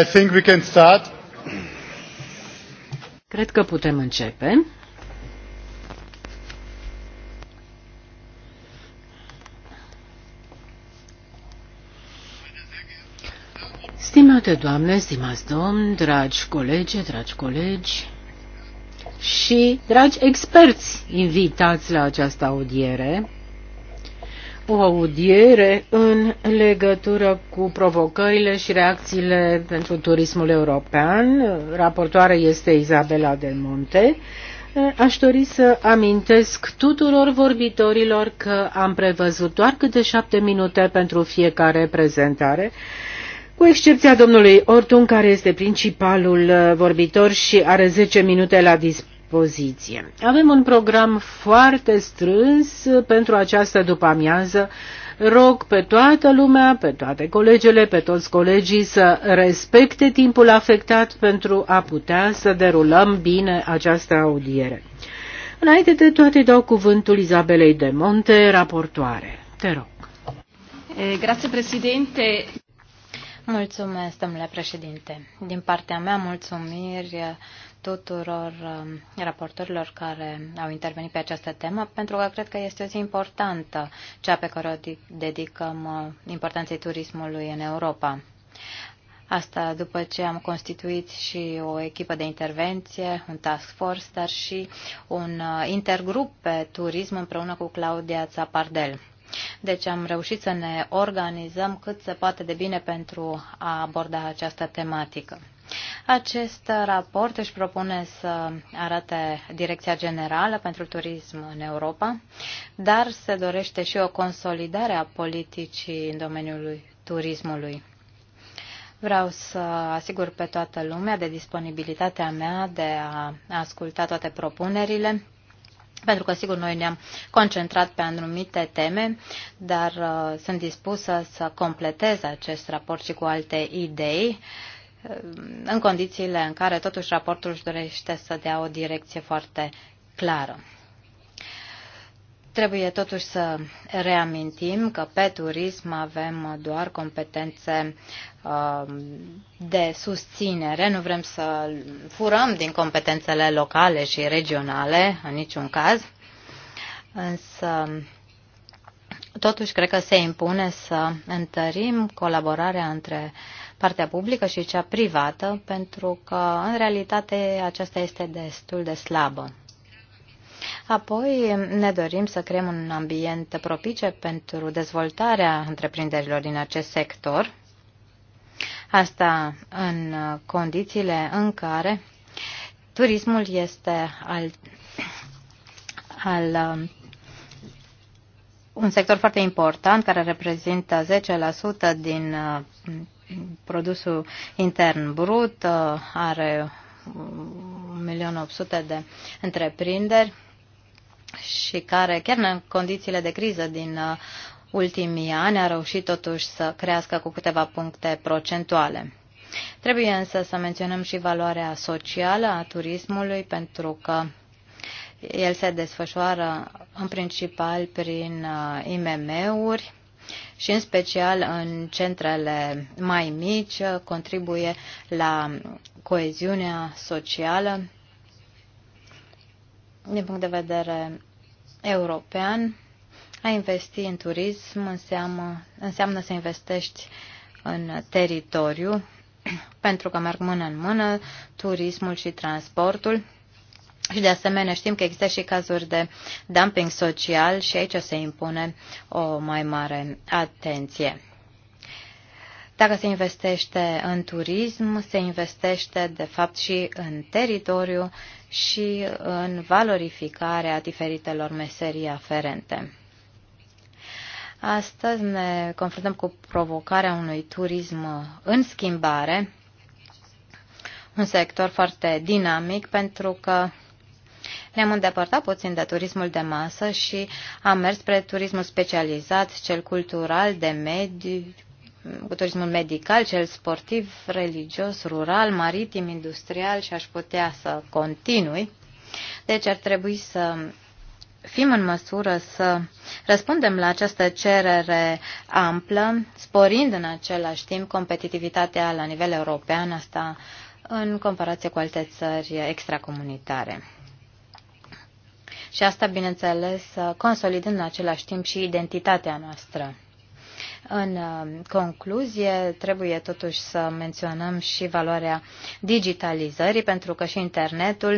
I think we can start. Cred că putem începe. Stimate doamne, stimați domni, dragi colegi, dragi colegi și dragi experți invitați la această audiere, o audiere în legătură cu provocările și reacțiile pentru turismul european. Raportoarea este Izabela del Monte. Aș dori să amintesc tuturor vorbitorilor că am prevăzut doar câte șapte minute pentru fiecare prezentare, cu excepția domnului Ortun, care este principalul vorbitor și are 10 minute la dispoziție dispoziție. Avem un program foarte strâns uh, pentru această după-amiază. Rog pe toată lumea, pe toate colegele, pe toți colegii să respecte timpul afectat pentru a putea să derulăm bine această audiere. Înainte de toate dau cuvântul Izabelei de Monte, raportoare. Te rog. E, eh, grazie, președinte. Mulțumesc, domnule președinte. Din partea mea, mulțumiri tuturor um, raportorilor care au intervenit pe această temă, pentru că cred că este o zi importantă, cea pe care o dedicăm uh, importanței turismului în Europa. Asta după ce am constituit și o echipă de intervenție, un task force, dar și un uh, intergrup pe turism împreună cu Claudia Țapardel. Deci am reușit să ne organizăm cât se poate de bine pentru a aborda această tematică. Acest raport își propune să arate direcția generală pentru turism în Europa, dar se dorește și o consolidare a politicii în domeniul turismului. Vreau să asigur pe toată lumea de disponibilitatea mea de a asculta toate propunerile, pentru că, sigur, noi ne-am concentrat pe anumite teme, dar uh, sunt dispusă să completez acest raport și cu alte idei în condițiile în care totuși raportul își dorește să dea o direcție foarte clară. Trebuie totuși să reamintim că pe turism avem doar competențe uh, de susținere. Nu vrem să furăm din competențele locale și regionale în niciun caz, însă totuși cred că se impune să întărim colaborarea între uh, partea publică și cea privată, pentru că, în realitate, aceasta este destul de slabă. Apoi ne dorim să creăm un ambient propice pentru dezvoltarea întreprinderilor din acest sector, asta în condițiile în care turismul este al, al un sector foarte important care reprezintă 10% din produsul intern brut, uh, are 1.800.000 de întreprinderi și care, chiar în condițiile de criză din uh, ultimii ani, a reușit totuși să crească cu câteva puncte procentuale. Trebuie însă să menționăm și valoarea socială a turismului, pentru că el se desfășoară în principal prin uh, IMM-uri, și în special în centrele mai mici contribuie la coeziunea socială din punct de vedere european. A investi în turism înseamnă, înseamnă să investești în teritoriu, pentru că merg mână în mână turismul și transportul. Și de asemenea știm că există și cazuri de dumping social și aici se impune o mai mare atenție. Dacă se investește în turism, se investește de fapt și în teritoriu și în valorificarea diferitelor meserii aferente. Astăzi ne confruntăm cu provocarea unui turism în schimbare, un sector foarte dinamic pentru că ne-am îndepărtat puțin de turismul de masă și am mers spre turismul specializat, cel cultural, de mediu, cu turismul medical, cel sportiv, religios, rural, maritim, industrial și aș putea să continui. Deci ar trebui să fim în măsură să răspundem la această cerere amplă, sporind în același timp competitivitatea la nivel european, asta în comparație cu alte țări extracomunitare și asta, bineînțeles, consolidând în același timp și identitatea noastră. În uh, concluzie, trebuie totuși să menționăm și valoarea digitalizării, pentru că și internetul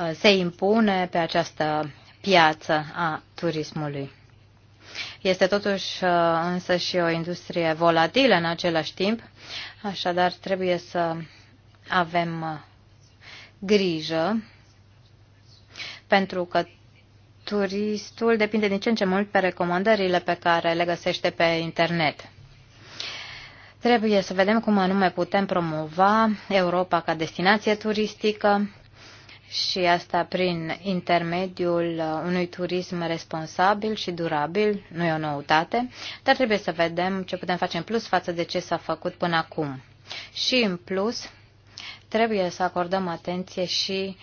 uh, se impune pe această piață a turismului. Este totuși uh, însă și o industrie volatilă în același timp, așadar trebuie să avem grijă pentru că turistul depinde din ce în ce mult pe recomandările pe care le găsește pe internet. Trebuie să vedem cum anume putem promova Europa ca destinație turistică și asta prin intermediul unui turism responsabil și durabil, nu e o noutate, dar trebuie să vedem ce putem face în plus față de ce s-a făcut până acum. Și în plus, trebuie să acordăm atenție și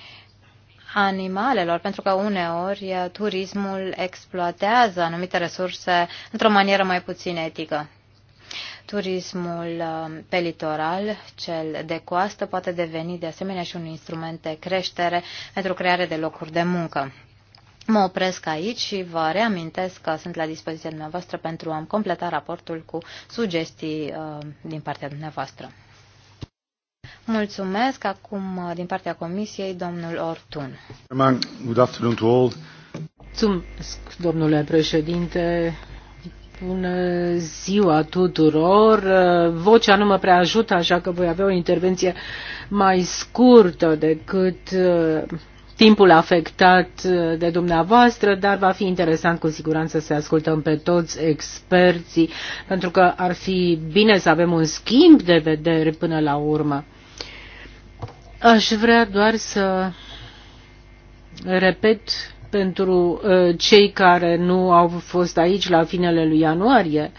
animalelor, pentru că uneori turismul exploatează anumite resurse într-o manieră mai puțin etică. Turismul pe litoral, cel de coastă, poate deveni de asemenea și un instrument de creștere pentru creare de locuri de muncă. Mă opresc aici și vă reamintesc că sunt la dispoziția dumneavoastră pentru a-mi completa raportul cu sugestii uh, din partea dumneavoastră. Mulțumesc. Acum, uh, din partea Comisiei, domnul Ortun. Good afternoon to all. Mulțumesc, domnule președinte. Bună ziua tuturor! Uh, vocea nu mă prea ajută, așa că voi avea o intervenție mai scurtă decât uh, timpul afectat de dumneavoastră, dar va fi interesant cu siguranță să ascultăm pe toți experții, pentru că ar fi bine să avem un schimb de vedere până la urmă. Aș vrea doar să repet pentru uh, cei care nu au fost aici la finele lui ianuarie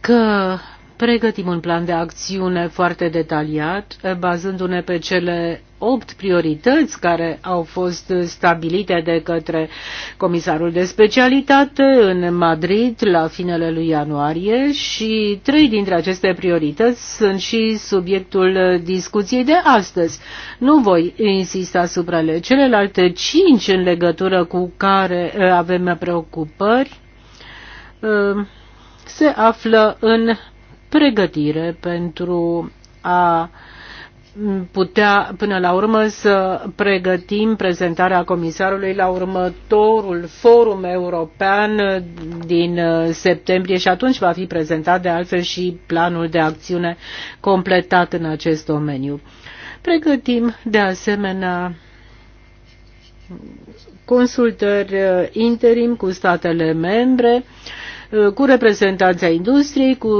că pregătim un plan de acțiune foarte detaliat, uh, bazându-ne pe cele opt priorități care au fost stabilite de către comisarul de specialitate în Madrid la finele lui ianuarie și trei dintre aceste priorități sunt și subiectul discuției de astăzi. Nu voi insista asupra ele. Celelalte cinci în legătură cu care uh, avem preocupări uh, se află în pregătire pentru a uh, putea până la urmă să pregătim prezentarea comisarului la următorul forum european din uh, septembrie și atunci va fi prezentat de altfel și planul de acțiune completat în acest domeniu. Pregătim de asemenea consultări uh, interim cu statele membre, uh, cu reprezentanța industriei, cu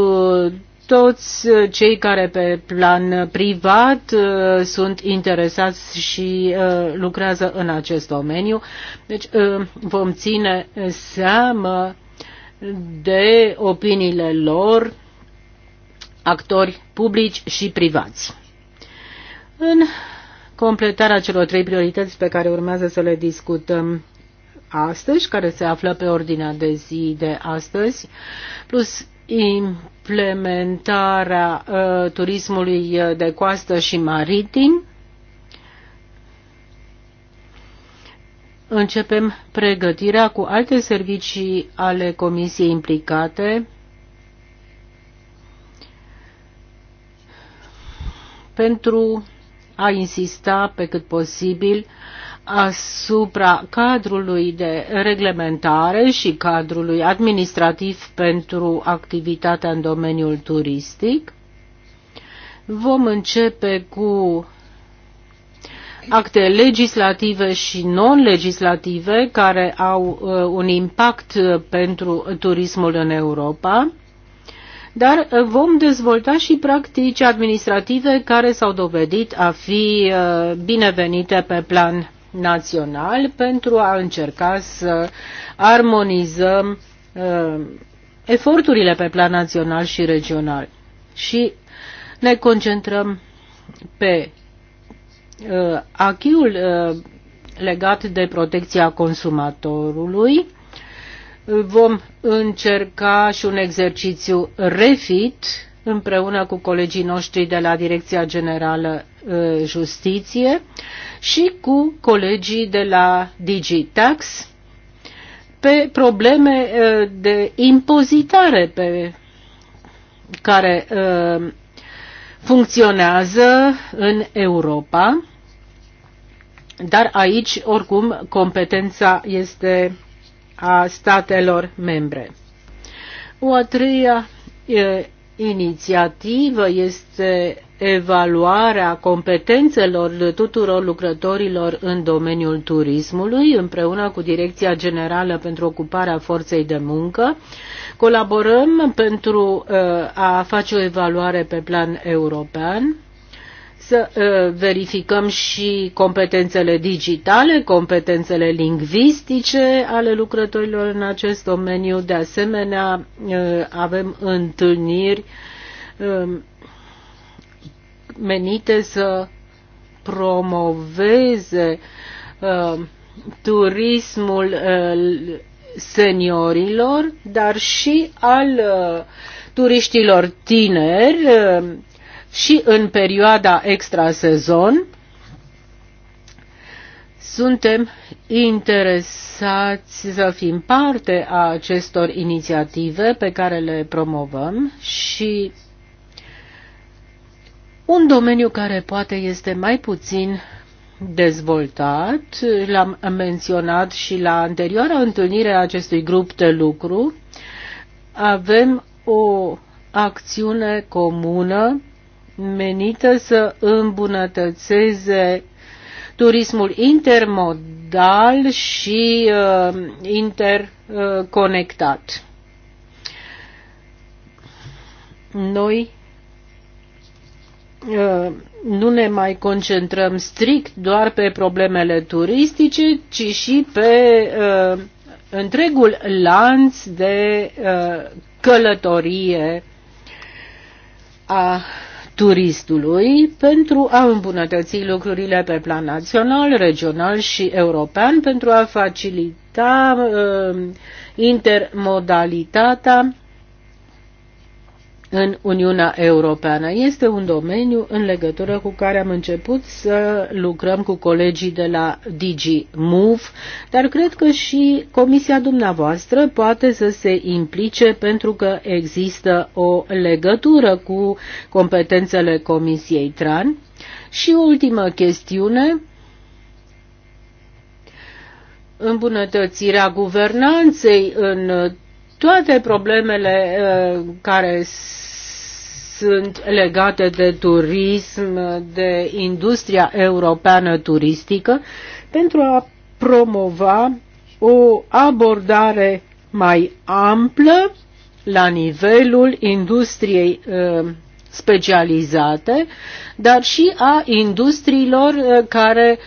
toți uh, cei care pe plan privat uh, sunt interesați și uh, lucrează în acest domeniu. Deci vom ține seamă de opiniile lor, actori publici și privați. În completarea celor trei priorități pe care urmează să le discutăm astăzi, care se află pe ordinea de zi de astăzi, plus implementarea uh, turismului uh, de coastă și maritim. Începem pregătirea cu alte servicii ale comisiei implicate pentru a insista pe cât posibil asupra cadrului de reglementare și cadrului administrativ pentru activitatea în domeniul turistic. Vom începe cu acte legislative și non-legislative care au uh, un impact uh, pentru turismul în Europa dar uh, vom dezvolta și practici administrative care s-au dovedit a fi binevenite pe plan național pentru a încerca să armonizăm uh, eforturile pe plan național și regional. Și ne concentrăm pe uh, achiul uh, legat de protecția consumatorului. Vom încerca și un exercițiu refit împreună cu colegii noștri de la Direcția Generală uh, Justiție și cu colegii de la DigiTax pe probleme uh, de impozitare pe care uh, funcționează în Europa, dar aici, oricum, competența este a statelor membre. O a treia inițiativă este evaluarea competențelor tuturor lucrătorilor în domeniul turismului, împreună cu Direcția Generală pentru Ocuparea Forței de Muncă. Colaborăm pentru uh, a face o evaluare pe plan european să uh, verificăm și competențele digitale, competențele lingvistice ale lucrătorilor în acest domeniu. De asemenea, uh, avem întâlniri um, menite să promoveze um, turismul uh, seniorilor, dar și al turiștilor tineri um, și în perioada extrasezon. Suntem interesați să fim parte a acestor inițiative pe care le promovăm și un domeniu care poate este mai puțin dezvoltat, l-am menționat și la anterioara întâlnire a acestui grup de lucru, avem o acțiune comună menită să îmbunătățeze turismul intermodal și uh, interconectat. Noi uh, nu ne mai concentrăm strict doar pe problemele turistice, ci și pe uh, întregul lanț de uh, călătorie a turistului pentru a îmbunătăți lucrurile pe plan național, regional și european, pentru a facilita uh, intermodalitatea în Uniunea Europeană. Este un domeniu în legătură cu care am început să lucrăm cu colegii de la DG Move, dar cred că și comisia dumneavoastră poate să se implice pentru că există o legătură cu competențele comisiei TRAN. Și ultima ultimă chestiune, îmbunătățirea guvernanței în toate problemele uh, care sunt legate de turism, de industria europeană turistică, pentru a promova o abordare mai amplă la nivelul industriei uh, specializate, dar și a industriilor uh, care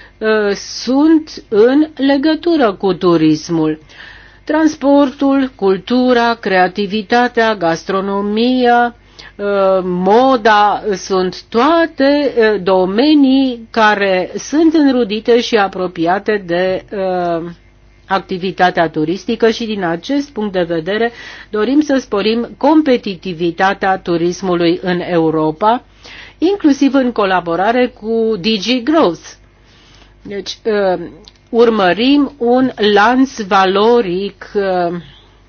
sunt în legătură cu turismul. Transportul, cultura, creativitatea, gastronomia, uh, moda sunt toate uh, domenii care sunt înrudite și apropiate de uh, activitatea turistică și din acest punct de vedere dorim să sporim competitivitatea turismului în Europa, inclusiv în colaborare cu DigiGrowth. Deci urmărim un lanț valoric uh,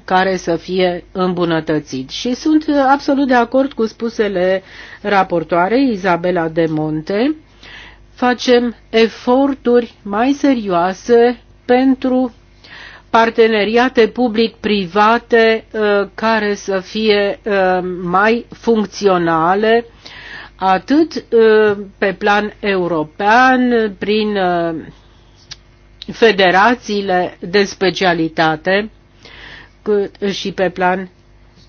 care să fie îmbunătățit. Și sunt uh, absolut de acord cu spusele raportoarei Izabela de Monte. Facem eforturi mai serioase pentru parteneriate public-private uh, care să fie mai funcționale, atât pe plan european, prin federațiile de specialitate, cât și pe plan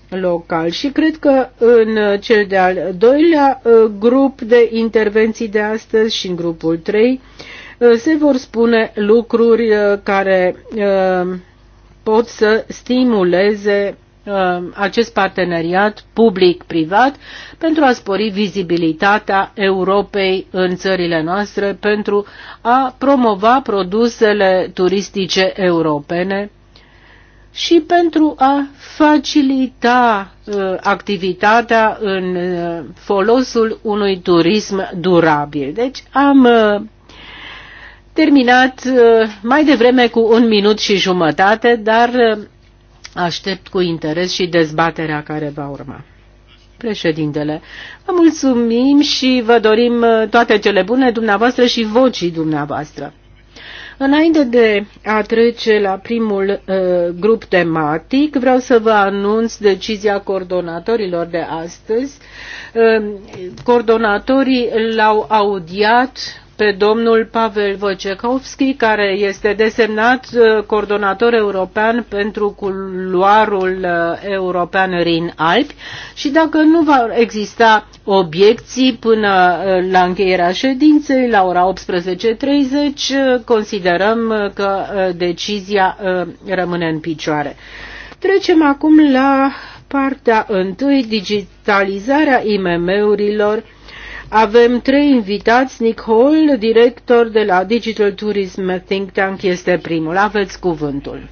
local. Și cred că în cel de-al doilea uh, grup de intervenții de astăzi și în grupul 3 uh, se vor spune lucruri uh, care pot să stimuleze Uh, acest parteneriat public-privat pentru a spori vizibilitatea Europei în țările noastre, pentru a promova produsele turistice europene și pentru a facilita uh, activitatea în uh, folosul unui turism durabil. Deci am terminat mai devreme cu un minut și jumătate, dar Aștept cu interes și dezbaterea care va urma. Președintele, vă mulțumim și vă dorim uh, toate cele bune dumneavoastră și vocii dumneavoastră. Înainte de a trece la primul uh, grup tematic, vreau să vă anunț decizia coordonatorilor de astăzi. Uh, coordonatorii l-au audiat pe domnul Pavel Wojciechowski, care este desemnat uh, coordonator european pentru culoarul uh, european Rin-Alpi și dacă nu va exista obiecții până uh, la încheierea ședinței, la ora 18.30, considerăm că decizia rămâne în picioare. Trecem acum la partea întâi, digitalizarea IMM-urilor, avem trei invitați, Nick Hall, director de la Digital Tourism Think Tank, este primul. Aveți cuvântul.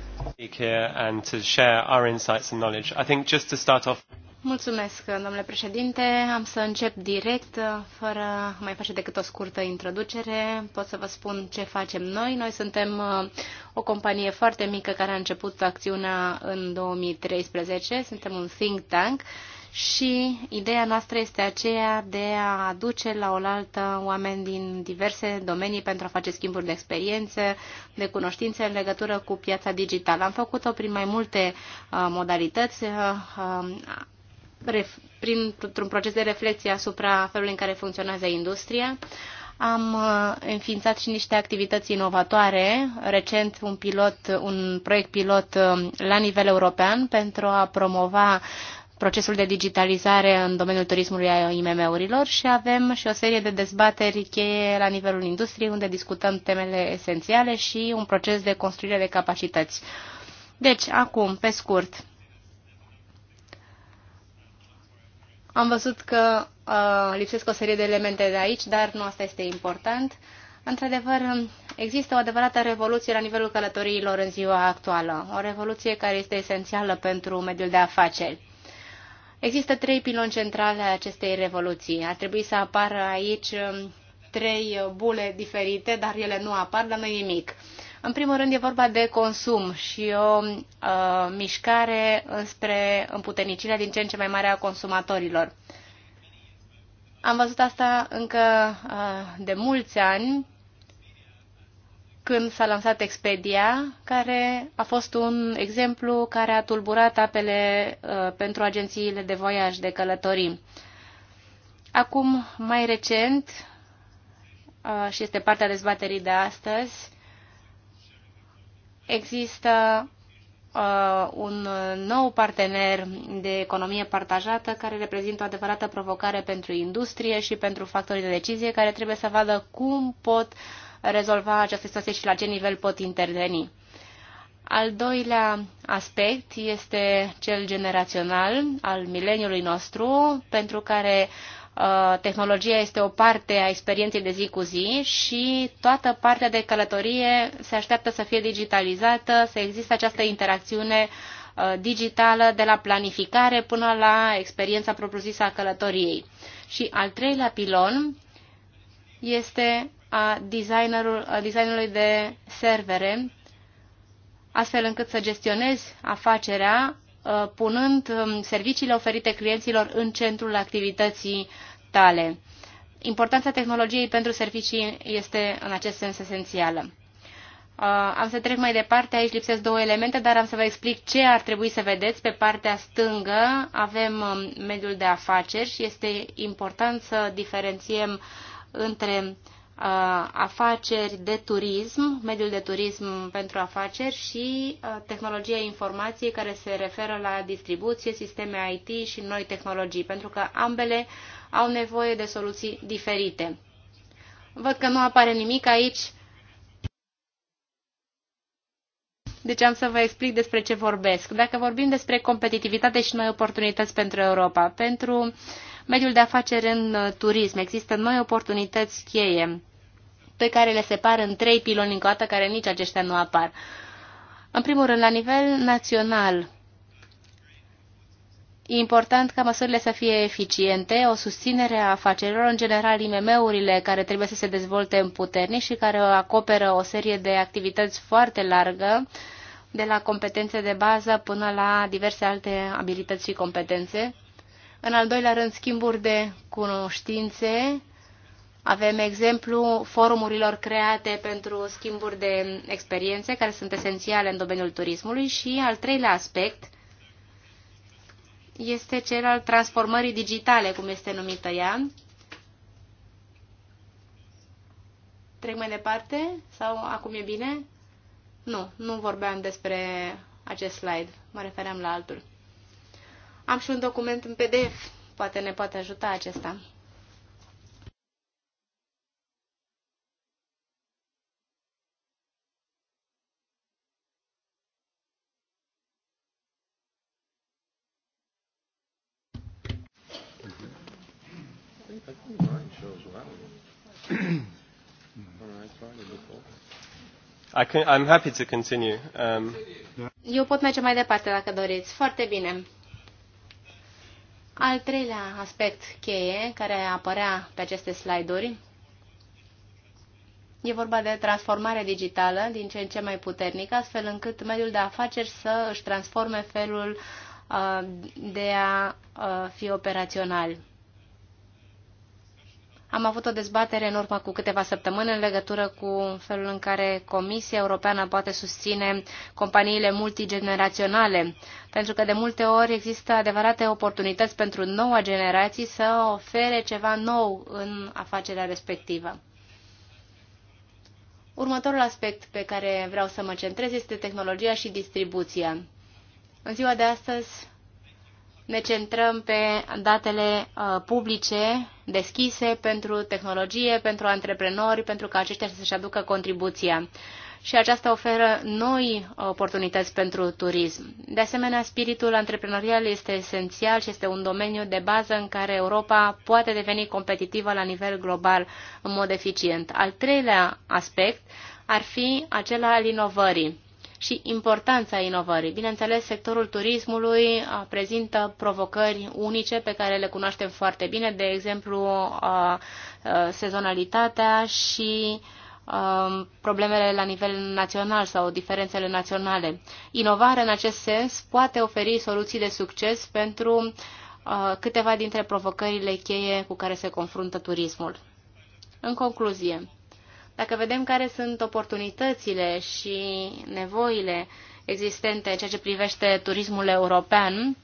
Mulțumesc, domnule președinte. Am să încep direct, fără mai face decât o scurtă introducere. Pot să vă spun ce facem noi. Noi suntem uh, o companie foarte mică care a început acțiunea în 2013. Suntem un think tank și ideea noastră este aceea de a aduce la oaltă oameni din diverse domenii pentru a face schimburi de experiențe, de cunoștințe în legătură cu piața digitală. Am făcut-o prin mai multe uh, modalități, uh, um, printr-un proces de reflexie asupra felului în care funcționează industria. Am uh, înființat și niște activități inovatoare, recent un pilot, un proiect pilot um, la nivel european pentru a promova procesul de digitalizare în domeniul turismului a IMM-urilor și avem și o serie de dezbateri cheie la nivelul industriei, unde discutăm temele esențiale și un proces de construire de capacități. Deci, acum, pe scurt, am văzut că uh, lipsesc o serie de elemente de aici, dar nu asta este important. Într-adevăr, există o adevărată revoluție la nivelul călătoriilor în ziua actuală, o revoluție care este esențială pentru mediul de afaceri. Există trei piloni centrale a acestei revoluții. Ar trebui să apară aici um, trei bule diferite, dar ele nu apar, dar nu nimic. În primul rând e vorba de consum și o uh, mișcare înspre împuternicirea din ce în ce mai mare a consumatorilor. Am văzut asta încă uh, de mulți ani când s-a lansat Expedia, care a fost un exemplu care a tulburat apele uh, pentru agențiile de voiaj, de călătorii. Acum, mai recent, uh, și este partea dezbaterii de astăzi, există uh, un nou partener de economie partajată care reprezintă o adevărată provocare pentru industrie și pentru factorii de decizie care trebuie să vadă cum pot uh, rezolva această situație și la ce nivel pot interveni. Al doilea aspect este cel generațional al mileniului nostru, pentru care uh, tehnologia este o parte a experienței de zi cu zi și toată partea de călătorie se așteaptă să fie digitalizată, să există această interacțiune uh, digitală de la planificare până la experiența propriu-zisă a călătoriei. Și al treilea pilon este a, a designului de servere, astfel încât să gestionezi afacerea uh, punând um, serviciile oferite clienților în centrul activității tale. Importanța tehnologiei pentru servicii este în acest sens esențială. Uh, am să trec mai departe, aici lipsesc două elemente, dar am să vă explic ce ar trebui să vedeți. Pe partea stângă avem um, mediul de afaceri și este important să diferențiem între Uh, afaceri de turism, mediul de turism pentru afaceri și uh, tehnologia informației care se referă la distribuție, sisteme IT și noi tehnologii, pentru că ambele au nevoie de soluții diferite. Văd că nu apare nimic aici, deci am să vă explic despre ce vorbesc. Dacă vorbim despre competitivitate și noi oportunități pentru Europa, pentru mediul de afaceri în uh, turism, există noi oportunități cheie pe care le separ în trei piloni încă o dată, care nici aceștia nu apar. În primul rând, la nivel național, E important ca măsurile să fie eficiente, o susținere a afacerilor, în general IMM-urile care trebuie să se dezvolte în puternic și care acoperă o serie de activități foarte largă, de la competențe de bază până la diverse alte abilități și competențe. În al doilea rând, schimburi de cunoștințe avem exemplu forumurilor create pentru schimburi de experiențe care sunt esențiale în domeniul turismului și al treilea aspect este cel al transformării digitale, cum este numită ea. Trec mai departe? Sau acum e bine? Nu, nu vorbeam despre acest slide. Mă refeream la altul. Am și un document în PDF. Poate ne poate ajuta acesta. I think mine shows well. All right, before. I can, I'm happy to continue. Um, Eu pot merge mai departe dacă doriți. Foarte bine. Al treilea aspect cheie care apărea pe aceste slide-uri e vorba de transformare digitală din ce în ce mai puternică, astfel încât mediul de afaceri să își transforme felul uh, de a uh, fi operațional. Am avut o dezbatere în urmă cu câteva săptămâni în legătură cu felul în care Comisia Europeană poate susține companiile multigeneraționale, pentru că de multe ori există adevărate oportunități pentru noua generație să ofere ceva nou în afacerea respectivă. Următorul aspect pe care vreau să mă centrez este tehnologia și distribuția. În ziua de astăzi ne centrăm pe datele uh, publice deschise pentru tehnologie, pentru antreprenori, pentru ca aceștia să-și aducă contribuția. Și aceasta oferă noi oportunități pentru turism. De asemenea, spiritul antreprenorial este esențial și este un domeniu de bază în care Europa poate deveni competitivă la nivel global în mod eficient. Al treilea aspect ar fi acela al inovării și importanța inovării. Bineînțeles, sectorul turismului prezintă provocări unice pe care le cunoaștem foarte bine, de exemplu sezonalitatea și problemele la nivel național sau diferențele naționale. Inovarea în acest sens poate oferi soluții de succes pentru câteva dintre provocările cheie cu care se confruntă turismul. În concluzie, dacă vedem care sunt oportunitățile și nevoile existente în ceea ce privește turismul european,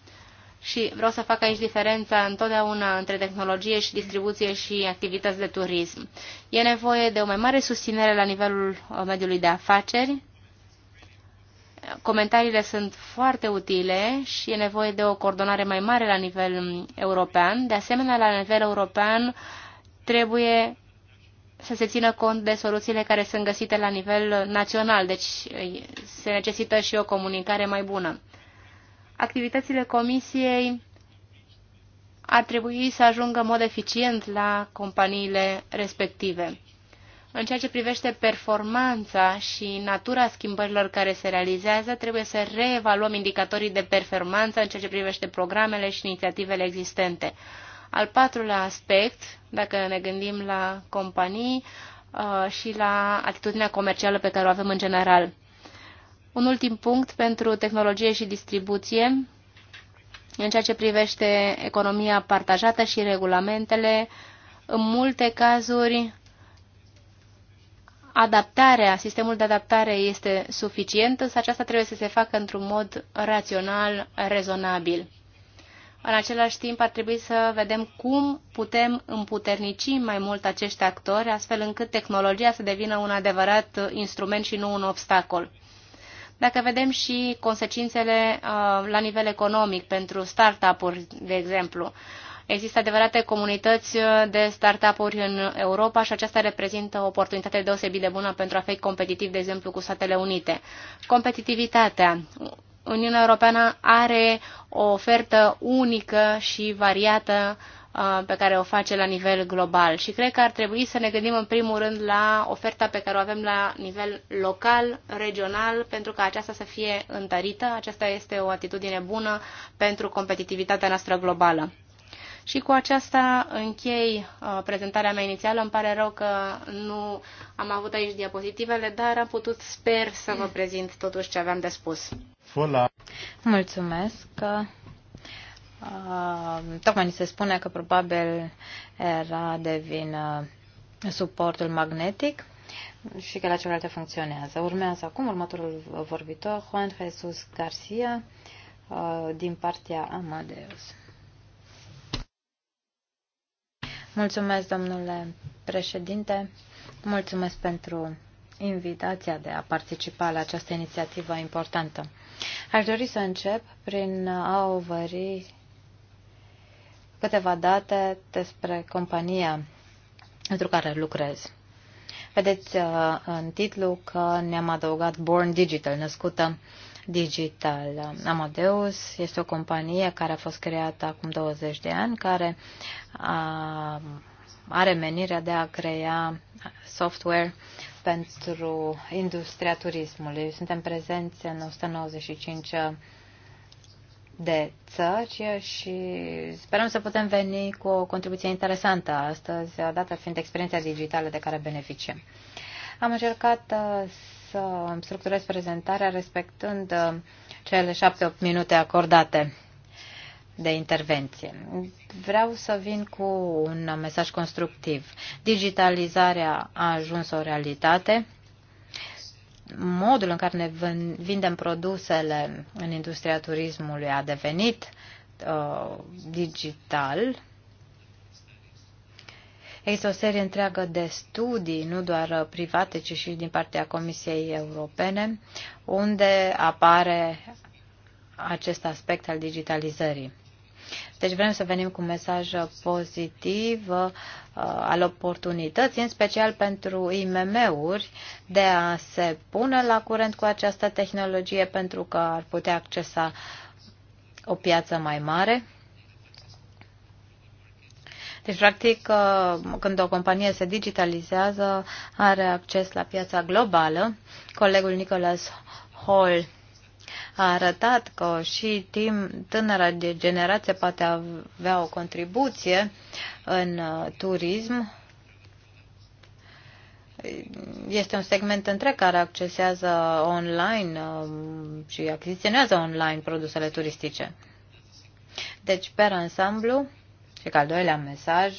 și vreau să fac aici diferența întotdeauna între tehnologie și distribuție și activități de turism. E nevoie de o mai mare susținere la nivelul mediului de afaceri. Comentariile sunt foarte utile și e nevoie de o coordonare mai mare la nivel european. De asemenea, la nivel european trebuie să se țină cont de soluțiile care sunt găsite la nivel național, deci se necesită și o comunicare mai bună. Activitățile comisiei ar trebui să ajungă în mod eficient la companiile respective. În ceea ce privește performanța și natura schimbărilor care se realizează, trebuie să reevaluăm indicatorii de performanță în ceea ce privește programele și inițiativele existente. Al patrulea aspect, dacă ne gândim la companii uh, și la atitudinea comercială pe care o avem în general. Un ultim punct pentru tehnologie și distribuție, în ceea ce privește economia partajată și regulamentele, în multe cazuri adaptarea, sistemul de adaptare este suficient, însă aceasta trebuie să se facă într-un mod rațional, rezonabil. În același timp, ar trebui să vedem cum putem împuternici mai mult acești actori, astfel încât tehnologia să devină un adevărat uh, instrument și nu un obstacol. Dacă vedem și consecințele uh, la nivel economic pentru startup-uri, de exemplu, există adevărate comunități uh, de startup-uri în Europa și aceasta reprezintă o oportunitate deosebit de bună pentru a fi competitiv, de exemplu, cu Statele Unite. Competitivitatea, Uniunea Europeană are o ofertă unică și variată uh, pe care o face la nivel global. Și cred că ar trebui să ne gândim în primul rând la oferta pe care o avem la nivel local, regional, pentru ca aceasta să fie întărită. Aceasta este o atitudine bună pentru competitivitatea noastră globală. Și cu aceasta închei uh, prezentarea mea inițială. Îmi pare rău că nu am avut aici diapozitivele, dar am putut, sper, să vă prezint totuși ce aveam de spus. Mulțumesc. Uh, tocmai ni se spune că probabil era de vină suportul magnetic și că la celelalte funcționează. Urmează acum următorul vorbitor, Juan Jesus Garcia, uh, din partea Amadeus. Mulțumesc, domnule președinte. Mulțumesc pentru invitația de a participa la această inițiativă importantă. Aș dori să încep prin a ovări câteva date despre compania pentru care lucrez. Vedeți uh, în titlu că ne-am adăugat Born Digital, născută digital. Amadeus este o companie care a fost creată acum 20 de ani, care a, uh, are menirea de a crea software pentru industria turismului. Suntem prezenți în 195 de țări și sperăm să putem veni cu o contribuție interesantă astăzi, dată fiind experiența digitală de care beneficiem. Am încercat uh, să structurez prezentarea respectând uh, cele șapte-opt minute acordate de intervenție. Vreau să vin cu un mesaj constructiv. Digitalizarea a ajuns o realitate. Modul în care ne vindem produsele în industria turismului a devenit uh, digital. Există o serie întreagă de studii, nu doar private, ci și din partea Comisiei Europene, unde apare acest aspect al digitalizării. Deci vrem să venim cu un mesaj pozitiv uh, al oportunității, în special pentru IMM-uri, de a se pune la curent cu această tehnologie pentru că ar putea accesa o piață mai mare. Deci, practic, uh, când o companie se digitalizează, are acces la piața globală. Colegul Nicholas Hall a arătat că și timp tânăra de generație poate avea o contribuție în uh, turism. Este un segment întreg care accesează online uh, și achiziționează online produsele turistice. Deci, pe ansamblu, și ca al doilea mesaj,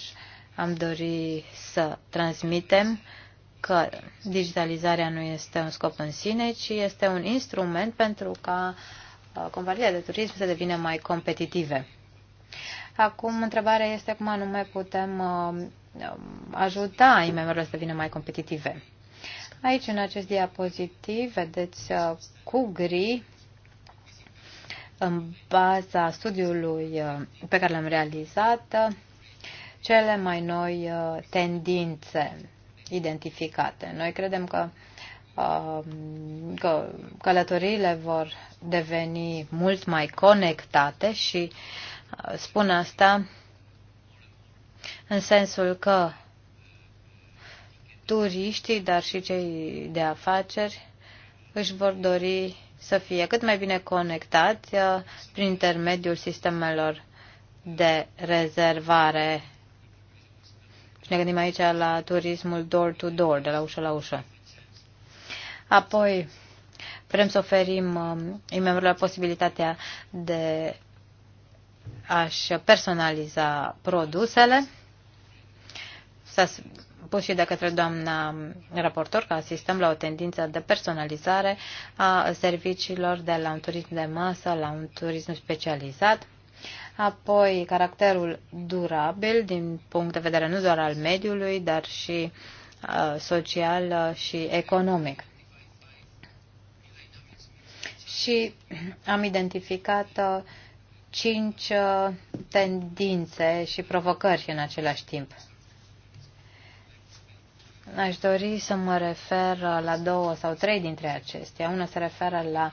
am dori să transmitem uh, că digitalizarea nu este un scop în sine, ci este un instrument pentru ca uh, companiile de turism să devină mai competitive. Acum, întrebarea este cum anume putem uh, um, ajuta IMM-urile să devină mai competitive. Aici, în acest diapozitiv, vedeți uh, cu gri, în baza studiului pe care l-am realizat, cele mai noi tendințe identificate. Noi credem că, uh, că călătoriile vor deveni mult mai conectate și uh, spun asta în sensul că turiștii, dar și cei de afaceri își vor dori să fie cât mai bine conectați uh, prin intermediul sistemelor de rezervare ne gândim aici la turismul door-to-door, -door, de la ușă la ușă. Apoi, vrem să oferim um, imm posibilitatea de a-și personaliza produsele. S-a pus și de către doamna raportor că asistăm la o tendință de personalizare a serviciilor de la un turism de masă la un turism specializat apoi caracterul durabil din punct de vedere nu doar al mediului, dar și uh, social uh, și economic. Și am identificat uh, cinci uh, tendințe și provocări în același timp. Aș dori să mă refer uh, la două sau trei dintre acestea. Una se referă la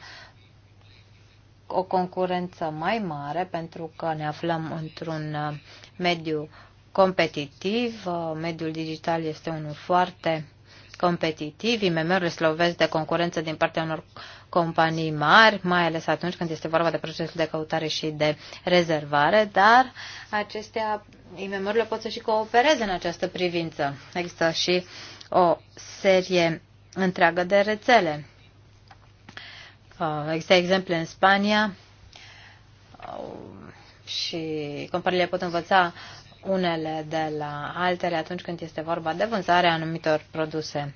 o concurență mai mare pentru că ne aflăm într-un uh, mediu competitiv. Uh, mediul digital este unul foarte competitiv. IMM-urile slovesc de concurență din partea unor companii mari, mai ales atunci când este vorba de procesul de căutare și de rezervare, dar acestea, IMM-urile pot să și coopereze în această privință. Există și o serie întreagă de rețele Uh, există exemple în Spania uh, și companiile pot învăța unele de la altele atunci când este vorba de vânzarea anumitor produse.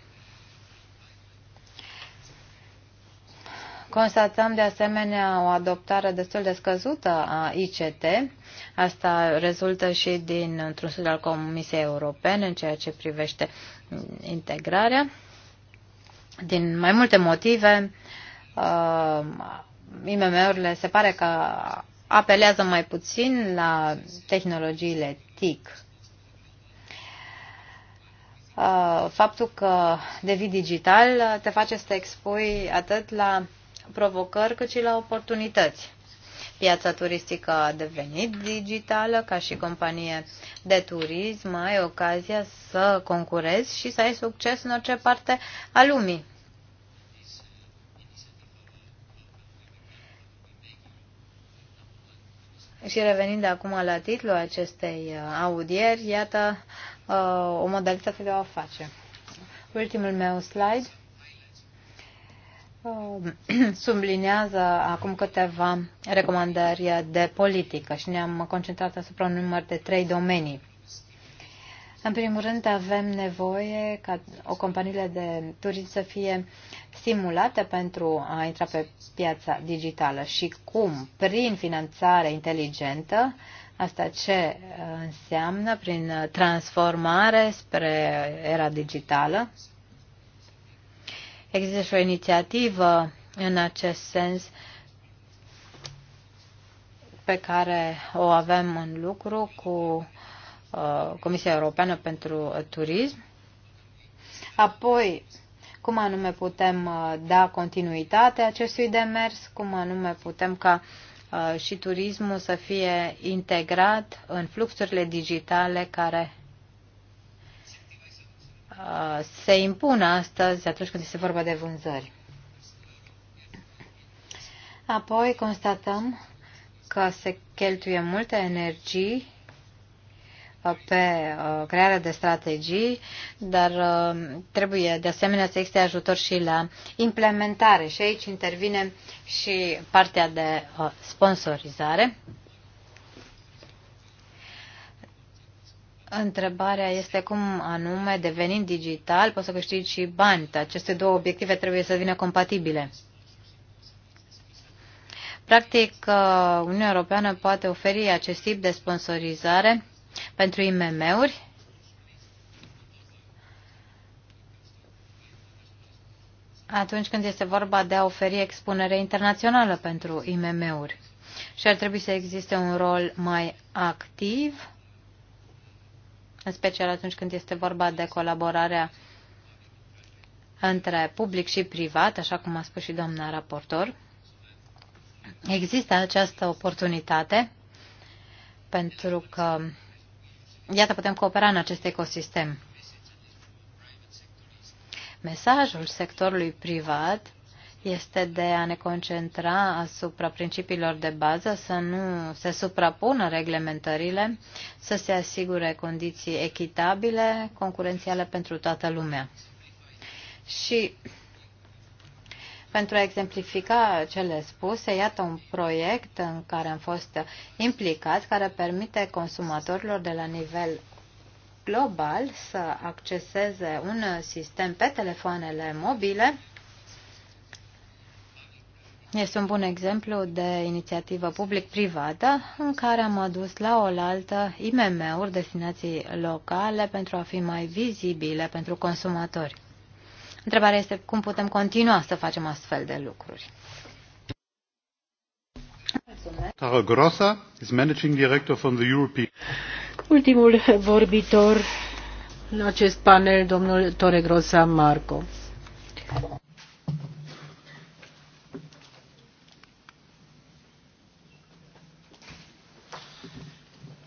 Constatăm de asemenea o adoptare destul de scăzută a ICT. Asta rezultă și din un studiu al Comisiei Europene în ceea ce privește integrarea. Din mai multe motive, uh, IMM-urile se pare că apelează mai puțin la tehnologiile TIC. Uh, faptul că devii digital te face să te expui atât la provocări cât și la oportunități. Piața turistică a devenit digitală, ca și companie de turism ai ocazia să concurezi și să ai succes în orice parte a lumii. Și revenind acum la titlul acestei uh, audieri, iată uh, o modalitate de a o face. Ultimul meu slide uh, sublinează acum câteva recomandări de politică și ne-am concentrat asupra unui număr de trei domenii. În primul rând, avem nevoie ca o companie de turism să fie stimulată pentru a intra pe piața digitală. Și cum? Prin finanțare inteligentă, Asta ce uh, înseamnă prin uh, transformare spre era digitală? Există și o inițiativă în acest sens pe care o avem în lucru cu Uh, Comisia Europeană pentru uh, Turism. Apoi, cum anume putem uh, da continuitate acestui demers, cum anume putem ca și turismul să fie integrat în fluxurile digitale care se impun astăzi atunci când este vorba de vânzări. Apoi constatăm că se cheltuie multă energie pe uh, crearea de strategii, dar uh, trebuie de asemenea să existe ajutor și la implementare și aici intervine și partea de uh, sponsorizare. Întrebarea este cum anume, devenind digital, poți să câștigi și bani. Aceste două obiective trebuie să devină compatibile. Practic, Uniunea Europeană poate oferi acest tip de sponsorizare pentru IMM-uri. atunci când este vorba de a oferi expunere internațională pentru IMM-uri. Și ar trebui să existe un rol mai activ, în special atunci când este vorba de colaborarea între public și privat, așa cum a spus și doamna raportor. Există această oportunitate pentru că iată, putem coopera în acest ecosistem. Mesajul sectorului privat este de a ne concentra asupra principiilor de bază, să nu se suprapună reglementările, să se asigure condiții echitabile, concurențiale pentru toată lumea. Și pentru a exemplifica cele spuse, iată un proiect în care am fost implicat, care permite consumatorilor de la nivel global să acceseze un sistem pe telefoanele mobile. Este un bun exemplu de inițiativă public-privată în care am adus la oaltă IMM-uri, destinații locale, pentru a fi mai vizibile pentru consumatori. Întrebarea este cum putem continua să facem astfel de lucruri. Tara Grossa is managing director from the European. Ultimul vorbitor în acest panel, domnul Tore Grossa Marco.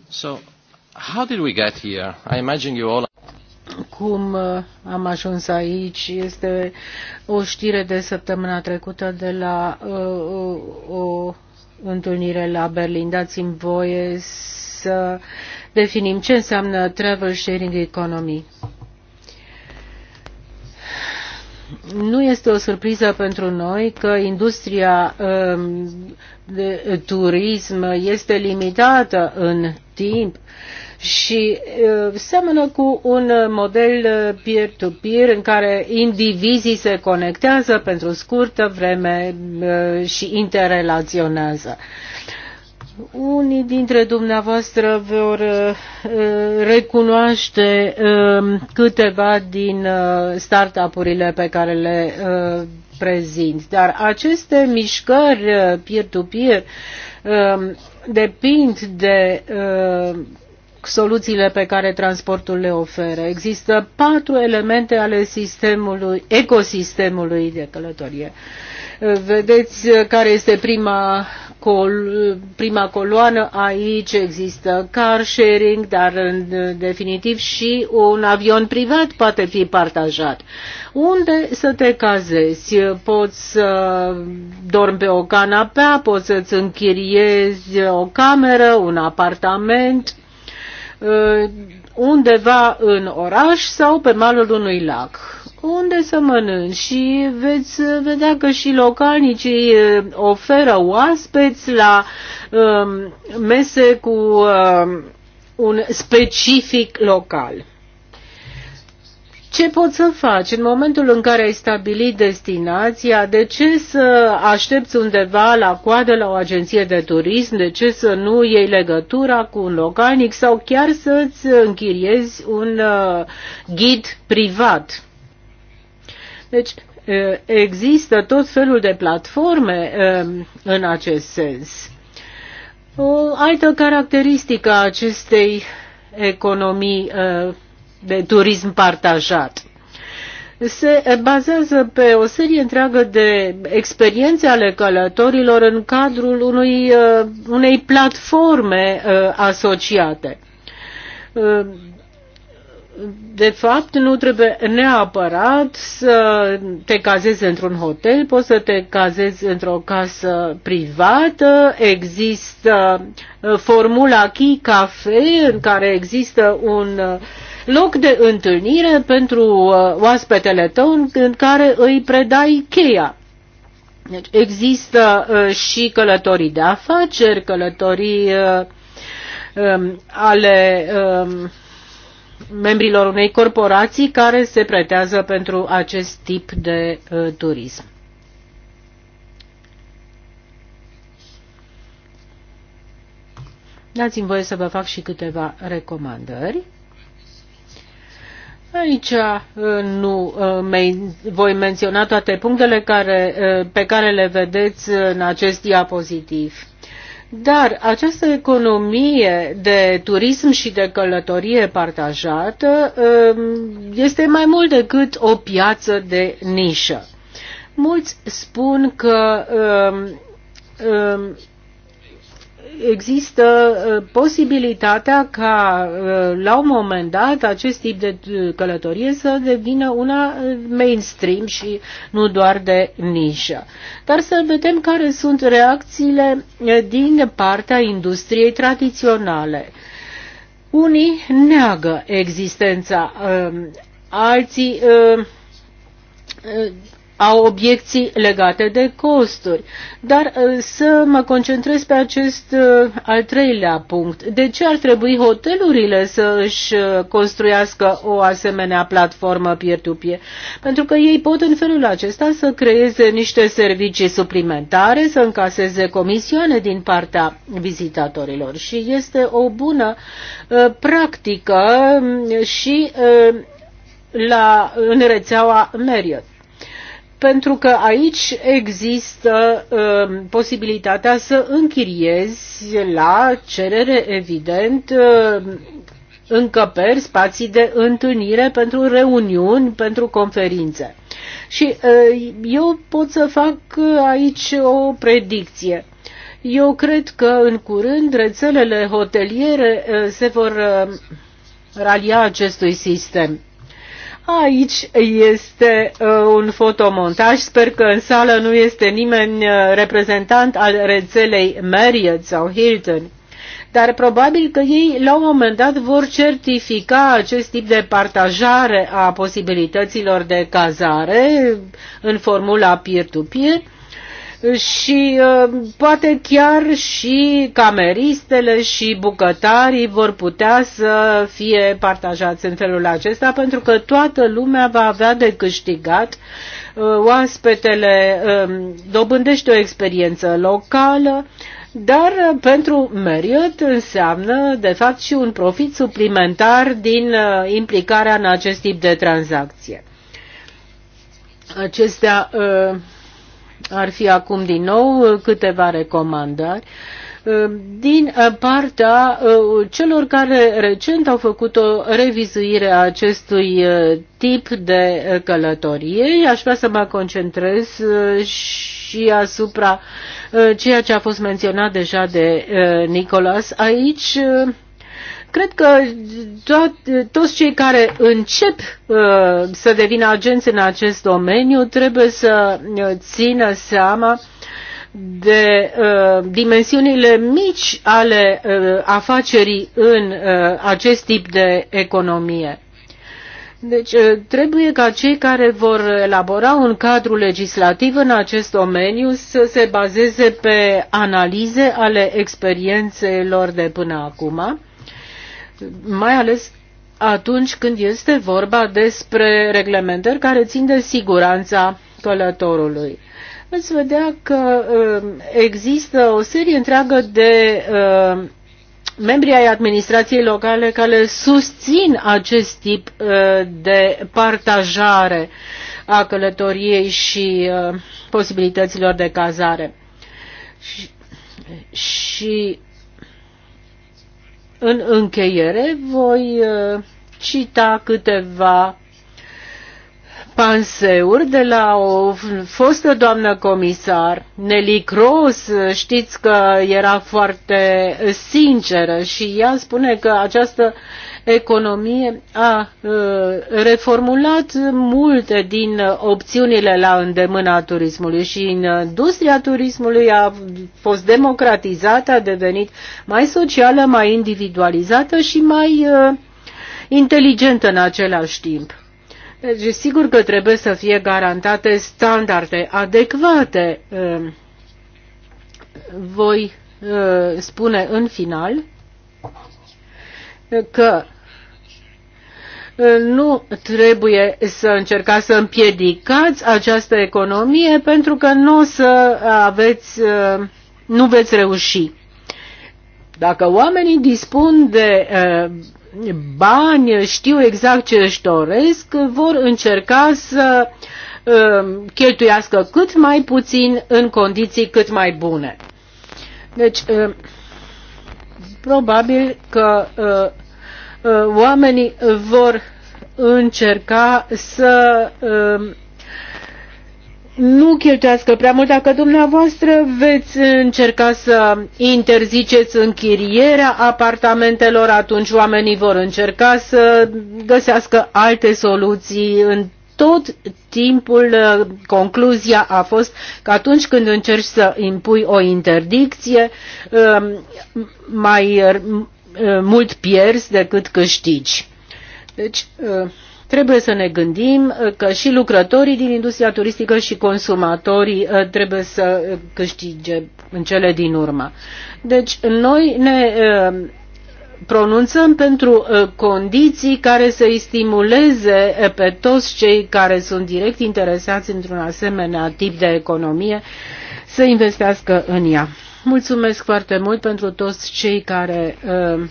So, how did we get here? I imagine you all cum uh, am ajuns aici este o știre de săptămâna trecută de la uh, uh, o întâlnire la Berlin. Dați-mi voie să definim ce înseamnă travel sharing economy. Nu este o surpriză pentru noi că industria um, de turism este limitată în timp și seamănă cu un model peer-to-peer -peer în care indivizii se conectează pentru scurtă vreme și interrelaționează. Unii dintre dumneavoastră vor recunoaște câteva din startup-urile pe care le prezint, dar aceste mișcări peer-to-peer -peer, depind de soluțiile pe care transportul le oferă. Există patru elemente ale sistemului, ecosistemului de călătorie. Vedeți care este prima, col, prima coloană aici, există car sharing, dar în definitiv și un avion privat poate fi partajat. Unde să te cazezi? Poți să dormi pe o canapea, poți să-ți închiriezi o cameră, un apartament, Uh, undeva în oraș sau pe malul unui lac. Unde să mănânci? Și veți vedea că și localnicii uh, oferă oaspeți la uh, mese cu un specific local. Ce poți să faci în momentul în care ai stabilit destinația? De ce să aștepți undeva la coadă la o agenție de turism? De ce să nu iei legătura cu un localnic sau chiar să-ți închiriezi un uh, ghid privat? Deci, uh, există tot felul de platforme um, în acest sens. O altă caracteristică a acestei economii uh, de turism partajat se bazează pe o serie întreagă de experiențe ale călătorilor în cadrul unui, uh, unei platforme uh, asociate. Uh, de fapt, nu trebuie neapărat să te cazezi într-un hotel, poți să te cazezi într-o casă privată, există formula Key Cafe în care există un uh, loc de întâlnire pentru uh, oaspetele tău în care îi predai cheia. Deci există uh, și călătorii de afaceri, călătorii uh, um, ale um, membrilor unei corporații care se pretează pentru acest tip de turism. Dați-mi voie să vă fac și câteva recomandări. Aici uh, nu uh, voi menționa toate punctele care, uh, pe care le vedeți în acest diapozitiv. Dar această economie de turism și de călătorie partajată um, este mai mult decât o piață de nișă. Mulți spun că um, um, există uh, posibilitatea ca uh, la un moment dat acest tip de uh, călătorie să devină una mainstream și nu doar de nișă. Dar să vedem care sunt reacțiile din partea industriei tradiționale. Unii neagă existența, um, alții um, au obiecții legate de costuri. Dar uh, să mă concentrez pe acest uh, al treilea punct. De ce ar trebui hotelurile să își uh, construiască o asemenea platformă peer-to-peer? Pentru că ei pot în felul acesta să creeze niște servicii suplimentare, să încaseze comisioane din partea vizitatorilor și este o bună practică um, și la, în rețeaua Marriott pentru că aici există uh, posibilitatea să închiriezi la cerere, evident, uh, încăperi, spații de întâlnire pentru reuniuni, pentru conferințe. Și uh, eu pot să fac uh, aici o predicție. Eu cred că în curând rețelele hoteliere uh, se vor uh, ralia acestui sistem Aici este uh, un fotomontaj, sper că în sală nu este nimeni uh, reprezentant al rețelei Marriott sau Hilton dar probabil că ei la un moment dat vor certifica acest tip de partajare a posibilităților de cazare în formula peer-to-peer -peer și uh, poate chiar și cameristele și bucătarii vor putea să fie partajați în felul acesta pentru că toată lumea va avea de câștigat. Uh, oaspetele um, dobândește o experiență locală, dar uh, pentru Marriott înseamnă de fapt și un profit suplimentar din implicarea în acest tip de tranzacție. Acestea uh, ar fi acum din nou uh, câteva recomandări uh, din uh, partea celor care recent au făcut o revizuire a acestui tip de călătorie. Aș vrea să mă concentrez și asupra ceea ce a fost menționat deja de Nicolas. Aici Cred că tot toți cei care încep uh, să devină agenți în acest domeniu trebuie să uh, țină seama de uh, dimensiunile mici ale uh, afacerii în uh, acest tip de economie. Deci uh, trebuie ca cei care vor elabora un cadru legislativ în acest domeniu să se bazeze pe analize ale experiențelor de până acum mai ales atunci când este vorba despre reglementări care țin de siguranța călătorului. Veți vedea că um, există o serie întreagă de um, membri ai administrației locale care susțin acest tip uh, de partajare a călătoriei și uh, posibilităților de cazare. Și, și în încheiere voi uh, cita câteva panseuri de la o fostă doamnă comisar, Nelly Cross, știți că era foarte sinceră și ea spune că această economie a uh, reformulat multe din opțiunile la îndemâna turismului și industria turismului a fost democratizată, a devenit mai socială, mai individualizată și mai uh, inteligentă în același timp deci, sigur că trebuie să fie garantate standarde adecvate. Um, voi uh, spune în final că uh, nu trebuie să încercați să împiedicați această economie pentru că nu o să aveți, uh, nu veți reuși. Dacă oamenii dispun de uh, bani, știu exact ce își doresc, vor încerca să um, cheltuiască cât mai puțin în condiții cât mai bune. Deci, um, probabil că uh, uh, oamenii vor încerca să um, nu cheltuiască prea mult dacă dumneavoastră veți încerca să interziceți închirierea apartamentelor, atunci oamenii vor încerca să găsească alte soluții în tot timpul uh, concluzia a fost că atunci când încerci să impui o interdicție, um, mai uh, uh, mult pierzi decât câștigi. Deci, Trebuie să ne gândim uh, că și lucrătorii din industria turistică și consumatorii uh, trebuie să uh, câștige în cele din urmă. Deci noi ne pronunțăm pentru condiții care să îi stimuleze pe toți cei care sunt direct interesați într-un asemenea tip de economie să investească în ea. Mulțumesc foarte mult pentru toți cei care uh,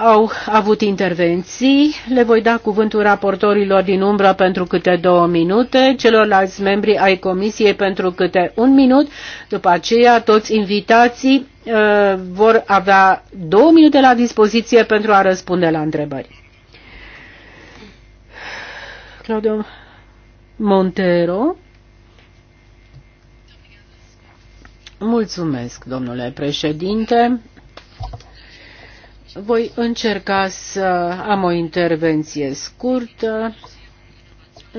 au avut intervenții. Le voi da cuvântul raportorilor din umbră pentru câte două minute, celorlalți membri ai comisiei pentru câte un minut. După aceea, toți invitații uh, vor avea două minute la dispoziție pentru a răspunde la întrebări. Claudio Montero. Mulțumesc, domnule președinte. Voi încerca să am o intervenție scurtă.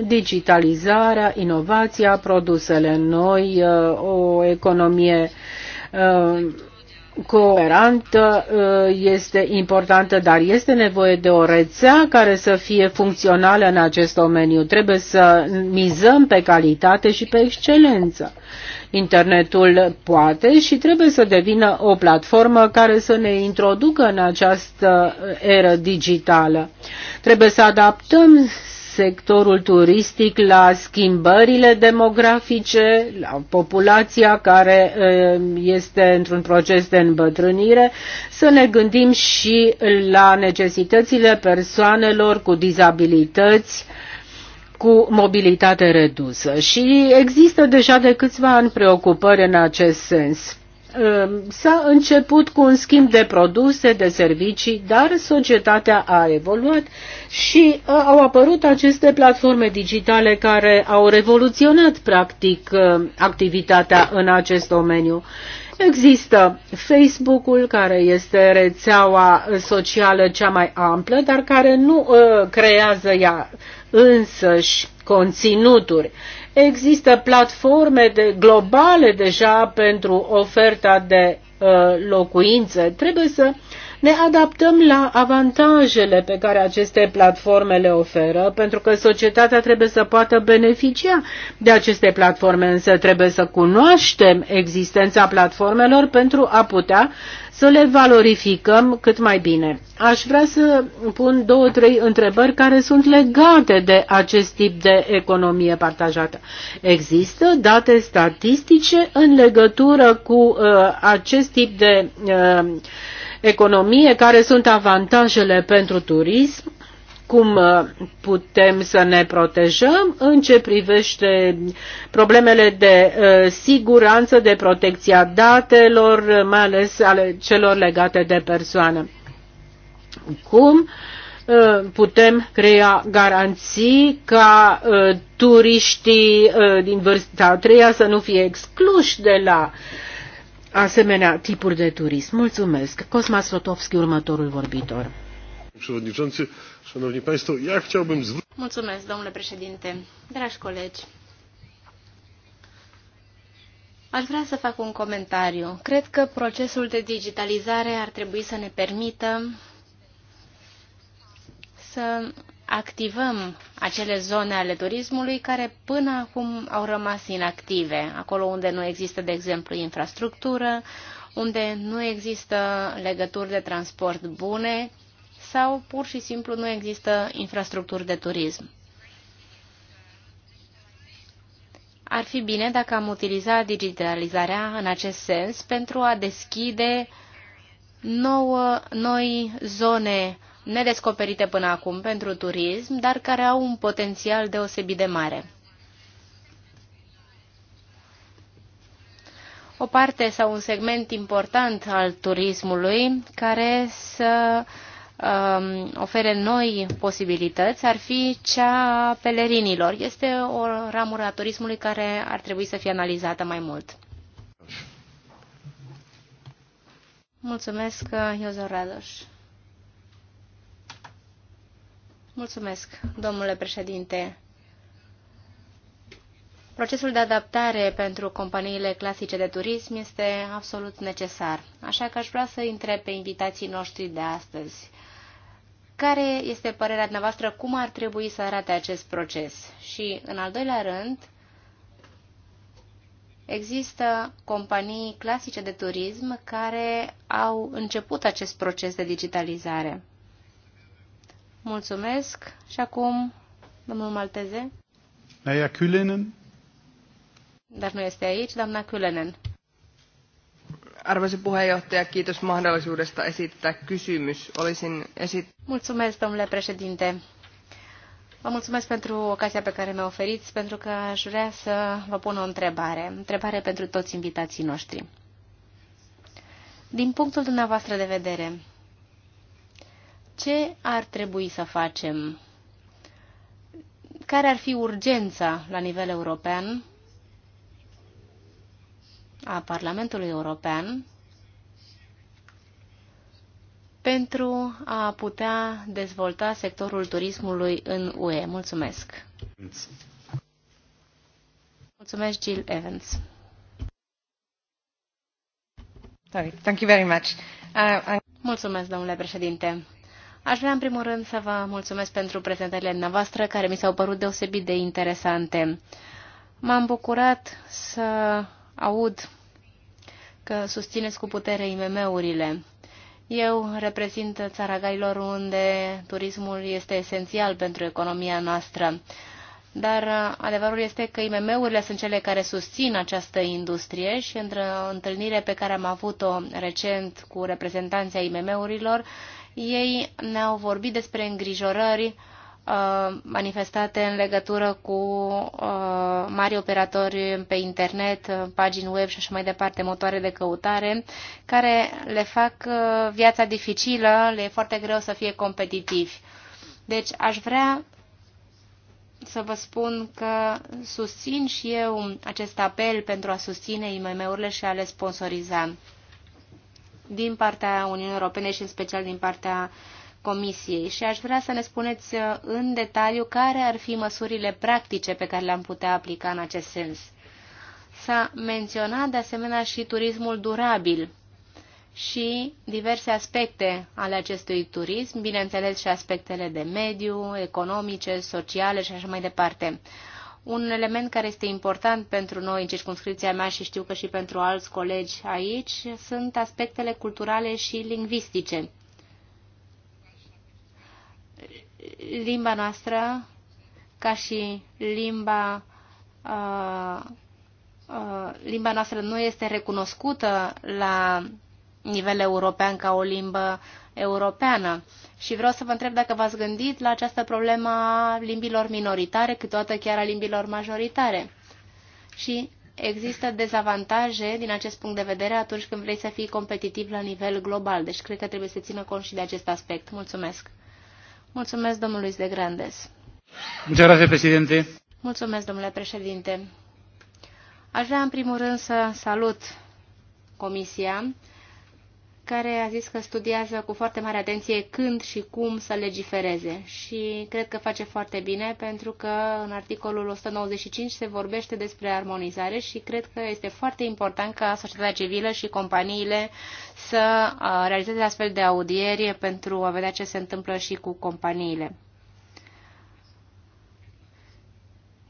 Digitalizarea, inovația, produsele noi, uh, o economie uh, coerentă uh, este importantă, dar este nevoie de o rețea care să fie funcțională în acest domeniu. Trebuie să mizăm pe calitate și pe excelență. Internetul poate și trebuie să devină o platformă care să ne introducă în această eră digitală. Trebuie să adaptăm sectorul turistic la schimbările demografice, la populația care este într-un proces de îmbătrânire, să ne gândim și la necesitățile persoanelor cu dizabilități, cu mobilitate redusă. Și există deja de câțiva ani preocupări în acest sens Ehm, s-a început cu un schimb de produse, de servicii, dar societatea a evoluat și au apărut aceste platforme digitale care au revoluționat practic ehm, activitatea în acest domeniu. Există Facebook-ul, care este rețeaua socială cea mai amplă, dar care nu uh, creează ea însăși conținuturi. Există platforme de, globale deja pentru oferta de uh, locuințe. Trebuie să ne adaptăm la avantajele pe care aceste platforme le oferă, pentru că societatea trebuie să poată beneficia de aceste platforme, însă trebuie să cunoaștem existența platformelor pentru a putea să le valorificăm cât mai bine. Aș vrea să pun două, trei întrebări care sunt legate de acest tip de economie partajată. Există date statistice în legătură cu uh, acest tip de uh, economie, care sunt avantajele pentru turism, cum uh, putem să ne protejăm în ce privește problemele de uh, siguranță, de protecția datelor, uh, mai ales ale celor legate de persoană. Cum putem crea garanții ca turiștii din vârsta a treia să nu fie excluși de la uh, asemenea tipuri de turism. Mulțumesc. Cosma Slotovski, următorul vorbitor. Mulțumesc, domnule președinte. Dragi colegi, Aș vrea să fac un comentariu. Cred că procesul de digitalizare ar trebui să ne permită să activăm acele zone ale turismului care până acum au rămas inactive, acolo unde nu există, de exemplu, infrastructură, unde nu există legături de transport bune sau pur și simplu nu există infrastructuri de turism. Ar fi bine dacă am utilizat digitalizarea în acest sens pentru a deschide nouă, noi zone nedescoperite până acum pentru turism, dar care au un potențial deosebit de mare. O parte sau un segment important al turismului care să um, ofere noi posibilități ar fi cea a pelerinilor. Este o ramură a turismului care ar trebui să fie analizată mai mult. Mulțumesc, Iozor Radoș. Mulțumesc, domnule președinte. Procesul de adaptare pentru companiile clasice de turism este absolut necesar, așa că aș vrea să întreb pe invitații noștri de astăzi. Care este părerea dumneavoastră, cum ar trebui să arate acest proces? Și, în al doilea rând, există companii clasice de turism care au început acest proces de digitalizare. Mulțumesc. Și acum, domnul Malteze. Naia Kylenen. Dar nu este aici, doamna Kylenen. Arvoisa puheenjohtaja, kiitos mahdollisuudesta esittää kysymys. Olisin esit... Mulțumesc, domnule președinte. Vă mulțumesc pentru ocazia pe care mi-o oferiți, pentru că aș vrea să vă pun o întrebare. Întrebare pentru toți invitații noștri. Din punctul dumneavoastră de vedere, ce ar trebui să facem? Care ar fi urgența la nivel european a Parlamentului European pentru a putea dezvolta sectorul turismului în UE. Mulțumesc! Mulțumesc, Jill Evans. Sorry. Thank you very much. Uh, Mulțumesc, domnule președinte. Aș vrea în primul rând să vă mulțumesc pentru prezentările noastre care mi s-au părut deosebit de interesante. M-am bucurat să aud că susțineți cu putere IMM-urile. Eu reprezint țara Gailor unde turismul este esențial pentru economia noastră. Dar adevărul este că IMM-urile sunt cele care susțin această industrie și într-o întâlnire pe care am avut-o recent cu reprezentanții IMM-urilor, ei ne-au vorbit despre îngrijorări uh, manifestate în legătură cu uh, mari operatori pe internet, uh, pagini web și așa mai departe, motoare de căutare, care le fac viața dificilă, le e foarte greu să fie competitivi. Deci aș vrea să vă spun că susțin și eu acest apel pentru a susține IMM-urile și a le sponsoriza din partea Uniunii Europene și în special din partea Comisiei și aș vrea să ne spuneți uh, în detaliu care ar fi măsurile practice pe care le-am putea aplica în acest sens. S-a menționat de asemenea și turismul durabil și diverse aspecte ale acestui turism, bineînțeles și aspectele de mediu, economice, sociale și așa mai departe. Un element care este important pentru noi în circunscripția mea și știu că și pentru alți colegi aici sunt aspectele culturale și lingvistice. Limba noastră, ca și limba uh, uh, limba noastră nu este recunoscută la nivel european ca o limbă europeană. Și vreau să vă întreb dacă v-ați gândit la această problemă a limbilor minoritare, câteodată chiar a limbilor majoritare. Și există dezavantaje din acest punct de vedere atunci când vrei să fii competitiv la nivel global. Deci cred că trebuie să țină cont și de acest aspect. Mulțumesc. Mulțumesc domnului de Grandes. Mulțumesc, președinte. Mulțumesc, domnule președinte. Aș vrea, în primul rând, să salut Comisia care a zis că studiază cu foarte mare atenție când și cum să legifereze și cred că face foarte bine pentru că în articolul 195 se vorbește despre armonizare și cred că este foarte important ca societatea civilă și companiile să uh, realizeze astfel de audieri pentru a vedea ce se întâmplă și cu companiile.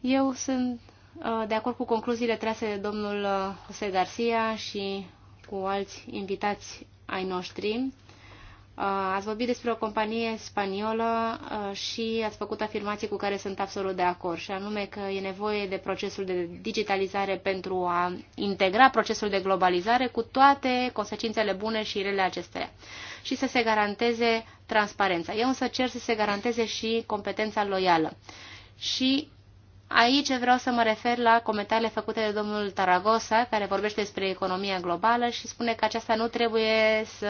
Eu sunt uh, de acord cu concluziile trase de domnul uh, José Garcia și cu alți invitați ai noștri. Uh, ați vorbit despre o companie spaniolă uh, și ați făcut afirmații cu care sunt absolut de acord, și anume că e nevoie de procesul de digitalizare pentru a integra procesul de globalizare cu toate consecințele bune și rele acestea și să se garanteze transparența. Eu însă cer să se garanteze și competența loială. Și Aici vreau să mă refer la comentariile făcute de domnul Taragosa, care vorbește despre economia globală și spune că aceasta nu trebuie să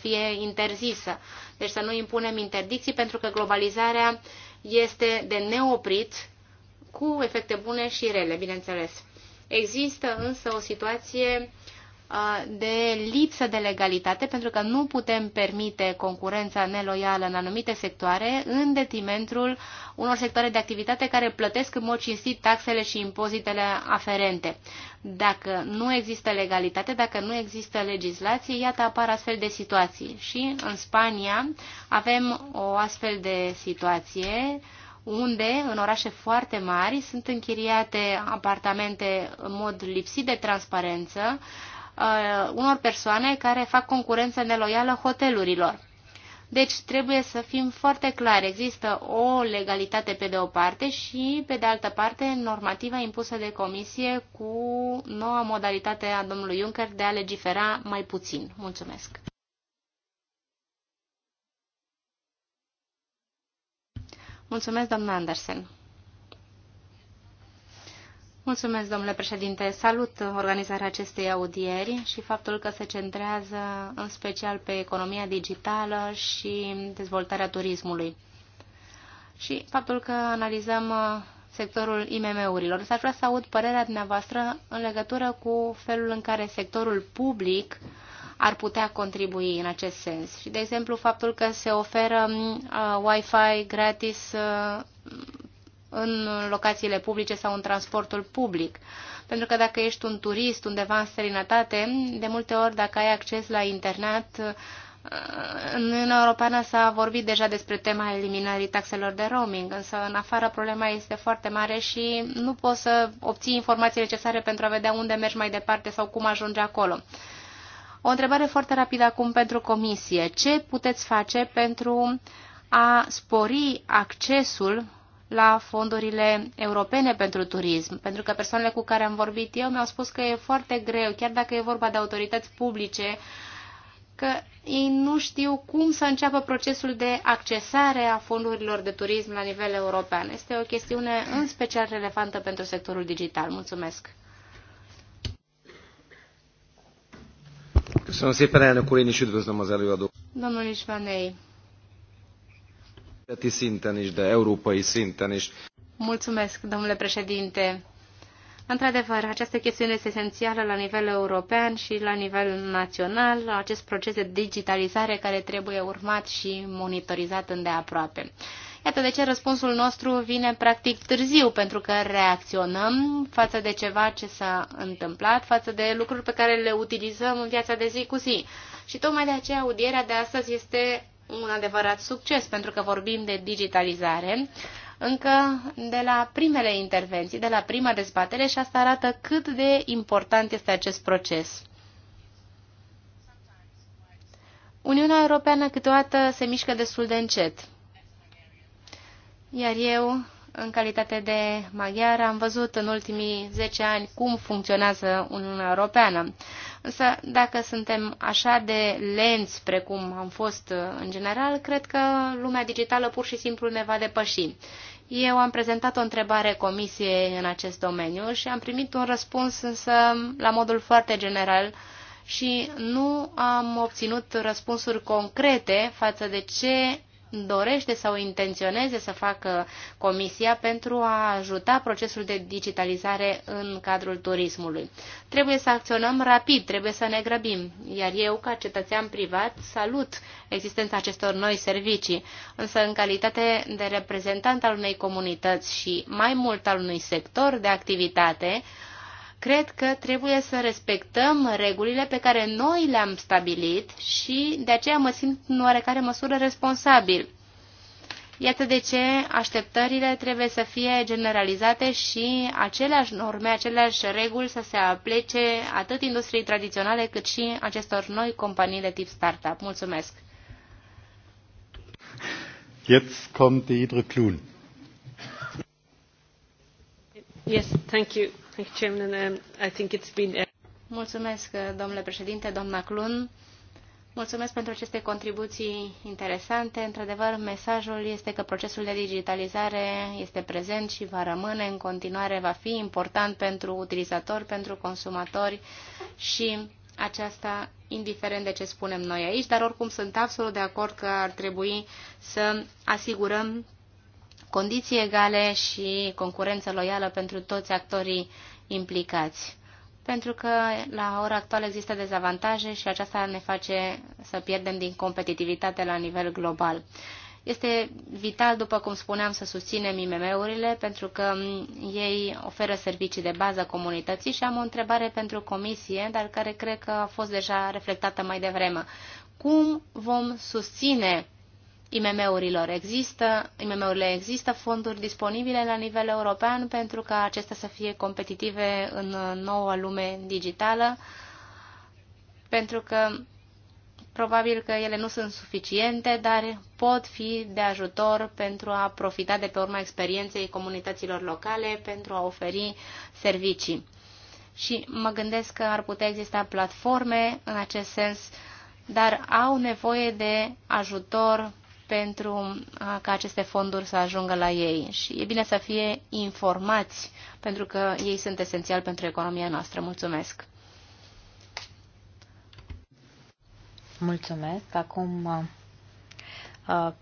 fie interzisă. Deci să nu impunem interdicții, pentru că globalizarea este de neoprit, cu efecte bune și rele, bineînțeles. Există însă o situație de lipsă de legalitate, pentru că nu putem permite concurența neloială în anumite sectoare, în detrimentul unor sectoare de activitate care plătesc în mod cinstit taxele și impozitele aferente. Dacă nu există legalitate, dacă nu există legislație, iată apar astfel de situații. Și în Spania avem o astfel de situație unde, în orașe foarte mari, sunt închiriate apartamente în mod lipsit de transparență, uh, unor persoane care fac concurență neloială hotelurilor. Deci trebuie să fim foarte clari. Există o legalitate pe de o parte și pe de altă parte normativa impusă de comisie cu noua modalitate a domnului Juncker de a legifera mai puțin. Mulțumesc. Mulțumesc, doamna Andersen. Mulțumesc, domnule președinte. Salut organizarea acestei audieri și faptul că se centrează în special pe economia digitală și dezvoltarea turismului. Și faptul că analizăm uh, sectorul IMM-urilor. S-ar vrea să aud părerea dumneavoastră în legătură cu felul în care sectorul public ar putea contribui în acest sens. Și, de exemplu, faptul că se oferă mm, uh, Wi-Fi gratis uh, în locațiile publice sau în transportul public. Pentru că dacă ești un turist undeva în străinătate, de multe ori dacă ai acces la internet, în Uniunea Europeană s-a vorbit deja despre tema eliminării taxelor de roaming, însă în afară problema este foarte mare și nu poți să obții informații necesare pentru a vedea unde mergi mai departe sau cum ajungi acolo. O întrebare foarte rapidă acum pentru Comisie. Ce puteți face pentru a spori accesul la fondurile europene pentru turism, pentru că persoanele cu care am vorbit eu mi-au spus că e foarte greu, chiar dacă e vorba de autorități publice, că ei nu știu cum să înceapă procesul de accesare a fondurilor de turism la nivel european. Este o chestiune în special relevantă pentru sectorul digital. Mulțumesc! Köszönöm szépen, elnök úr, én is üdvözlöm az előadó. Domnul Ismanei, de păi, păi, Mulțumesc, domnule președinte. Într-adevăr, această chestiune este esențială la nivel european și la nivel național, acest proces de digitalizare care trebuie urmat și monitorizat îndeaproape. Iată de ce răspunsul nostru vine practic târziu, pentru că reacționăm față de ceva ce s-a întâmplat, față de lucruri pe care le utilizăm în viața de zi cu zi. Și tocmai de aceea audierea de astăzi este un adevărat succes, pentru că vorbim de digitalizare, încă de la primele intervenții, de la prima dezbatere și asta arată cât de important este acest proces. Uniunea Europeană câteodată se mișcă destul de încet, iar eu în calitate de maghiar, am văzut în ultimii 10 ani cum funcționează Uniunea Europeană. Însă, dacă suntem așa de lenți precum am fost uh, în general, cred că lumea digitală pur și simplu ne va depăși. Eu am prezentat o întrebare comisiei în acest domeniu și am primit un răspuns însă la modul foarte general și nu am obținut răspunsuri concrete față de ce dorește sau intenționeze să facă Comisia pentru a ajuta procesul de digitalizare în cadrul turismului. Trebuie să acționăm rapid, trebuie să ne grăbim, iar eu, ca cetățean privat, salut existența acestor noi servicii, însă în calitate de reprezentant al unei comunități și mai mult al unui sector de activitate, Cred că trebuie să respectăm regulile pe care noi le-am stabilit și de aceea mă simt în oarecare măsură responsabil. Iată de ce așteptările trebuie să fie generalizate și aceleași norme, aceleași reguli să se aplece atât industriei tradiționale cât și acestor noi companii de tip startup. Mulțumesc! Jetzt kommt Deidre Yes, thank you. Uh, Mulțumesc, uh, domnule președinte, doamna Clun. Mulțumesc pentru aceste contribuții interesante. Într-adevăr, mesajul este că procesul de digitalizare este prezent și va rămâne în continuare, va fi important pentru utilizatori, pentru consumatori și aceasta indiferent de ce spunem noi aici, dar oricum sunt absolut de acord că ar trebui să asigurăm condiții egale și concurență loială pentru toți actorii implicați. Pentru că la ora actuală există dezavantaje și aceasta ne face să pierdem din competitivitate la nivel global. Este vital, după cum spuneam, să susținem IMM-urile pentru că ei oferă servicii de bază comunității și am o întrebare pentru comisie, dar care cred că a fost deja reflectată mai devreme. Cum vom susține IMM-urilor există, IMM-urile există fonduri disponibile la nivel european pentru ca acestea să fie competitive în noua lume digitală, pentru că probabil că ele nu sunt suficiente, dar pot fi de ajutor pentru a profita de pe urma experienței comunităților locale pentru a oferi servicii. Și mă gândesc că ar putea exista platforme în acest sens, dar au nevoie de ajutor pentru ca aceste fonduri să ajungă la ei. Și e bine să fie informați, pentru că ei sunt esențiali pentru economia noastră. Mulțumesc! Mulțumesc! Acum a,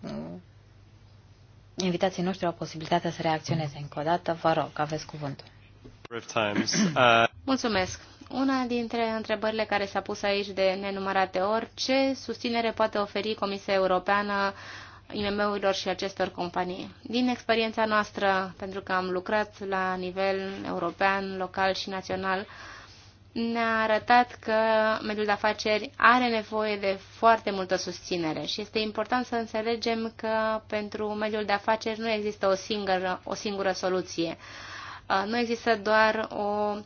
invitații noștri au posibilitatea să reacționeze încă o dată. Vă rog, aveți cuvântul. Uh, Mulțumesc! Una dintre întrebările care s-a pus aici de nenumărate ori, ce susținere poate oferi Comisia Europeană IMM-urilor și acestor companii? Din experiența noastră, pentru că am lucrat la nivel european, local și național, ne-a arătat că mediul de afaceri are nevoie de foarte multă susținere și este important să înțelegem că pentru mediul de afaceri nu există o singură, o singură soluție. Uh, nu există doar o uh,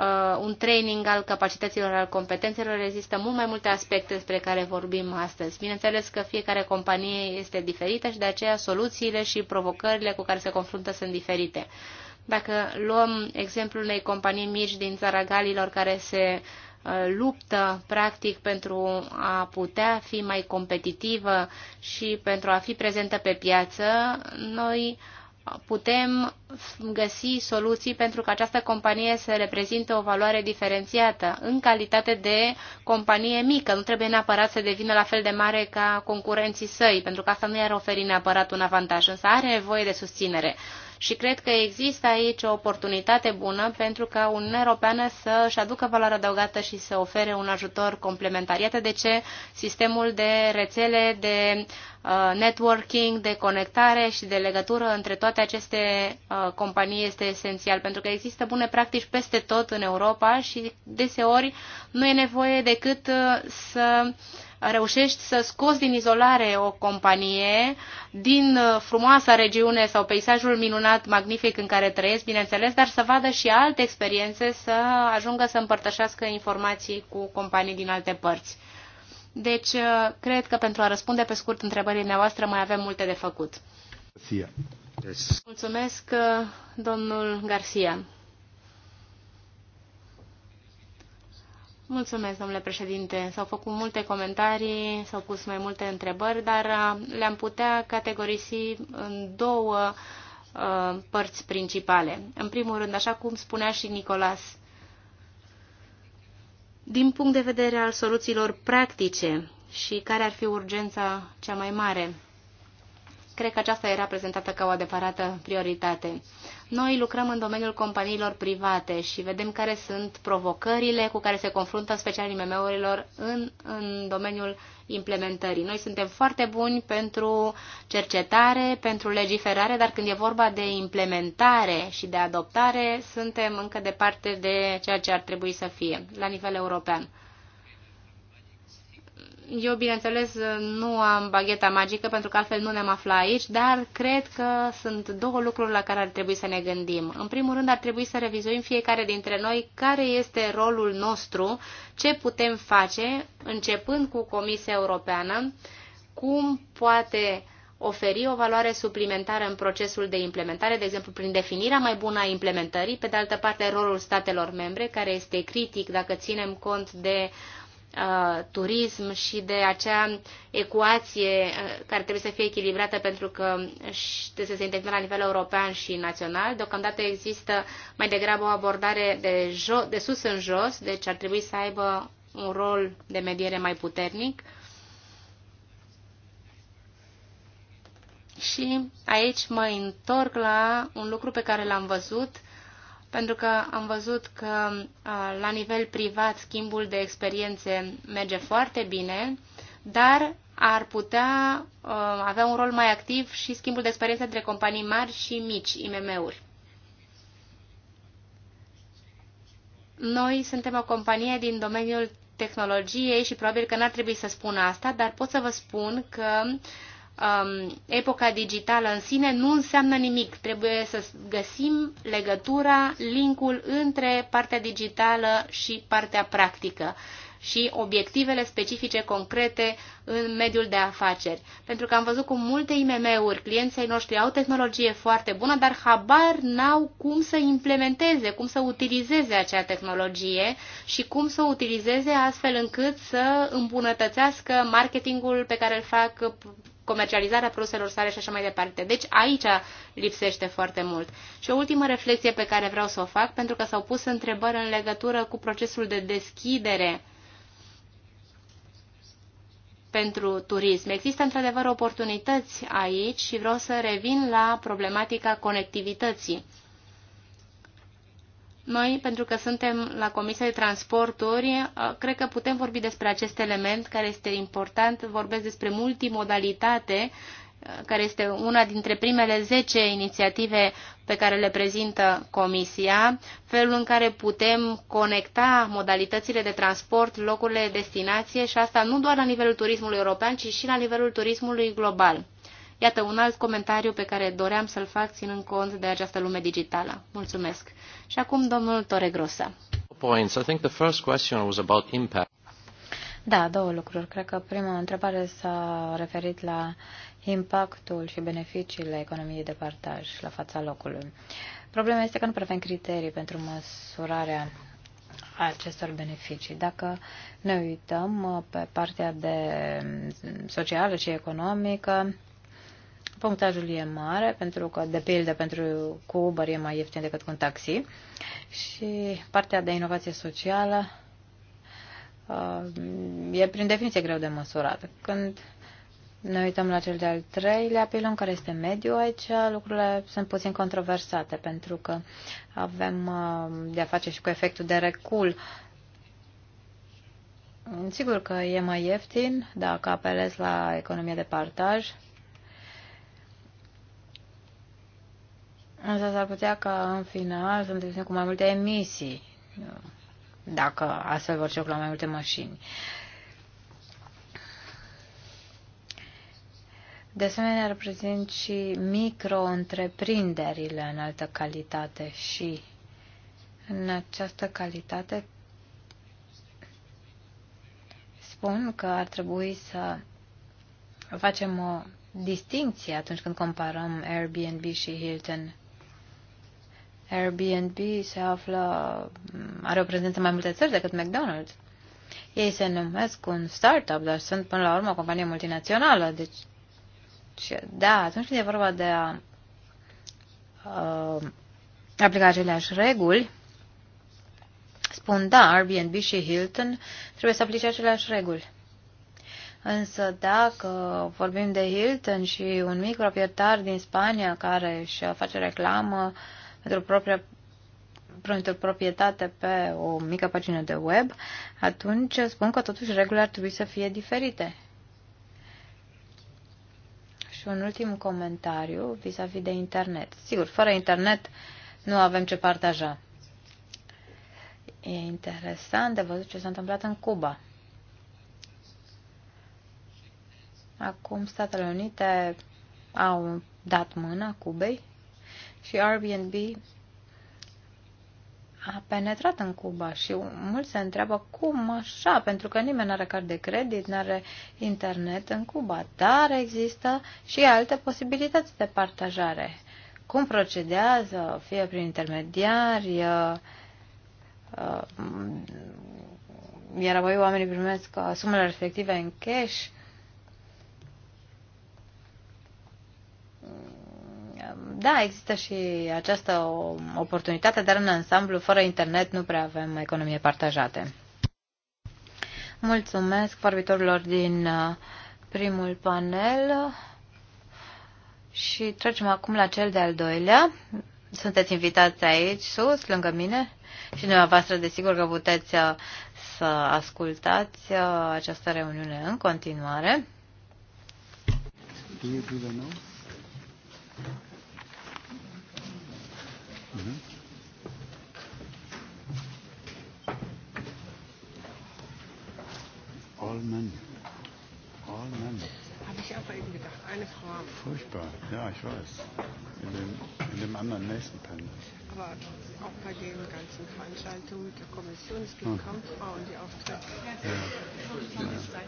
uh, un training al capacităților, al competențelor, există mult mai multe aspecte despre care vorbim astăzi. Bineînțeles că fiecare companie este diferită și de aceea soluțiile și provocările cu care se confruntă sunt diferite. Dacă luăm exemplul unei companii mici din țara Galilor care se uh, luptă practic pentru a putea fi mai competitivă și pentru a fi prezentă pe piață, noi uh, putem găsi soluții pentru că această companie să reprezinte o valoare diferențiată în calitate de companie mică. Nu trebuie neapărat să devină la fel de mare ca concurenții săi, pentru că asta nu i-ar oferi neapărat un avantaj, însă are nevoie de susținere. Și cred că există aici o oportunitate bună pentru ca Uniunea Europeană să își aducă valoarea adăugată și să ofere un ajutor complementar. Iată de ce sistemul de rețele, de uh, networking, de conectare și de legătură între toate aceste uh, companii este esențial, pentru că există bune practici peste tot în Europa și deseori nu e nevoie decât uh, să uh, reușești să scoți din izolare o companie, din uh, frumoasa regiune sau peisajul minunat, magnific în care trăiesc, bineînțeles, dar să vadă și alte experiențe, să ajungă să împărtășească informații cu companii din alte părți. Deci, uh, cred că pentru a răspunde pe scurt întrebările noastre mai avem multe de făcut. Mulțumesc, uh, domnul Garcia. Mulțumesc, domnule președinte. S-au făcut multe comentarii, s-au pus mai multe întrebări, dar uh, le-am putea categorisi în două uh, părți principale. În primul rând, așa cum spunea și Nicolas, din punct de vedere al soluțiilor practice și care ar fi urgența cea mai mare, cred că aceasta era prezentată ca o adevărată prioritate. Noi lucrăm în domeniul companiilor private și vedem care sunt provocările cu care se confruntă în special IMM-urilor în, în domeniul implementării. Noi suntem foarte buni pentru cercetare, pentru legiferare, dar când e vorba de implementare și de adoptare, suntem încă departe de ceea ce ar trebui să fie la nivel european. Eu, bineînțeles, nu am bagheta magică, pentru că altfel nu ne-am aflat aici, dar cred că sunt două lucruri la care ar trebui să ne gândim. În primul rând, ar trebui să revizuim fiecare dintre noi care este rolul nostru, ce putem face, începând cu Comisia Europeană, cum poate oferi o valoare suplimentară în procesul de implementare, de exemplu prin definirea mai bună a implementării, pe de altă parte rolul statelor membre, care este critic dacă ținem cont de turism și de acea ecuație care trebuie să fie echilibrată pentru că trebuie să se integreze la nivel european și național. Deocamdată există mai degrabă o abordare de, jo- de sus în jos, deci ar trebui să aibă un rol de mediere mai puternic. Și aici mă întorc la un lucru pe care l-am văzut pentru că am văzut că la nivel privat schimbul de experiențe merge foarte bine, dar ar putea avea un rol mai activ și schimbul de experiențe între companii mari și mici, IMM-uri. Noi suntem o companie din domeniul tehnologiei și probabil că n-ar trebui să spun asta, dar pot să vă spun că uh, um, epoca digitală în sine nu înseamnă nimic. Trebuie să găsim legătura, linkul între partea digitală și partea practică și obiectivele specifice concrete în mediul de afaceri. Pentru că am văzut cum multe IMM-uri, clienții noștri au tehnologie foarte bună, dar habar n-au cum să implementeze, cum să utilizeze acea tehnologie și cum să o utilizeze astfel încât să îmbunătățească marketingul pe care îl fac comercializarea produselor sale și așa mai departe. Deci aici lipsește foarte mult. Și o ultimă reflexie pe care vreau să o fac, pentru că s-au pus întrebări în legătură cu procesul de deschidere pentru turism. Există într-adevăr oportunități aici și vreau să revin la problematica conectivității. Noi, pentru că suntem la Comisia de Transporturi, uh, cred că putem vorbi despre acest element care este important. Vorbesc despre multimodalitate, uh, care este una dintre primele 10 inițiative pe care le prezintă Comisia, felul în care putem conecta modalitățile de transport, locurile de destinație și asta nu doar la nivelul turismului european, ci și la nivelul turismului global. Iată un alt comentariu pe care doream să-l fac ținând cont de această lume digitală. Mulțumesc. Și acum domnul Toregrosa. Points. I think the first question was about impact. Da, două lucruri. Cred că prima întrebare s-a referit la impactul și beneficiile economiei de partaj la fața locului. Problema este că nu prevem criterii pentru măsurarea acestor beneficii. Dacă ne uităm uh, pe partea de mm, socială și economică, punctajul e mare, pentru că, de pildă, pentru cu Uber e mai ieftin decât cu un taxi. Și partea de inovație socială uh, e, prin definiție, greu de măsurat. Când ne uităm la cel de-al treilea pilon, care este mediu aici, lucrurile sunt puțin controversate, pentru că avem uh, de-a face și cu efectul de recul. Sigur că e mai ieftin dacă apelezi la economia de partaj, Însă s-ar putea ca în final să ne cu mai multe emisii, dacă astfel vor circula mai multe mașini. De asemenea, reprezint și micro-întreprinderile în altă calitate și în această calitate spun că ar trebui să facem o distinție atunci când comparăm Airbnb și Hilton. Airbnb se află, mm, are o prezență mai multe țări decât McDonald's. Ei se numesc un startup, dar sunt până la urmă o companie multinațională. Deci, da, atunci când e vorba de a uh, aplica aceleași reguli, spun da, Airbnb și Hilton trebuie să aplice aceleași reguli. Însă dacă vorbim de Hilton și un proprietar din Spania care își face reclamă uh, pentru propria printr-o proprietate pe o mică pagină de web, atunci spun că totuși regulile ar trebui să fie diferite. Și un ultim comentariu vis-a-vis -vis de internet. Sigur, fără internet nu avem ce partaja. E interesant de văzut ce s-a întâmplat în Cuba. Acum Statele Unite au dat mâna Cubei și Airbnb a penetrat în Cuba și mulți se întreabă cum așa, pentru că nimeni nu are card de credit, nu are internet în Cuba, dar există și alte posibilități de partajare. Cum procedează, fie prin intermediari, uh, uh, iar apoi oamenii primesc uh, sumele respective în cash, da, există și această oportunitate, dar în ansamblu, fără internet, nu prea avem economie partajate. Mulțumesc vorbitorilor din uh, primul panel și trecem acum la cel de-al doilea. Sunteți invitați aici, sus, lângă mine și dumneavoastră, desigur că puteți uh, să ascultați uh, această reuniune în continuare. Do you do the notes? Mm-hmm. Allman. Allman. Habe ich auch eben gedacht, eine Frau. Furchtbar, ja, ich weiß. In dem, in dem anderen nächsten Panel. Aber auch bei den ganzen Veranstaltungen mit der Kommission, es gibt hm. kaum Frauen, die auftreten. Ja. ja. Zumindest. Ja.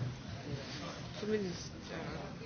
Zumindest äh,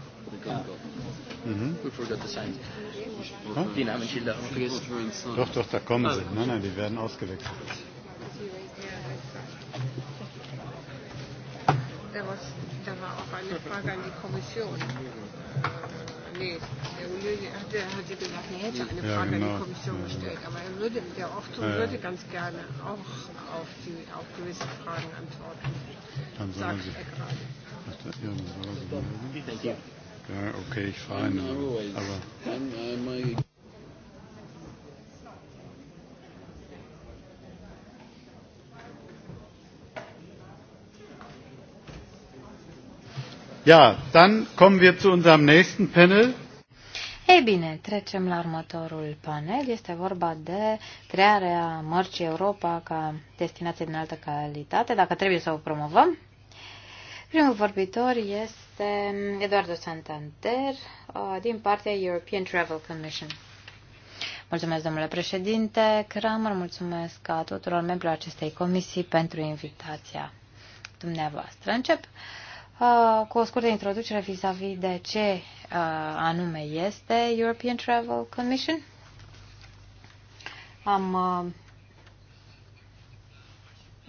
Mhm. Oh? Die Namensschilder haben vergessen. Doch, doch, da kommen sie. Nein, nein, die werden ausgewechselt. Da, was, da war auch eine Frage an die Kommission. Äh, nee, der Ulöne hat, hatte gesagt, er hätte eine Frage ja, genau. an die Kommission gestellt. Aber er würde, der Ochto ja. würde ganz gerne auch auf, die, auf gewisse Fragen antworten. Dann sollen sie. Er gerade. Ja, okay, fine. Aber Ja, dann kommen wir zu unserem nächsten Panel. Ei bine, trecem la următorul panel. Este vorba de crearea mărcii Europa ca destinație de înaltă calitate, dacă trebuie să o promovăm. Primul vorbitor este Eduardo Santander uh, din partea European Travel Commission. Mulțumesc, domnule președinte Kramer, mulțumesc a tuturor membrilor acestei comisii pentru invitația dumneavoastră. Încep uh, cu o scurtă introducere vis-a-vis -vis de ce uh, anume este European Travel Commission. Am uh,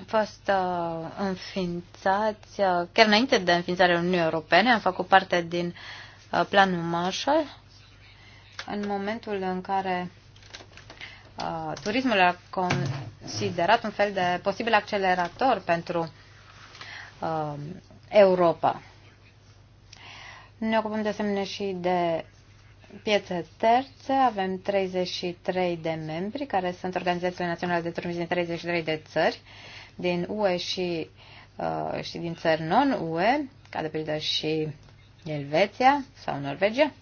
fost uh, înființați, uh, chiar înainte de înființarea Uniunii Europene, am făcut parte din uh, planul Marshall. În momentul în care uh, turismul era considerat un fel de posibil accelerator pentru uh, Europa. Ne ocupăm de asemenea și de piețe terțe, avem 33 de membri, care sunt organizațiile naționale de turism din 33 de țări. Uh, din UE și, uh, și din țări non-UE, ca de pildă și Elveția sau Norvegia.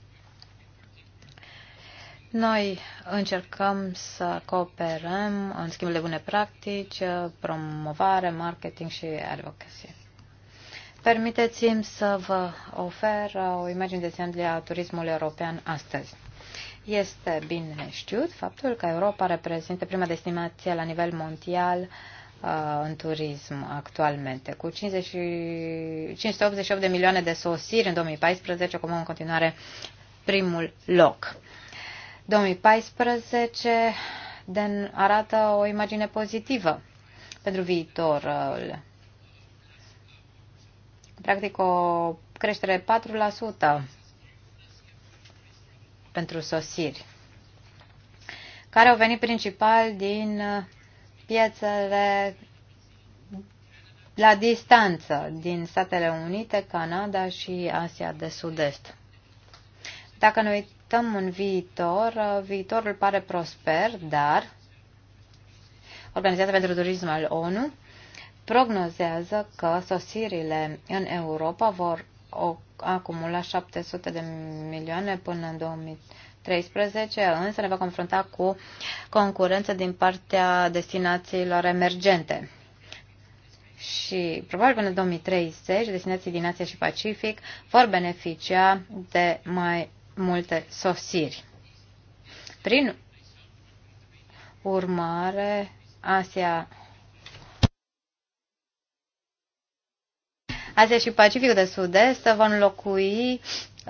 Noi încercăm să cooperăm în schimb de bune practici, uh, promovare, marketing și advocacy. Permiteți-mi să vă ofer uh, o imagine de semnă a turismului european astăzi. Este bine știut faptul că Europa reprezintă prima destinație la nivel mondial uh, în turism actualmente. Cu 50, 588 de milioane de sosiri în 2014, acum în continuare primul loc. 2014 den, arată o imagine pozitivă pentru viitorul. Practic o creștere 4% pentru sosiri, care au venit principal din piețele la distanță din Statele Unite, Canada și Asia de Sud-Est. Dacă ne uităm în viitor, viitorul pare prosper, dar Organizația pentru Turism al ONU prognozează că sosirile în Europa vor acumula 700 de milioane până în 2000. 2013, însă ne va confrunta cu concurență din partea destinațiilor emergente. Și probabil până în 2030, destinații din Asia și Pacific vor beneficia de mai multe sosiri. Prin urmare, Asia Asia și Pacificul de Sud-Est vor înlocui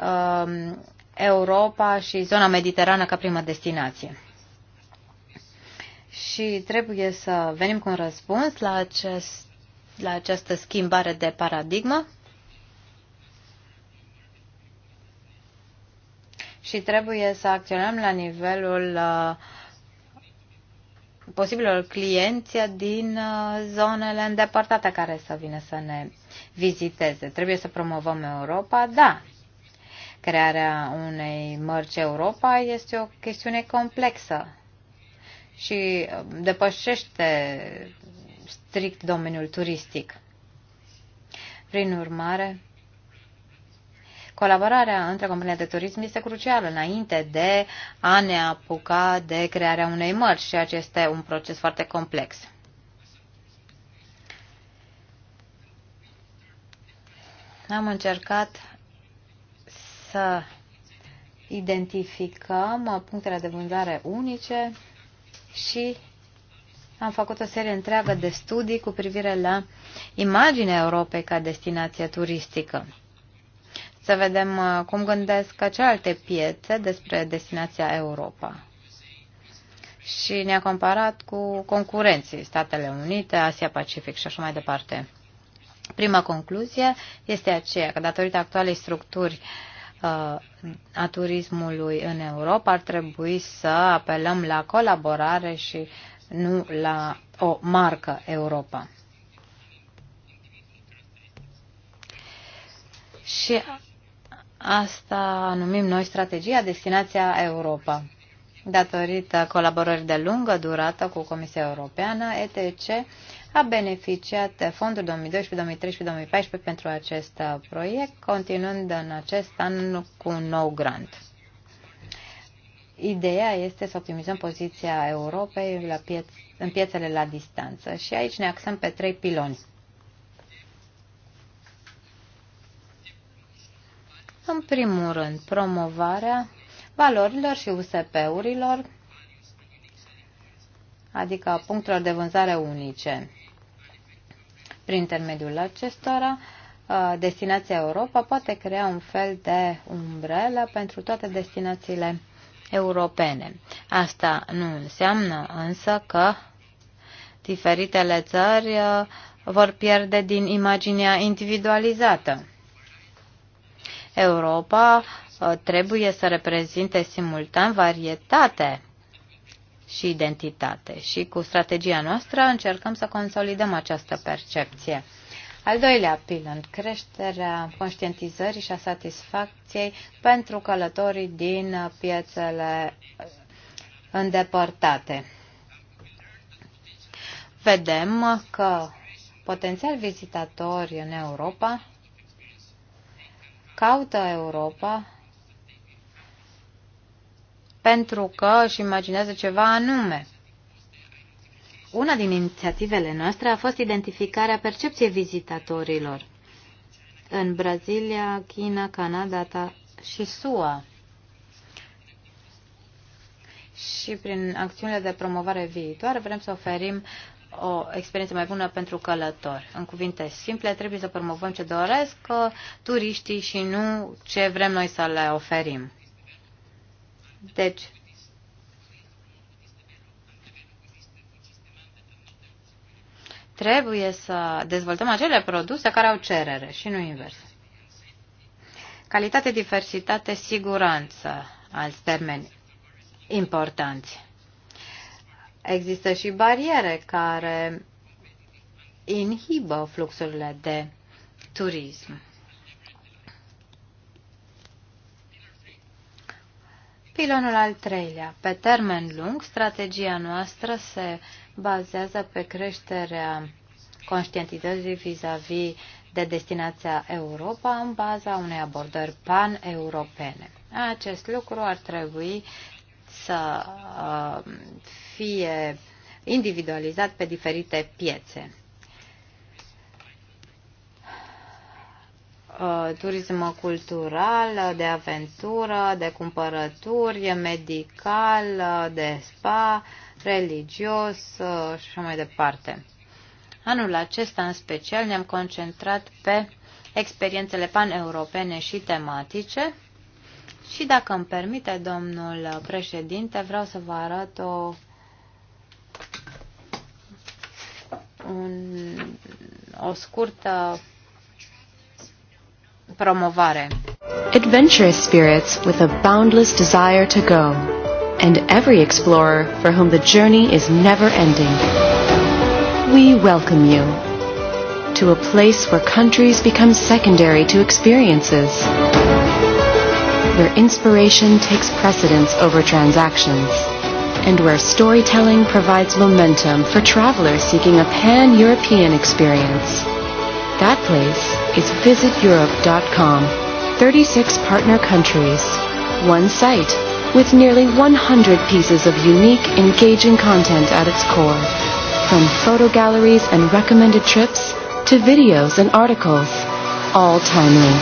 um, Europa și zona mediterană ca primă destinație. Și trebuie să venim cu un răspuns la, acest, la această schimbare de paradigmă. Și trebuie să acționăm la nivelul uh, posibilor clienți din uh, zonele îndepărtate care să vină să ne viziteze. Trebuie să promovăm Europa, da, Crearea unei mărci Europa este o chestiune complexă și uh, depășește strict domeniul turistic. Prin urmare, colaborarea între companiile de turism este crucială înainte de a ne apuca de crearea unei mărci și acesta este un proces foarte complex. Am încercat să identificăm punctele de vânzare unice și am făcut o serie întreagă de studii cu privire la imaginea Europei ca destinație turistică. Să vedem uh, cum gândesc celelalte piețe despre destinația Europa. Și ne-a comparat cu concurenții, Statele Unite, Asia-Pacific și așa mai departe. Prima concluzie este aceea că datorită actualei structuri uh, Uh, a turismului în Europa, ar trebui să apelăm la colaborare și nu la o marcă Europa. Și asta numim noi strategia Destinația Europa. Datorită colaborării de lungă durată cu Comisia Europeană, ETC a beneficiat de fonduri 2012, 2013, 2014 pentru acest uh, proiect, continuând în acest an cu un nou grant. Ideea este să optimizăm poziția Europei la pieț- în piețele la distanță și aici ne axăm pe trei piloni. În primul rând, promovarea valorilor și USP-urilor, adică punctelor de vânzare unice. Prin intermediul acestora, uh, destinația Europa poate crea un fel de umbrelă pentru toate destinațiile europene. Asta nu înseamnă însă că diferitele țări uh, vor pierde din imaginea individualizată. Europa uh, trebuie să reprezinte simultan varietate și identitate. Și cu strategia noastră încercăm să consolidăm această percepție. Al doilea pilon, creșterea conștientizării și a satisfacției pentru călătorii din piețele îndepărtate. Vedem că potențial vizitatori în Europa caută Europa pentru că își imaginează ceva anume. Una din inițiativele noastre a fost identificarea percepției vizitatorilor în Brazilia, China, Canada ta și SUA. Și prin acțiunile de promovare viitoare vrem să oferim o experiență mai bună pentru călători. În cuvinte simple, trebuie să promovăm ce doresc turiștii și nu ce vrem noi să le oferim. Deci, trebuie să dezvoltăm acele produse care au cerere și nu invers. Calitate, diversitate, siguranță, alți termeni importanți. Există și bariere care inhibă fluxurile de turism. Pilonul al treilea. Pe termen lung, strategia noastră se bazează pe creșterea conștientizării vis-a-vis de destinația Europa în baza unei abordări pan-europene. Acest lucru ar trebui să uh, fie individualizat pe diferite piețe. Uh, turism cultural, uh, de aventură, de cumpărături, medical, uh, de spa, religios și așa mai departe. Anul acesta, în special, ne-am concentrat pe experiențele paneuropene și tematice. Și dacă îmi permite, domnul președinte, vreau să vă arăt o, un, o scurtă promovare. Adventurous spirits with a boundless desire to go, and every explorer for whom the journey is never ending. We welcome you to a place where countries become secondary to experiences, where inspiration takes precedence over transactions and where storytelling provides momentum for travelers seeking a pan-European experience. That place is visiteurope.com. 36 partner countries, one site with nearly 100 pieces of unique, engaging content at its core. From photo galleries and recommended trips to videos and articles, all timely,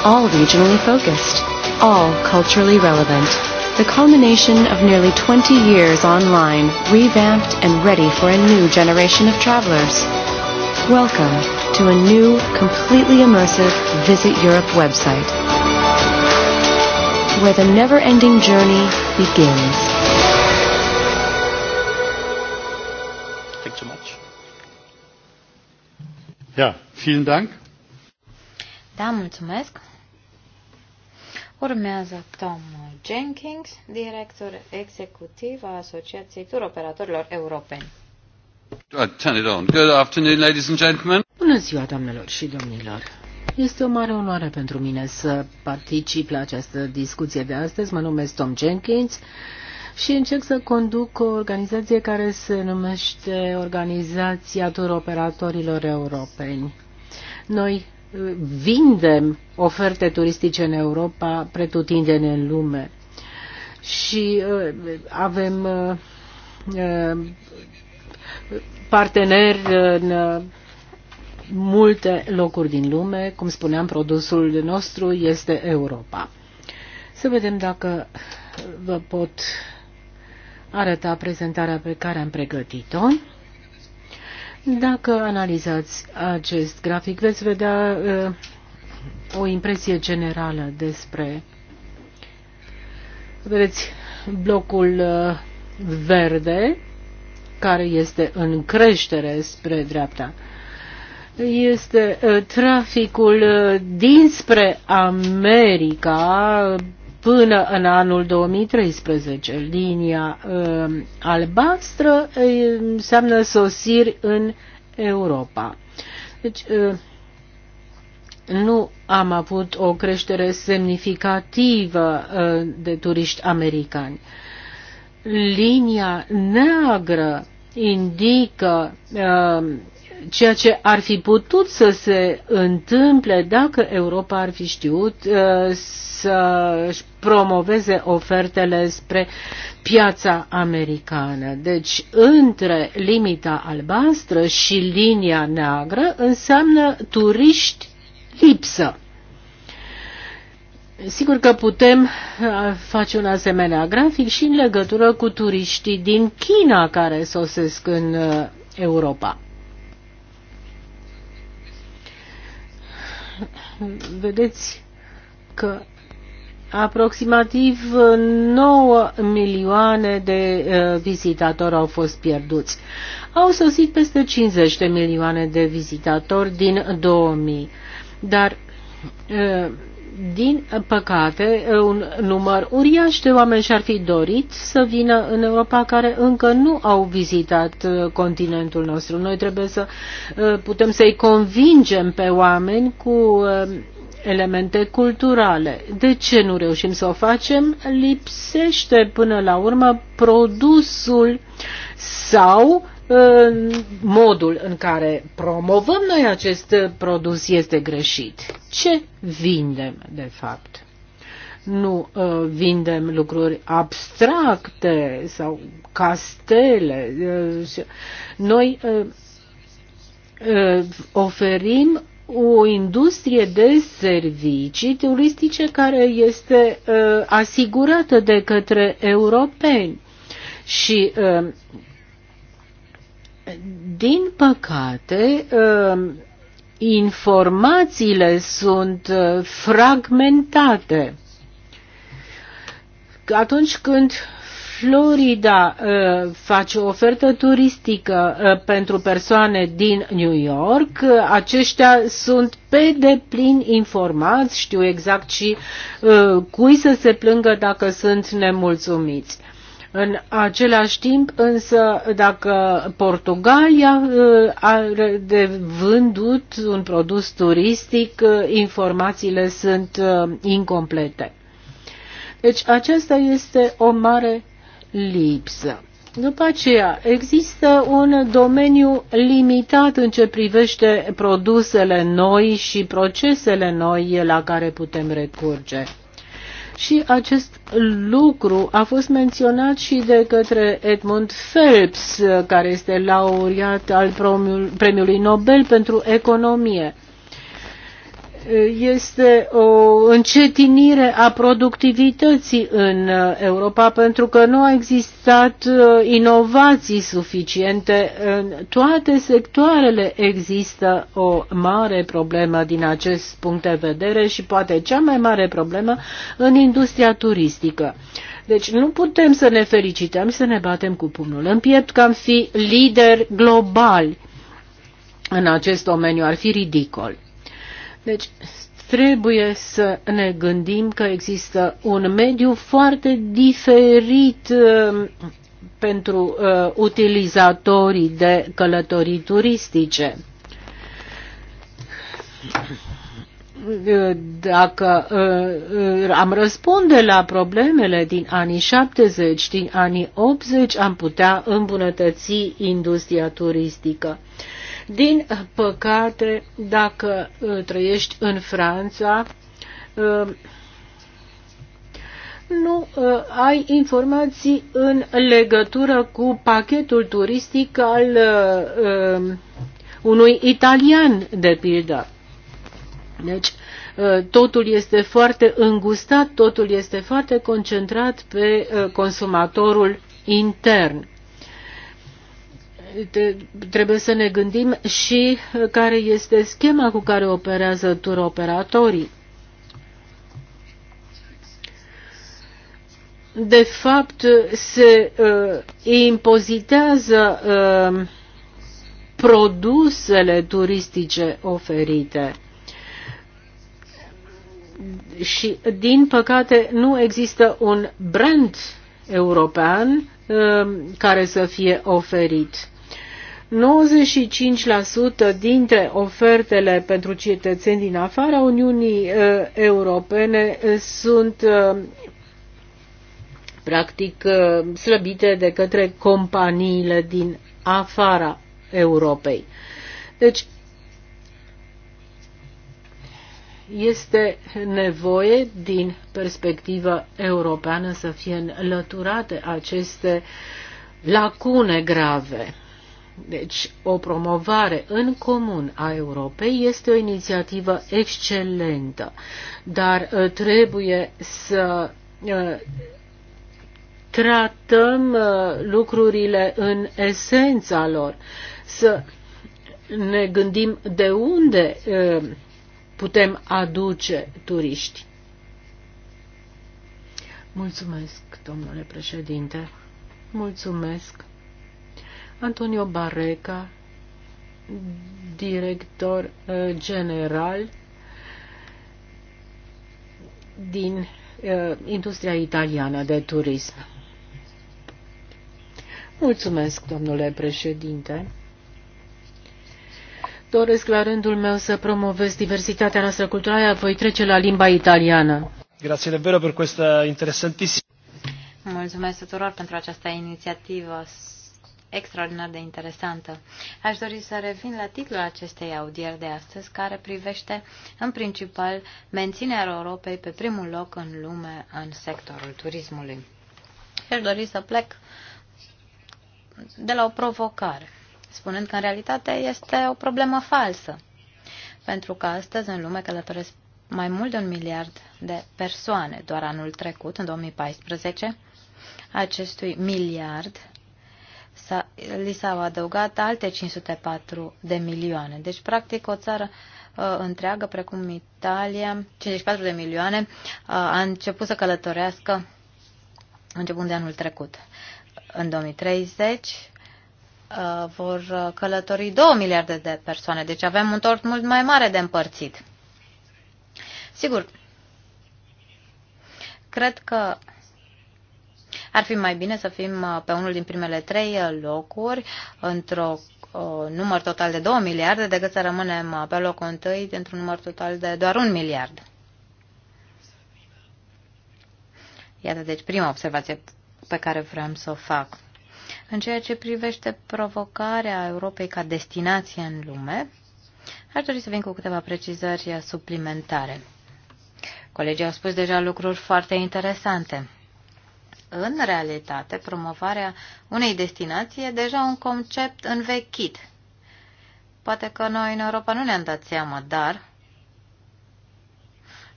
all regionally focused, all culturally relevant. The culmination of nearly 20 years online, revamped and ready for a new generation of travelers. Welcome to a new, completely immersive Visit Europe website, where the never-ending journey begins. Thanks so much. Ja, vielen Dank. Da, mulțumesc. Urmează Tom Jenkins, director executiv a Asociației Turoperatorilor Europeni. Turn it on. Good afternoon, ladies and gentlemen. Bună ziua, doamnelor și domnilor. Este o mare onoare pentru mine să particip la această discuție de astăzi. Mă numesc Tom Jenkins și încerc să conduc o organizație care se numește Organizația Turoperatorilor Europeni. Noi uh, vindem oferte turistice în Europa, pretutindeni în lume. Și uh, avem uh, uh parteneri în uh, multe locuri din lume. Cum spuneam, produsul nostru este Europa. Să vedem dacă vă pot arăta prezentarea pe care am pregătit-o. Dacă analizați acest grafic, veți vedea uh, o impresie generală despre vedeți blocul uh, verde care este în creștere spre dreapta. Este ă, traficul ă, dinspre America până în anul 2013. Linia ă, albastră înseamnă sosiri în Europa. Deci, nu am avut o creștere semnificativă de turiști americani. Linia neagră indică uh, ceea ce ar fi putut să se întâmple dacă Europa ar fi știut uh, să promoveze ofertele spre piața americană. Deci, între limita albastră și linia neagră înseamnă turiști lipsă. Sigur că putem uh, face un asemenea grafic și în legătură cu turiștii din China care sosesc în uh, Europa. Vedeți că aproximativ 9 milioane de uh, vizitatori au fost pierduți. Au sosit peste 50 de milioane de vizitatori din 2000. Dar din păcate, un număr uriaș de oameni și-ar fi dorit să vină în Europa care încă nu au vizitat uh, continentul nostru. Noi trebuie să uh, putem să-i convingem pe oameni cu uh, elemente culturale. De ce nu reușim să o facem? Lipsește până la urmă produsul sau modul în care promovăm noi acest produs este greșit. Ce vindem, de fapt? Nu uh, vindem lucruri abstracte sau castele. Uh, noi uh, uh, oferim o industrie de servicii turistice care este uh, asigurată de către europeni. Și uh, din păcate, uh, informațiile sunt uh, fragmentate. Atunci când Florida uh, face o ofertă turistică pentru persoane din New York. Aceștia sunt pe deplin informați, știu exact și cui să se plângă dacă sunt nemulțumiți. În același timp, însă, dacă Portugalia uh, are de vândut un produs turistic, uh, informațiile sunt uh, incomplete. Deci aceasta este o mare lipsă. După aceea, există un domeniu limitat în ce privește produsele noi și procesele noi la care putem recurge. Și acest lucru a fost menționat și de către Edmund Phelps, care este laureat al premiului Nobel pentru economie este o încetinire a productivității în uh, Europa pentru că nu au existat uh, inovații suficiente. În toate sectoarele există o mare problemă din acest punct de vedere și poate cea mai mare problemă în industria turistică. Deci nu putem să ne felicităm, să ne batem cu pumnul în piept că am fi lideri globali în acest domeniu. Ar fi ridicol. Deci trebuie să ne gândim că există un mediu foarte diferit uh, pentru uh, utilizatorii de călătorii turistice. Dacă uh, am răspunde la problemele din anii 70, din anii 80, am putea îmbunătăți industria turistică. Uh, din păcate, dacă uh, trăiești în Franța, uh, nu uh, ai informații în legătură cu pachetul turistic al um, unui italian, de pildă. Deci, totul este foarte îngustat, totul este foarte concentrat pe consumatorul intern trebuie să ne gândim și care este schema cu care operează tur operatorii. De fapt, se uh, impozitează uh, produsele turistice oferite și, din păcate, nu există un brand european uh, care să fie oferit. 95% dintre ofertele pentru cetățeni din afara Uniunii uh, Europene uh, sunt uh, practic slăbite de către companiile din afara Europei. Deci este nevoie din perspectivă europeană să fie înlăturate aceste lacune grave. Deci, o promovare în comun a Europei este o inițiativă excelentă, dar uh, trebuie să uh, tratăm uh, lucrurile în esența lor, să ne gândim de unde putem aduce turiști. Mulțumesc, domnule președinte. Mulțumesc. Antonio Bareca, director uh, general din uh, industria italiană de turism. Mulțumesc, domnule președinte. Doresc la rândul meu să promovez diversitatea noastră culturală, voi trece la limba italiană. Grazie davvero per questa interessantissima. Mulțumesc tuturor pentru această inițiativă extraordinar de interesantă. Aș dori să revin la titlul acestei audieri de astăzi, care privește în principal menținerea Europei pe primul loc în lume în sectorul turismului. Aș dori să plec de la o provocare, spunând că în realitate este o problemă falsă. Pentru că astăzi în lume călătoresc mai mult de un miliard de persoane. Doar anul trecut, în 2014, acestui miliard li s-au adăugat alte 504 de milioane. Deci, practic, o țară uh, întreagă, precum Italia, 54 de milioane, uh, a început să călătorească începând de anul trecut. În 2030 uh, vor uh, călători 2 miliarde de persoane, deci avem un tort mult mai mare de împărțit. Sigur, cred că ar fi mai bine să fim uh, pe unul din primele trei uh, locuri într-o uh, număr total de 2 miliarde decât să rămânem pe locul întâi într-un număr total de doar 1 miliard. Iată, deci, prima observație pe care vreau să o fac. În ceea ce privește provocarea Europei ca destinație în lume, aș dori să vin cu câteva precizări suplimentare. Colegii au spus deja lucruri foarte interesante în realitate, promovarea unei destinații e deja un concept învechit. Poate că noi în Europa nu ne-am dat seama, dar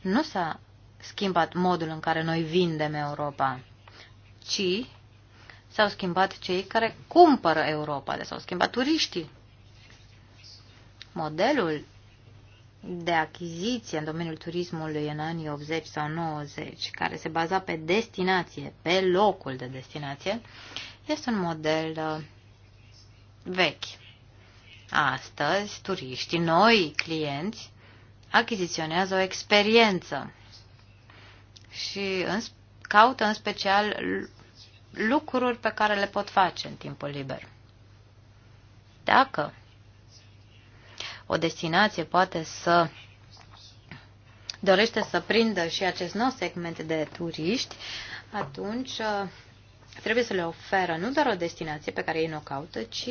nu s-a schimbat modul în care noi vindem Europa, ci s-au schimbat cei care cumpără Europa, deci s-au schimbat turiștii. Modelul de achiziție în domeniul turismului în anii 80 sau 90, care se baza pe destinație, pe locul de destinație, este un model uh, vechi. Astăzi, turiștii, noi clienți, achiziționează o experiență și în, caută în special lucruri pe care le pot face în timpul liber. Dacă o destinație poate să dorește să prindă și acest nou segment de turiști, atunci uh, trebuie să le oferă nu doar o destinație pe care ei nu o caută, ci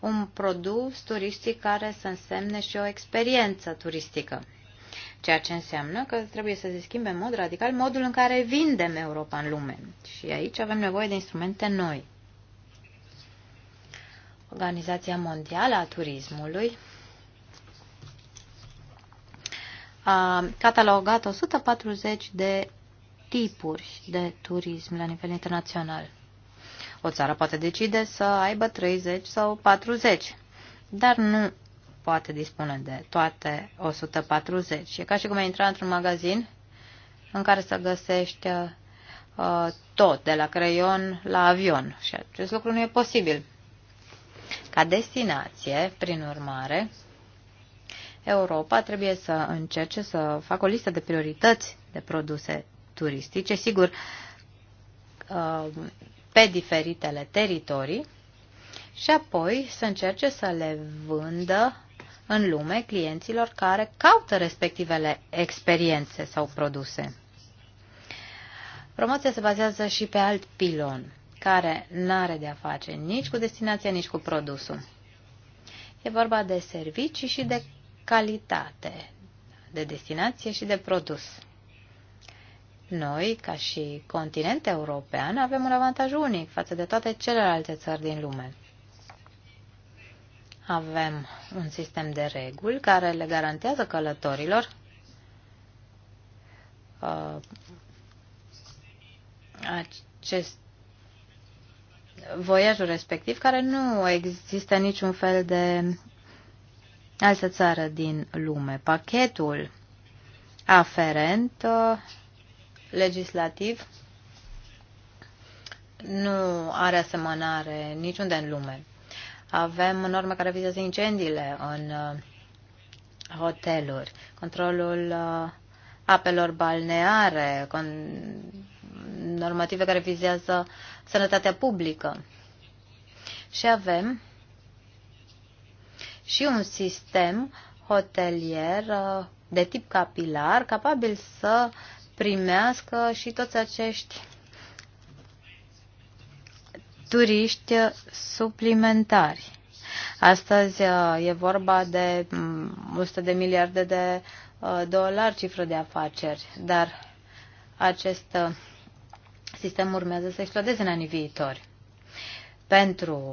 un produs turistic care să însemne și o experiență turistică. Ceea ce înseamnă că trebuie să se schimbe în mod radical modul în care vindem Europa în lume. Și aici avem nevoie de instrumente noi. Organizația Mondială a Turismului a catalogat 140 de tipuri de turism la nivel internațional. O țară poate decide să aibă 30 sau 40, dar nu poate dispune de toate 140. E ca și cum ai intra într-un magazin în care să găsești uh, tot, de la creion la avion. Și acest lucru nu e posibil. Ca destinație, prin urmare, Europa trebuie să încerce să facă o listă de priorități de produse turistice, sigur, uh, pe diferitele teritorii și apoi să încerce să le vândă în lume clienților care caută respectivele experiențe sau produse. Promoția se bazează și pe alt pilon, care nu are de-a face nici cu destinația, nici cu produsul. E vorba de servicii și de calitate, de destinație și de produs. Noi, ca și continent european, avem un avantaj unic față de toate celelalte țări din lume. Avem un sistem de reguli care le garantează călătorilor uh, acest voiajul respectiv, care nu există niciun fel de altă țară din lume. Pachetul aferent uh, legislativ nu are asemănare niciunde în lume. Avem norme care vizează incendiile în uh, hoteluri, controlul uh, apelor balneare, normative care vizează sănătatea publică. Și avem și un sistem hotelier uh, de tip capilar capabil să primească și toți acești turiști suplimentari. Astăzi uh, e vorba de 100 mm, de miliarde de uh, dolari cifră de afaceri, dar acest sistem urmează să explodeze în anii viitori. Pentru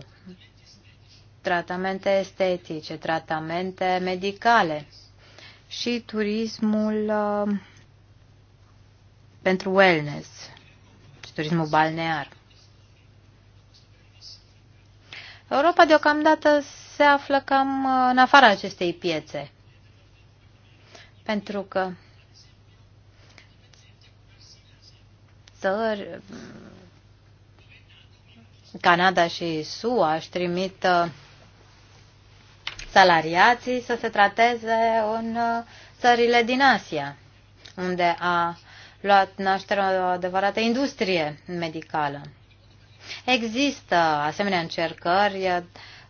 tratamente estetice, tratamente medicale și turismul uh, pentru wellness și turismul balnear. Europa deocamdată se află cam uh, în afara acestei piețe, pentru că țări, Canada și SUA își trimit uh, salariații să se trateze în uh, țările din Asia, unde a luat naștere o adevărată industrie medicală. Există asemenea încercări uh,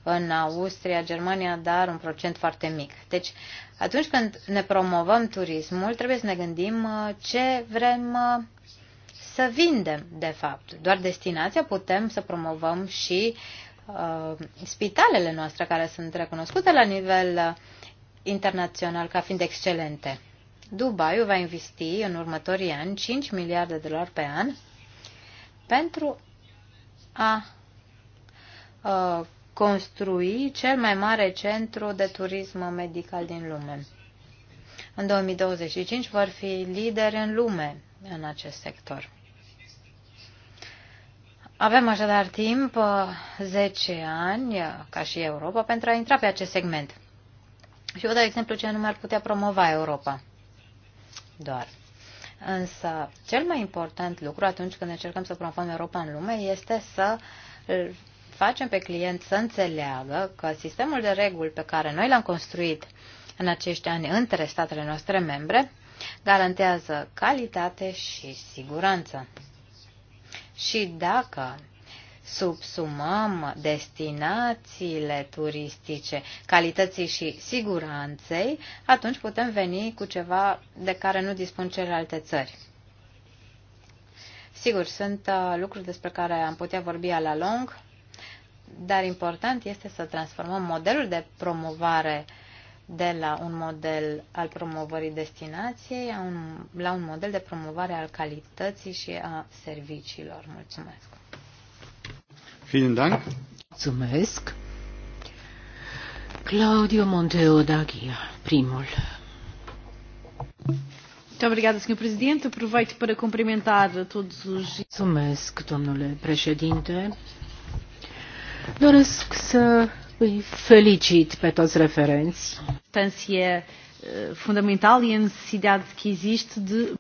în Austria, Germania, dar un procent foarte mic. Deci, atunci când ne promovăm turismul, trebuie să ne gândim uh, ce vrem să vindem, de fapt. Doar destinația putem să promovăm și uh, uh, spitalele noastre care sunt recunoscute la nivel uh, internațional ca fiind excelente. Dubai va investi în următorii ani 5 miliarde de dolari pe an pentru a uh, construi cel mai mare centru de turism medical din lume. În 2025 vor fi lideri în lume în acest sector. Avem așadar timp, 10 uh, ani, uh, ca și Europa, pentru a intra pe acest segment. Și vă dau exemplu ce anume ar putea promova Europa. Doar. Însă, cel mai important lucru atunci când încercăm să promovăm Europa în lume este să facem pe client să înțeleagă că sistemul de reguli pe care noi l-am construit în acești ani între statele noastre membre garantează calitate și siguranță. Și dacă subsumăm destinațiile turistice calității și siguranței, atunci putem veni cu ceva de care nu dispun celelalte țări. Sigur, sunt uh, lucruri despre care am putea vorbi la lung, dar important este să transformăm modelul de promovare uh, de la un model al promovării destinației a un, la un model de promovare al calității și a serviciilor. Mulțumesc! Vielen Dank! Mulțumesc! Claudio Monteo Daghia, primul. Muito obrigada, Sr. Presidente. Aproveito para cumprimentar todos os. Mulțumesc, domnule președinte. Doresc să îi felicit pe toți referenți. Tensie eh, fundamental e necessidade que existe de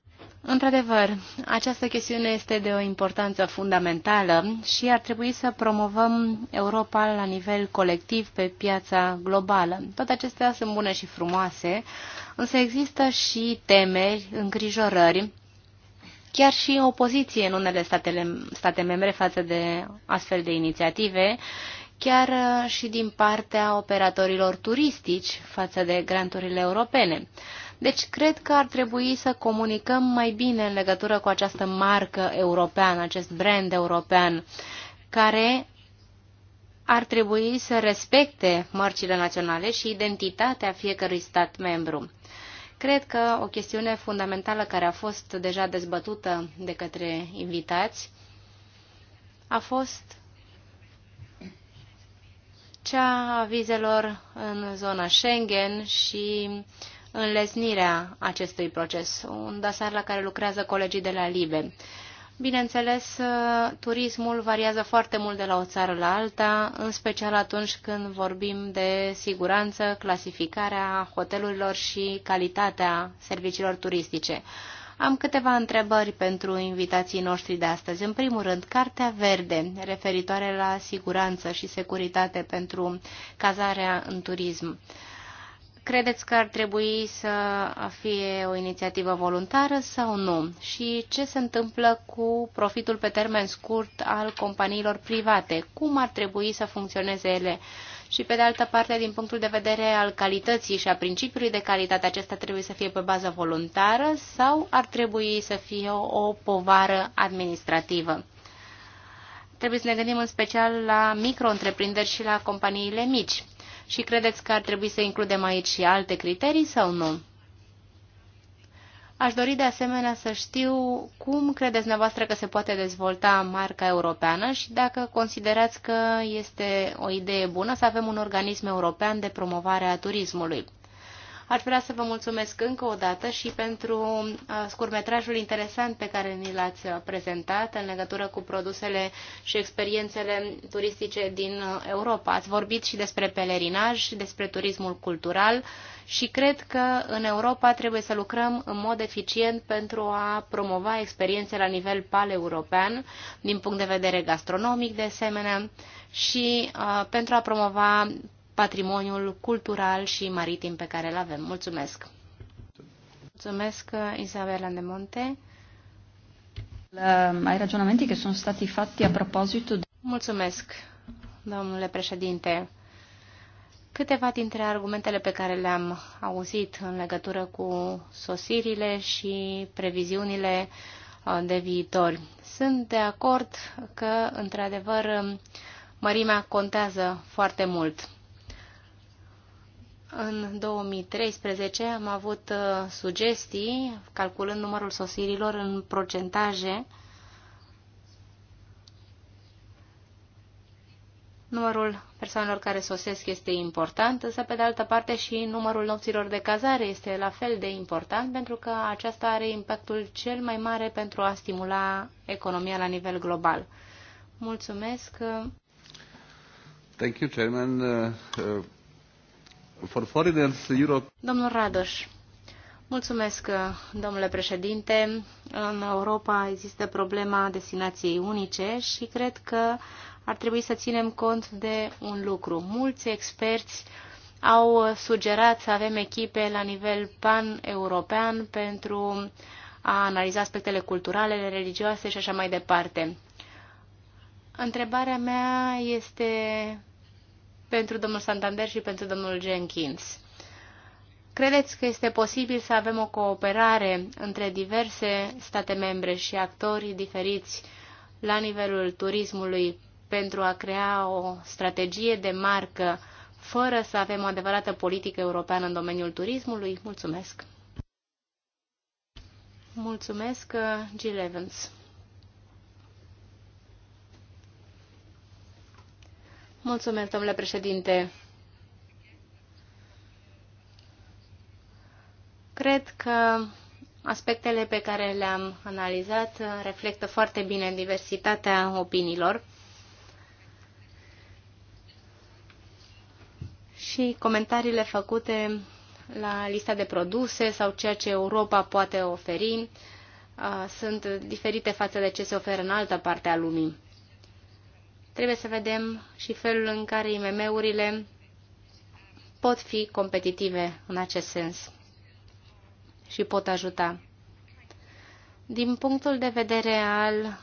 Într-adevăr, această chestiune este de o importanță fundamentală și ar trebui să promovăm Europa la nivel colectiv pe piața globală. Toate acestea sunt bune și frumoase, însă există și temeri, îngrijorări, chiar și opoziție în unele statele, state membre față de astfel de inițiative chiar uh, și din partea operatorilor turistici față de granturile europene. Deci cred că ar trebui să comunicăm mai bine în legătură cu această marcă europeană, acest brand european, care ar trebui să respecte mărcile naționale și identitatea fiecărui stat membru. Cred că o chestiune fundamentală care a fost deja dezbătută de către invitați a fost cea a vizelor în zona Schengen și înlesnirea acestui proces, un dasar la care lucrează colegii de la LIBE. Bineînțeles, turismul variază foarte mult de la o țară la alta, în special atunci când vorbim de siguranță, clasificarea hotelurilor și calitatea serviciilor turistice. Am câteva întrebări pentru invitații noștri de astăzi. În primul rând, Cartea Verde, referitoare la siguranță și securitate pentru cazarea în turism. Credeți că ar trebui să fie o inițiativă voluntară sau nu? Și ce se întâmplă cu profitul pe termen scurt al companiilor private? Cum ar trebui să funcționeze ele? Uh, și, pe de altă parte, din punctul de vedere al calității și a principiului de calitate, acesta trebuie să fie pe bază voluntară sau ar trebui să fie o, o povară administrativă. Trebuie să ne gândim în special la micro-întreprinderi și la companiile mici. Și credeți că ar trebui să includem aici și alte criterii sau nu? Aș dori de asemenea să știu cum credeți dumneavoastră că se poate dezvolta marca europeană și dacă considerați că este o idee bună să avem un organism european de promovare a turismului. Aș vrea să vă mulțumesc încă o dată și pentru uh, scurmetrajul interesant pe care ni l-ați uh, prezentat în legătură cu produsele și experiențele turistice din uh, Europa. Ați vorbit și despre pelerinaj și despre turismul cultural și cred că în Europa trebuie să lucrăm în mod eficient pentru a promova experiențe la nivel paleuropean, din punct de vedere gastronomic de asemenea, și uh, pentru a promova patrimoniul cultural și maritim pe care îl avem. Mulțumesc! Mulțumesc, uh, Isabela de Monte. Ai raționamente care sunt stati fatti a proposito. Mulțumesc, domnule președinte. Câteva dintre argumentele pe care le-am auzit în legătură cu sosirile și previziunile uh, de viitor. Sunt de acord că, într-adevăr, mărimea contează foarte mult. În 2013 am avut uh, sugestii, calculând numărul sosirilor în procentaje, Numărul persoanelor care sosesc este important, însă pe de altă parte și numărul nopților de cazare este la fel de important pentru că aceasta are impactul cel mai mare pentru a stimula economia la nivel global. Mulțumesc! Thank you, Chairman. Uh, uh for foreigners, Europe... Domnul Radoș, mulțumesc, domnule președinte. În Europa există problema destinației unice și cred că ar trebui să ținem cont de un lucru. Mulți experți au sugerat să avem echipe la nivel pan-european pentru a analiza aspectele culturale, religioase și așa mai departe. Întrebarea mea este pentru domnul Santander și pentru domnul Jenkins. Credeți că este posibil să avem o cooperare între diverse state membre și actorii diferiți la nivelul turismului pentru a crea o strategie de marcă fără să avem o adevărată politică europeană în domeniul turismului? Mulțumesc! Mulțumesc, uh, Jill Evans! Mulțumesc, domnule președinte. Cred că aspectele pe care le-am analizat reflectă foarte bine diversitatea opiniilor și comentariile făcute la lista de produse sau ceea ce Europa poate oferi uh, sunt diferite față de ce se oferă în altă parte a lumii. Trebuie să vedem și felul în care IMM-urile pot fi competitive în acest sens și pot ajuta. Din punctul de vedere al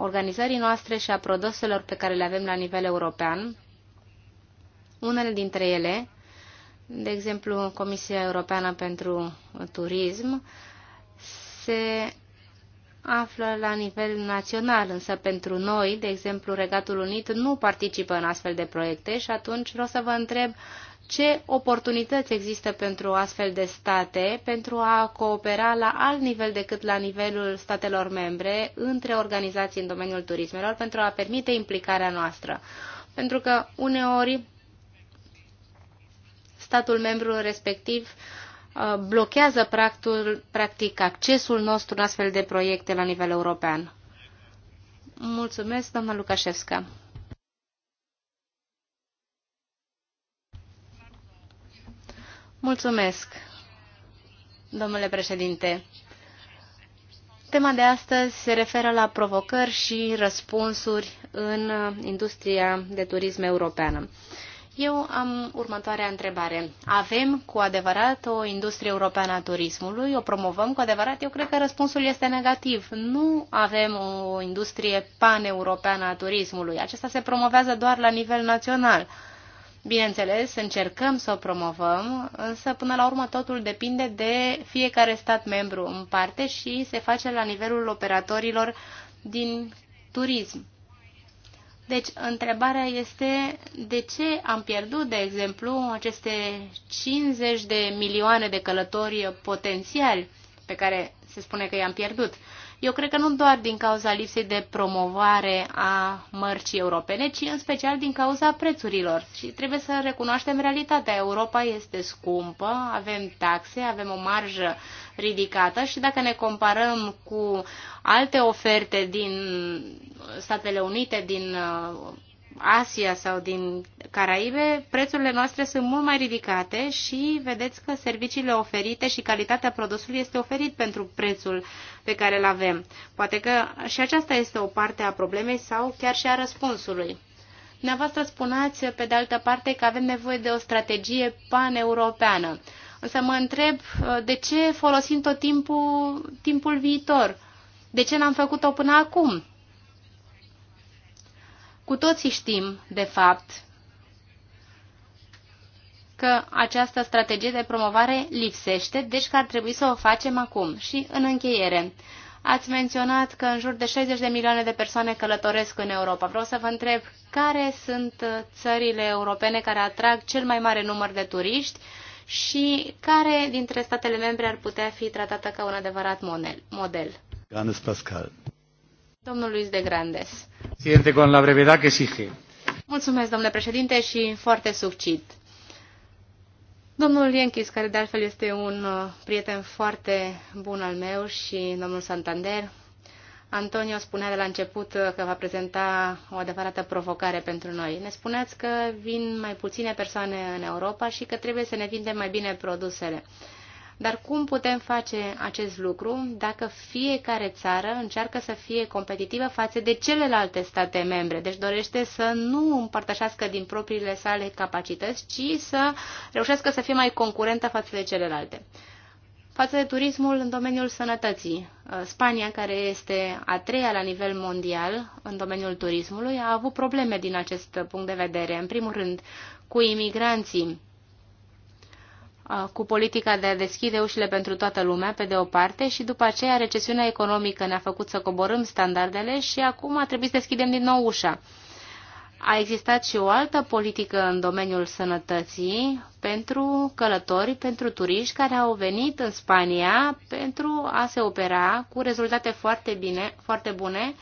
organizării noastre și a produselor pe care le avem la nivel european, unele dintre ele, de exemplu Comisia Europeană pentru Turism, se află la nivel național, însă pentru noi, de exemplu, Regatul Unit nu participă în astfel de proiecte și atunci vreau să vă întreb ce oportunități există pentru astfel de state pentru a coopera la alt nivel decât la nivelul statelor membre între organizații în domeniul turismelor pentru a permite implicarea noastră. Pentru că uneori statul membru respectiv uh, Uh, blochează practul, practic accesul nostru în astfel de proiecte la nivel european. Mulțumesc, doamna Lukașevska. Mulțumesc, domnule președinte. Tema de astăzi se referă la provocări și răspunsuri în industria de turism europeană. Eu am următoarea întrebare. Avem cu adevărat o industrie europeană a turismului? O promovăm cu adevărat? Eu cred că răspunsul este negativ. Nu avem o industrie paneuropeană a turismului. Acesta se promovează doar la nivel național. Bineînțeles, încercăm să o promovăm, însă până la urmă totul depinde de fiecare stat membru în parte și se face la nivelul operatorilor din turism. Deci, întrebarea este de ce am pierdut, de exemplu, aceste 50 de milioane de călători potențiali pe care se spune că i-am pierdut. Eu cred că nu doar din cauza lipsei de promovare a mărcii europene, ci în special din cauza prețurilor. Și trebuie să recunoaștem realitatea. Europa este scumpă, avem taxe, avem o marjă ridicată și dacă ne comparăm cu alte oferte din Statele Unite, din uh, Asia sau din Caraibe, prețurile noastre sunt mult mai ridicate și vedeți că serviciile oferite și calitatea produsului este oferit pentru prețul pe care îl avem. Poate că și aceasta este o parte a problemei sau chiar și a răspunsului. Dumneavoastră spuneați, pe de altă parte, că avem nevoie de o strategie paneuropeană. Însă mă întreb uh, de ce folosim tot timpul, timpul viitor? De ce n-am făcut-o până acum? Cu toții știm, de fapt, că această strategie de promovare lipsește, deci că ar trebui să o facem acum. Și în încheiere, ați menționat că în jur de 60 de milioane de persoane călătoresc în Europa. Vreau să vă întreb care sunt uh, țările europene care atrag cel mai mare număr de turiști și care dintre statele membre ar putea fi tratată ca un adevărat model? Grandes Pascal. Domnul Luis de Grandes. Siente con la brevedad que exige. Mulțumesc, domnule președinte, și foarte subcit. Domnul Ienkis, care de altfel este un uh, prieten foarte bun al meu și domnul Santander, Antonio spunea de la început că va prezenta o adevărată provocare pentru noi. Ne spuneați că vin mai puține persoane în Europa și că trebuie să ne vindem mai bine produsele. Dar cum putem face acest lucru dacă fiecare țară încearcă să fie competitivă față de celelalte state membre? Deci dorește să nu împărtășească din propriile sale capacități, ci să reușească să fie mai concurentă față de celelalte față de turismul în domeniul sănătății. Uh, Spania, care este a treia la nivel mondial în domeniul turismului, a avut probleme din acest punct de vedere. În primul rând, cu imigranții, uh, cu politica de a deschide ușile pentru toată lumea, pe de o parte, și după aceea recesiunea economică ne-a făcut să coborâm standardele și acum a trebuit să deschidem din nou ușa. A existat și o altă politică în domeniul sănătății pentru călători, pentru turiști care au venit în Spania pentru a se opera cu rezultate foarte, bine, foarte bune,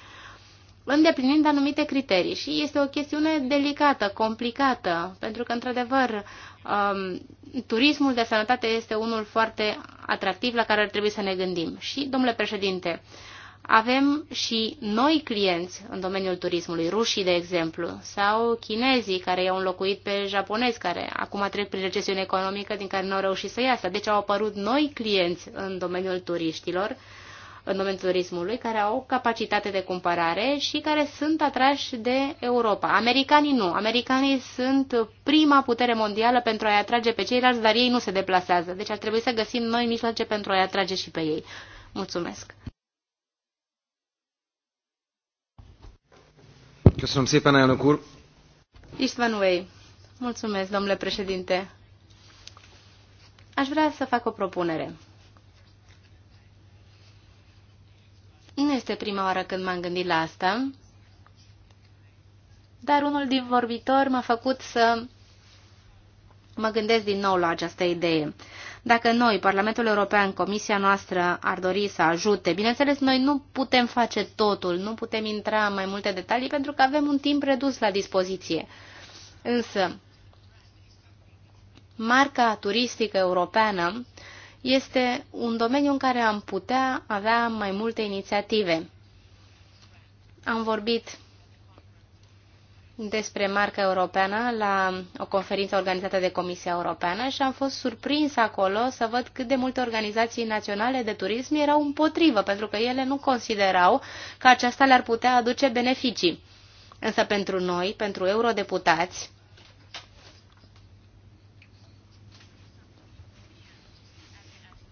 îndeplinind anumite criterii. Și este o chestiune delicată, complicată, pentru că, într-adevăr, um, turismul de sănătate este unul foarte atractiv la care ar trebui să ne gândim. Și, domnule președinte, uh, avem și noi clienți în domeniul turismului, rușii, de exemplu, sau chinezii care i-au înlocuit pe japonezi, care acum trec prin recesiune economică din care nu au reușit să iasă. Deci au apărut noi clienți în domeniul turiștilor, în domeniul turismului, care au capacitate de cumpărare și care sunt atrași de Europa. Americanii nu. Americanii sunt prima putere mondială pentru a-i atrage pe ceilalți, dar ei nu se deplasează. Deci ar trebui să găsim noi mijloace pentru a-i atrage și pe ei. Mulțumesc! Uei. Mulțumesc, domnule președinte. Aș vrea să fac o propunere. Nu este prima oară când m-am gândit la asta, dar unul din vorbitori m-a făcut să mă gândesc din nou la această idee. Dacă noi, Parlamentul European, Comisia noastră ar dori să ajute, bineînțeles, noi nu putem face totul, nu putem intra în mai multe detalii pentru că avem un timp redus la dispoziție. Însă, marca turistică europeană este un domeniu în care am putea avea mai multe inițiative. Am vorbit despre marca europeană la o conferință organizată de Comisia Europeană și am fost surprins acolo să văd cât de multe organizații naționale de turism erau împotrivă, pentru că ele nu considerau că aceasta le-ar putea aduce beneficii. Însă pentru noi, pentru eurodeputați,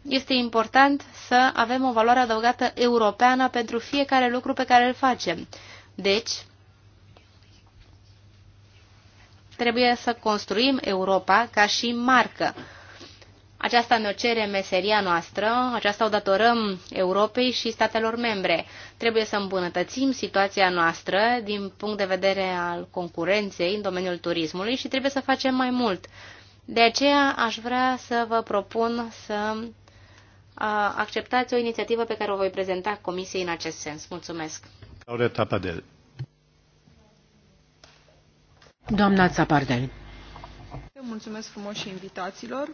este important să avem o valoare adăugată europeană pentru fiecare lucru pe care îl facem. Deci, Trebuie să construim Europa ca și marcă. Aceasta ne-o cere meseria noastră, aceasta o datorăm Europei și statelor membre. Trebuie să îmbunătățim situația noastră din punct de vedere al concurenței în domeniul turismului și trebuie să facem mai mult. De aceea aș vrea să vă propun să acceptați o inițiativă pe care o voi prezenta Comisiei în acest sens. Mulțumesc! Claudia Tapadel. Doamna Țapardel. Mulțumesc frumos și invitațiilor.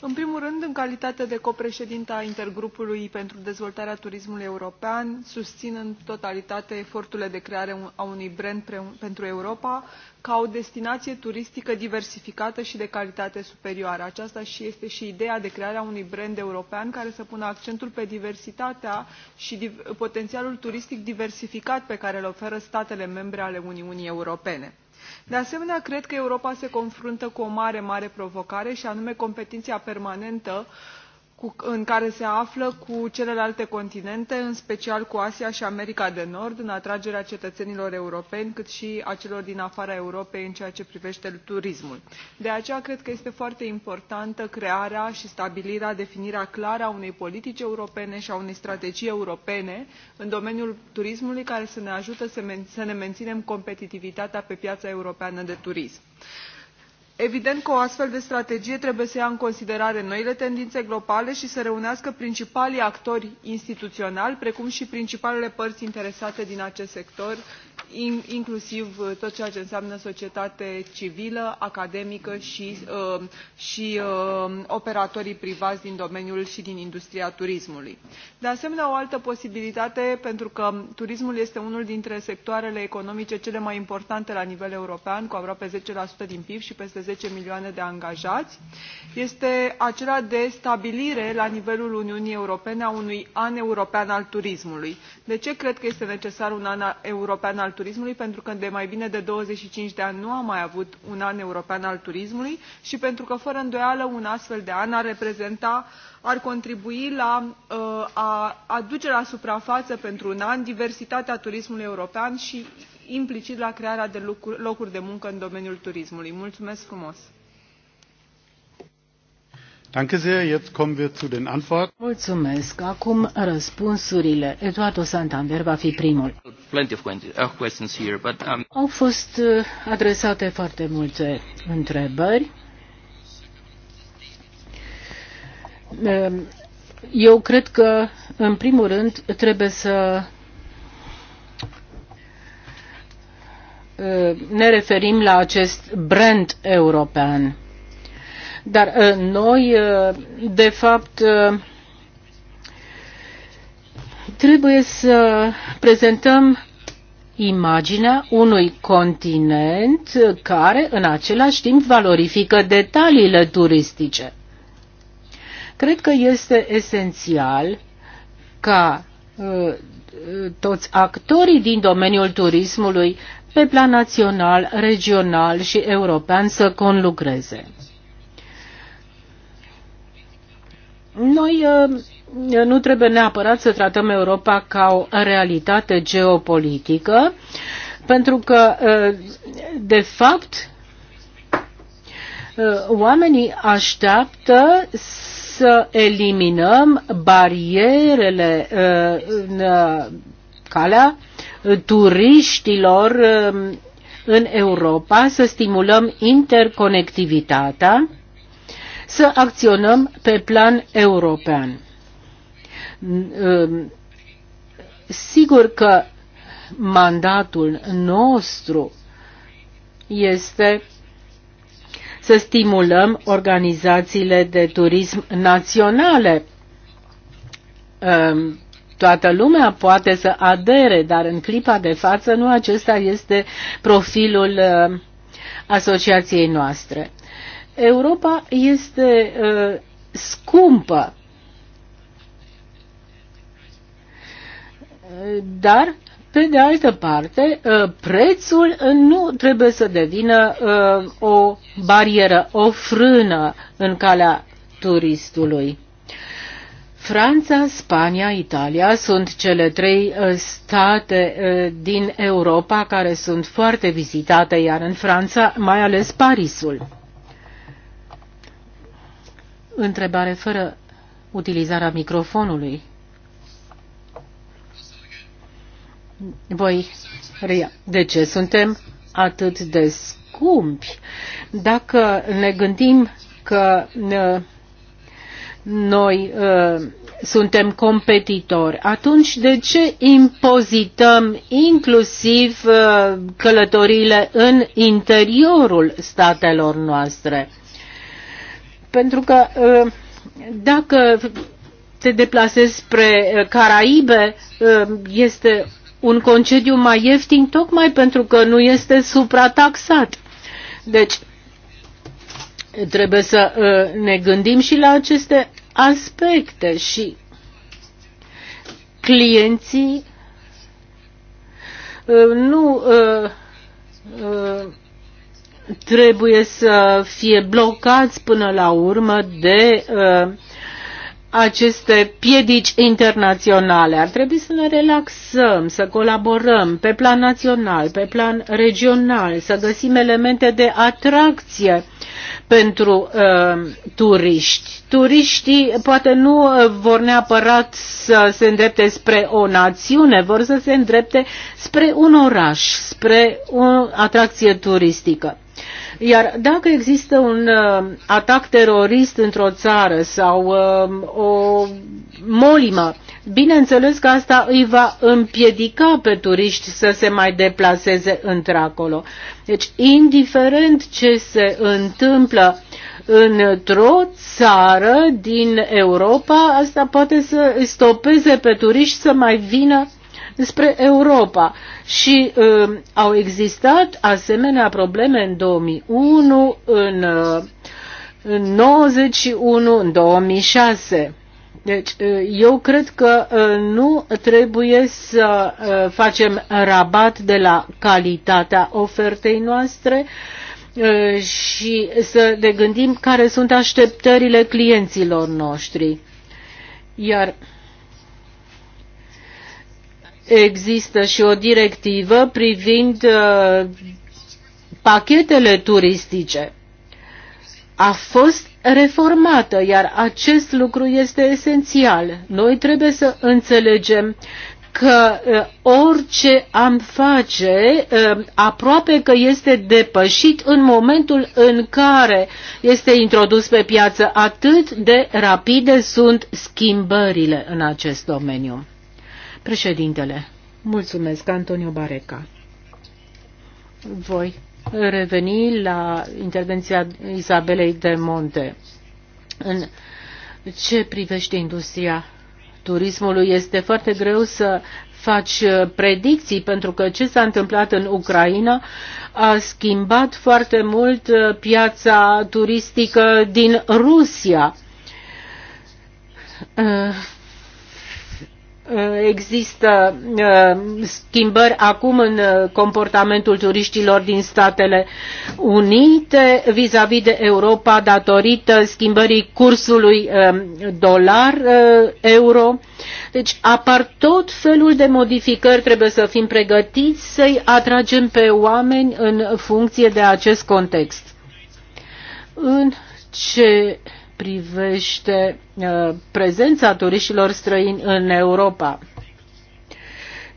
În primul rând, în calitate de copreședintă a Intergrupului pentru dezvoltarea turismului european, susțin în totalitate eforturile de creare a unui brand pentru Europa ca o destinație turistică diversificată și de calitate superioară. Aceasta și este și ideea de creare a unui brand european care să pună accentul pe diversitatea și potențialul turistic diversificat pe care îl oferă statele membre ale Uniunii Europene de asemenea, cred că Europa se confruntă cu o mare, mare provocare și anume competiția permanentă uh, în care se află cu celelalte continente, în special cu Asia și America de Nord, în atragerea cetățenilor europeni, cât și a celor din afara Europei în ceea ce privește turismul. De aceea cred că este foarte importantă crearea și stabilirea, definirea clară a unei politici europene și a unei strategii europene în domeniul turismului care să ne ajute să ne menținem competitivitatea pe piața europeană de turism evident că o astfel de strategie trebuie să ia în considerare noile tendințe globale și să reunească principalii actori instituționali precum și principalele părți interesate din acest sector inclusiv uh, tot ceea ce înseamnă societate civilă academică și, uh, și uh, operatorii privați din domeniul și din industria turismului. de asemenea o altă posibilitate pentru că turismul este unul dintre sectoarele economice cele mai importante la nivel european cu aproape zece din pib și peste zece milioane de angajați este acela de stabilire la nivelul uniunii europene a unui an european al turismului. de ce cred că este necesar un an european al turismului? turismului pentru că de mai bine de douăzeci și cinci de ani nu am mai avut un an european al turismului și pentru că fără îndoială un astfel de an ar reprezenta ar contribui la uh, a aduce la suprafață pentru un an diversitatea turismului european și implicit la crearea de locuri de muncă în domeniul turismului. mulțumesc frumos! Danke sehr. Jetzt kommen wir zu den Antworten. Mulțumesc. Acum răspunsurile. Eduardo Santander va fi primul. Plenty of uh, questions here, but, um... Au fost uh, adresate foarte multe întrebări. Um, eu cred că, în primul rând, trebuie să uh, ne referim la acest brand european dar uh, noi, uh, de fapt, uh, trebuie să prezentăm imaginea unui continent care în același timp valorifică detaliile turistice. Cred că este esențial ca toți actorii din domeniul turismului pe plan național, regional și european să conlucreze. Noi uh, nu trebuie neapărat să tratăm Europa ca o realitate geopolitică, pentru că, uh, de fapt, uh, oamenii așteaptă să eliminăm barierele în calea turiștilor în Europa, să stimulăm interconectivitatea să acționăm pe plan european. Uh, sigur că mandatul nostru este să stimulăm organizațiile de turism naționale. Um, toată lumea poate să adere, dar în clipa de față nu acesta este profilul uh, asociației noastre. Europa este uh, scumpă, dar pe de altă parte, prețul nu trebuie să devină o barieră, o frână în calea turistului. Franța, Spania, Italia sunt cele trei state din Europa care sunt foarte vizitate, iar în Franța mai ales Parisul. Întrebare fără utilizarea microfonului. Voi Ria. De ce suntem atât de scumpi? Dacă ne gândim că noi ă, suntem competitori, atunci de ce impozităm inclusiv ă, călătoriile în interiorul statelor noastre? pentru că ă, dacă te deplasezi spre ă, Caraibe, ă, este un concediu mai ieftin tocmai pentru că nu este suprataxat. Deci, trebuie să ne gândim și la aceste aspecte și clienții nu uh, uh, trebuie să fie blocați până la urmă de uh, aceste piedici internaționale. Ar trebui să ne relaxăm, să colaborăm pe plan național, pe plan regional, să găsim elemente de atracție pentru uh, turiști. Turiștii poate nu uh, vor neapărat să se îndrepte spre o națiune, vor să se îndrepte spre un oraș, spre o atracție turistică. Iar dacă există un uh, atac terorist într-o țară sau uh, o molimă, bineînțeles că asta îi va împiedica pe turiști să se mai deplaseze într-acolo. Deci, indiferent ce se întâmplă într-o țară din Europa, asta poate să stopeze pe turiști să mai vină spre Europa și uh, au existat asemenea probleme în 2001, în, uh, în 91, în 2006. Deci, uh, eu cred că uh, nu trebuie să uh, facem rabat de la calitatea ofertei noastre și să ne gândim care sunt așteptările clienților noștri. Iar există și o directivă privind uh, pachetele turistice. A fost reformată, iar acest lucru este esențial. Noi trebuie să înțelegem că uh, orice am face uh, aproape că este depășit în momentul în care este introdus pe piață. Atât de rapide sunt schimbările în acest domeniu. Președintele, mulțumesc, Antonio Bareca. Voi reveni la intervenția Izabelei de Monte. În ce privește industria turismului, este foarte greu să faci predicții, pentru că ce s-a întâmplat în Ucraina a schimbat foarte mult piața turistică din Rusia Uh, există uh, schimbări acum în uh, comportamentul turiștilor din Statele Unite vis-a-vis -vis de Europa datorită schimbării cursului um, dolar-euro. Deci apar tot felul de modificări, trebuie să fim pregătiți să-i atragem pe oameni în funcție de acest context. În ce privește uh, prezența turiștilor străini în Europa.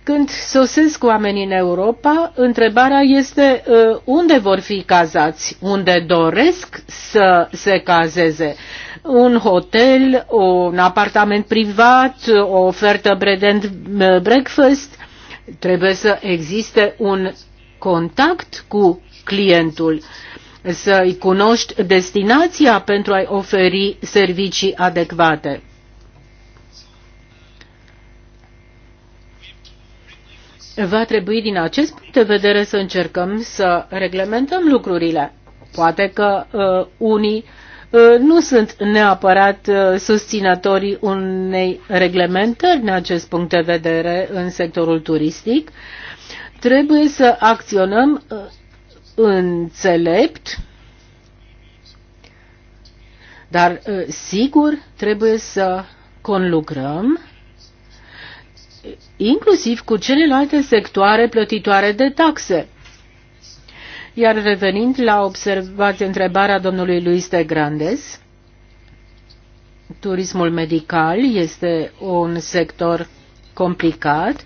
Când sosesc oamenii în Europa, întrebarea este uh, unde vor fi cazați, unde doresc să se cazeze. Un hotel, un apartament privat, o ofertă bread and uh, breakfast. Trebuie să existe un contact cu clientul. Uh, să-i cunoști destinația pentru a-i oferi servicii adecvate. Va trebui din acest punct de vedere să încercăm să reglementăm lucrurile. Poate că uh, unii uh, nu sunt neapărat uh, susținătorii unei reglementări în acest punct de vedere în sectorul turistic. Trebuie să acționăm uh, înțelept, dar ă, sigur trebuie să conlucrăm inclusiv cu celelalte sectoare plătitoare de taxe. Iar revenind la observație, întrebarea domnului Luis de Grandes, turismul medical este un sector complicat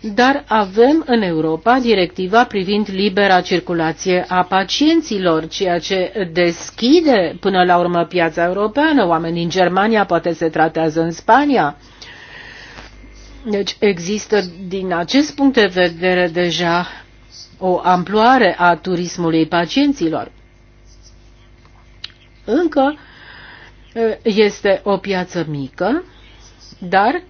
dar avem în Europa directiva privind libera circulație a pacienților, ceea ce deschide până la urmă piața europeană. Oamenii din Germania poate se tratează în Spania. Deci există din acest punct de vedere deja o amploare a turismului pacienților. Încă este o piață mică, dar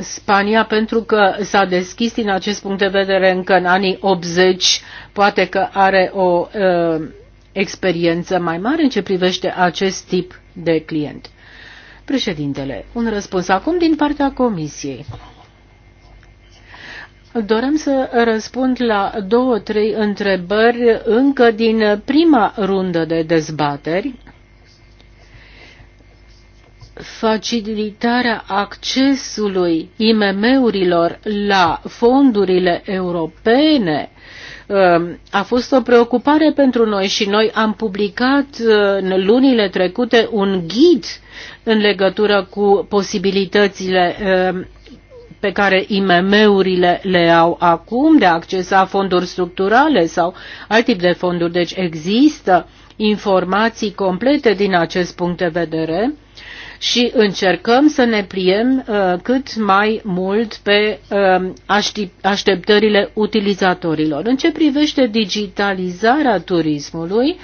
Spania pentru că s-a deschis din acest punct de vedere încă în anii 80, poate că are o uh, experiență mai mare în ce privește acest tip de client. Președintele, un răspuns acum din partea Comisiei. Dorem să răspund la două, trei întrebări încă din prima rundă de dezbateri facilitarea accesului IMM-urilor la fondurile europene um, a fost o preocupare pentru noi și noi am publicat uh, în lunile trecute un ghid în legătură cu posibilitățile um, pe care IMM-urile le au acum de a accesa fonduri structurale sau alt tip de fonduri. Deci există informații complete din acest punct de vedere și încercăm să ne pliem uh, cât mai mult pe um, așteptările utilizatorilor. În ce privește digitalizarea turismului,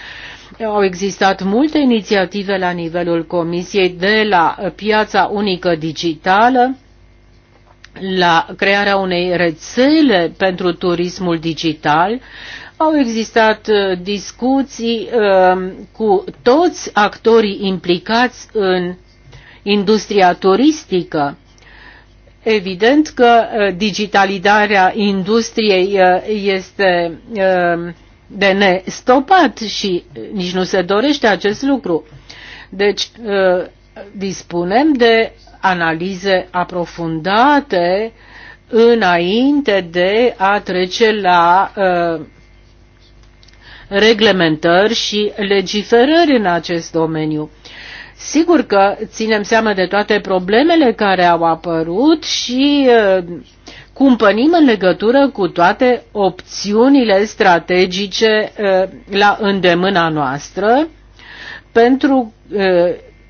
au existat multe inițiative la nivelul Comisiei de la piața unică digitală, la crearea unei rețele pentru turismul digital. Au existat uh, discuții um, cu toți actorii implicați în industria turistică. Evident că uh, digitalizarea industriei uh, este uh, de nestopat și nici nu se dorește acest lucru. Deci dispunem de analize aprofundate înainte de a trece la uh, reglementări și legiferări în acest domeniu. Sigur că ținem seama de toate problemele care au apărut și cumpănim în legătură cu toate opțiunile strategice la îndemâna noastră pentru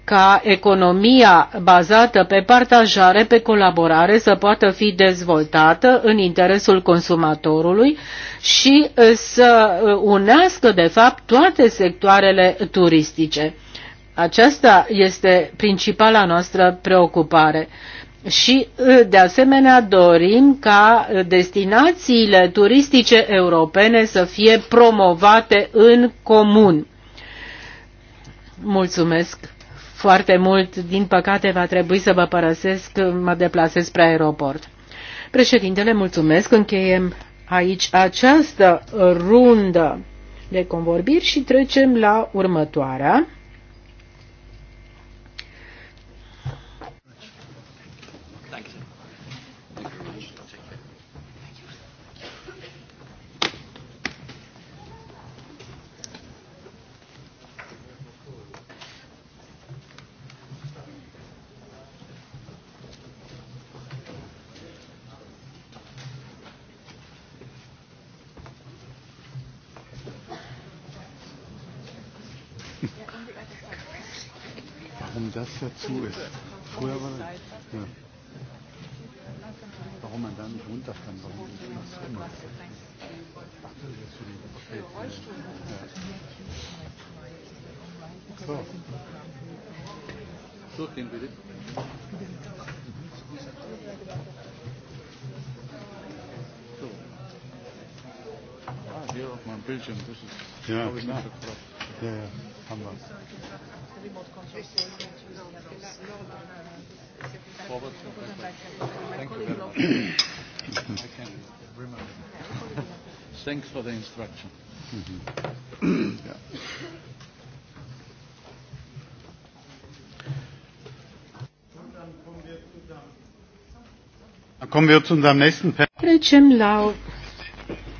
ca economia bazată pe partajare, pe colaborare să poată fi dezvoltată în interesul consumatorului și să unească, de fapt, toate sectoarele turistice. Aceasta este principala noastră preocupare. Și, ă, de asemenea, dorim ca destinațiile turistice europene să fie promovate în comun. Mulțumesc foarte mult. Din păcate, va trebui să vă părăsesc, mă deplasez spre aeroport. Președintele, mulțumesc. Încheiem aici această rundă de convorbiri și trecem la următoarea. Who is? Thanks for the instruction. Mm-hmm. yeah. Trecem la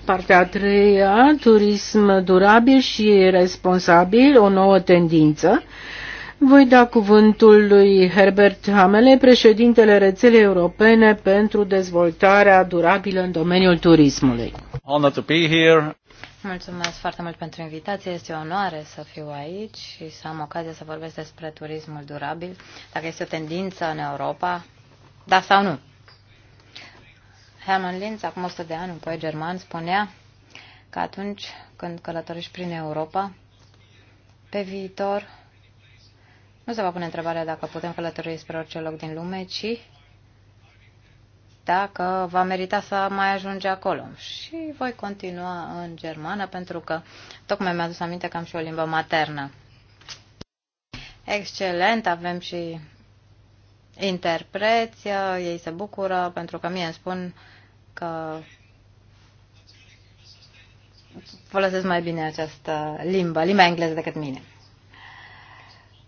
partea a treia, turism durabil și responsabil, o nouă tendință. Voi da cuvântul lui Herbert Hamele, președintele rețelei europene pentru dezvoltarea durabilă în domeniul turismului. Honor to be here. Mulțumesc foarte mult pentru invitație. Este o onoare să fiu aici și să am ocazia să vorbesc despre turismul durabil, dacă este o tendință în Europa, da sau nu. Hermann Linz, acum 100 de ani, un poet german, spunea că atunci când călătorești prin Europa, pe viitor nu se va pune întrebarea dacă putem călători spre orice loc din lume, ci dacă va merita să mai ajunge acolo. Și voi continua în germană pentru că tocmai mi-a adus aminte că am și o limbă maternă. Excelent, avem și interpreți, ei se bucură pentru că mie îmi spun că folosesc mai bine această limbă, limba engleză decât mine.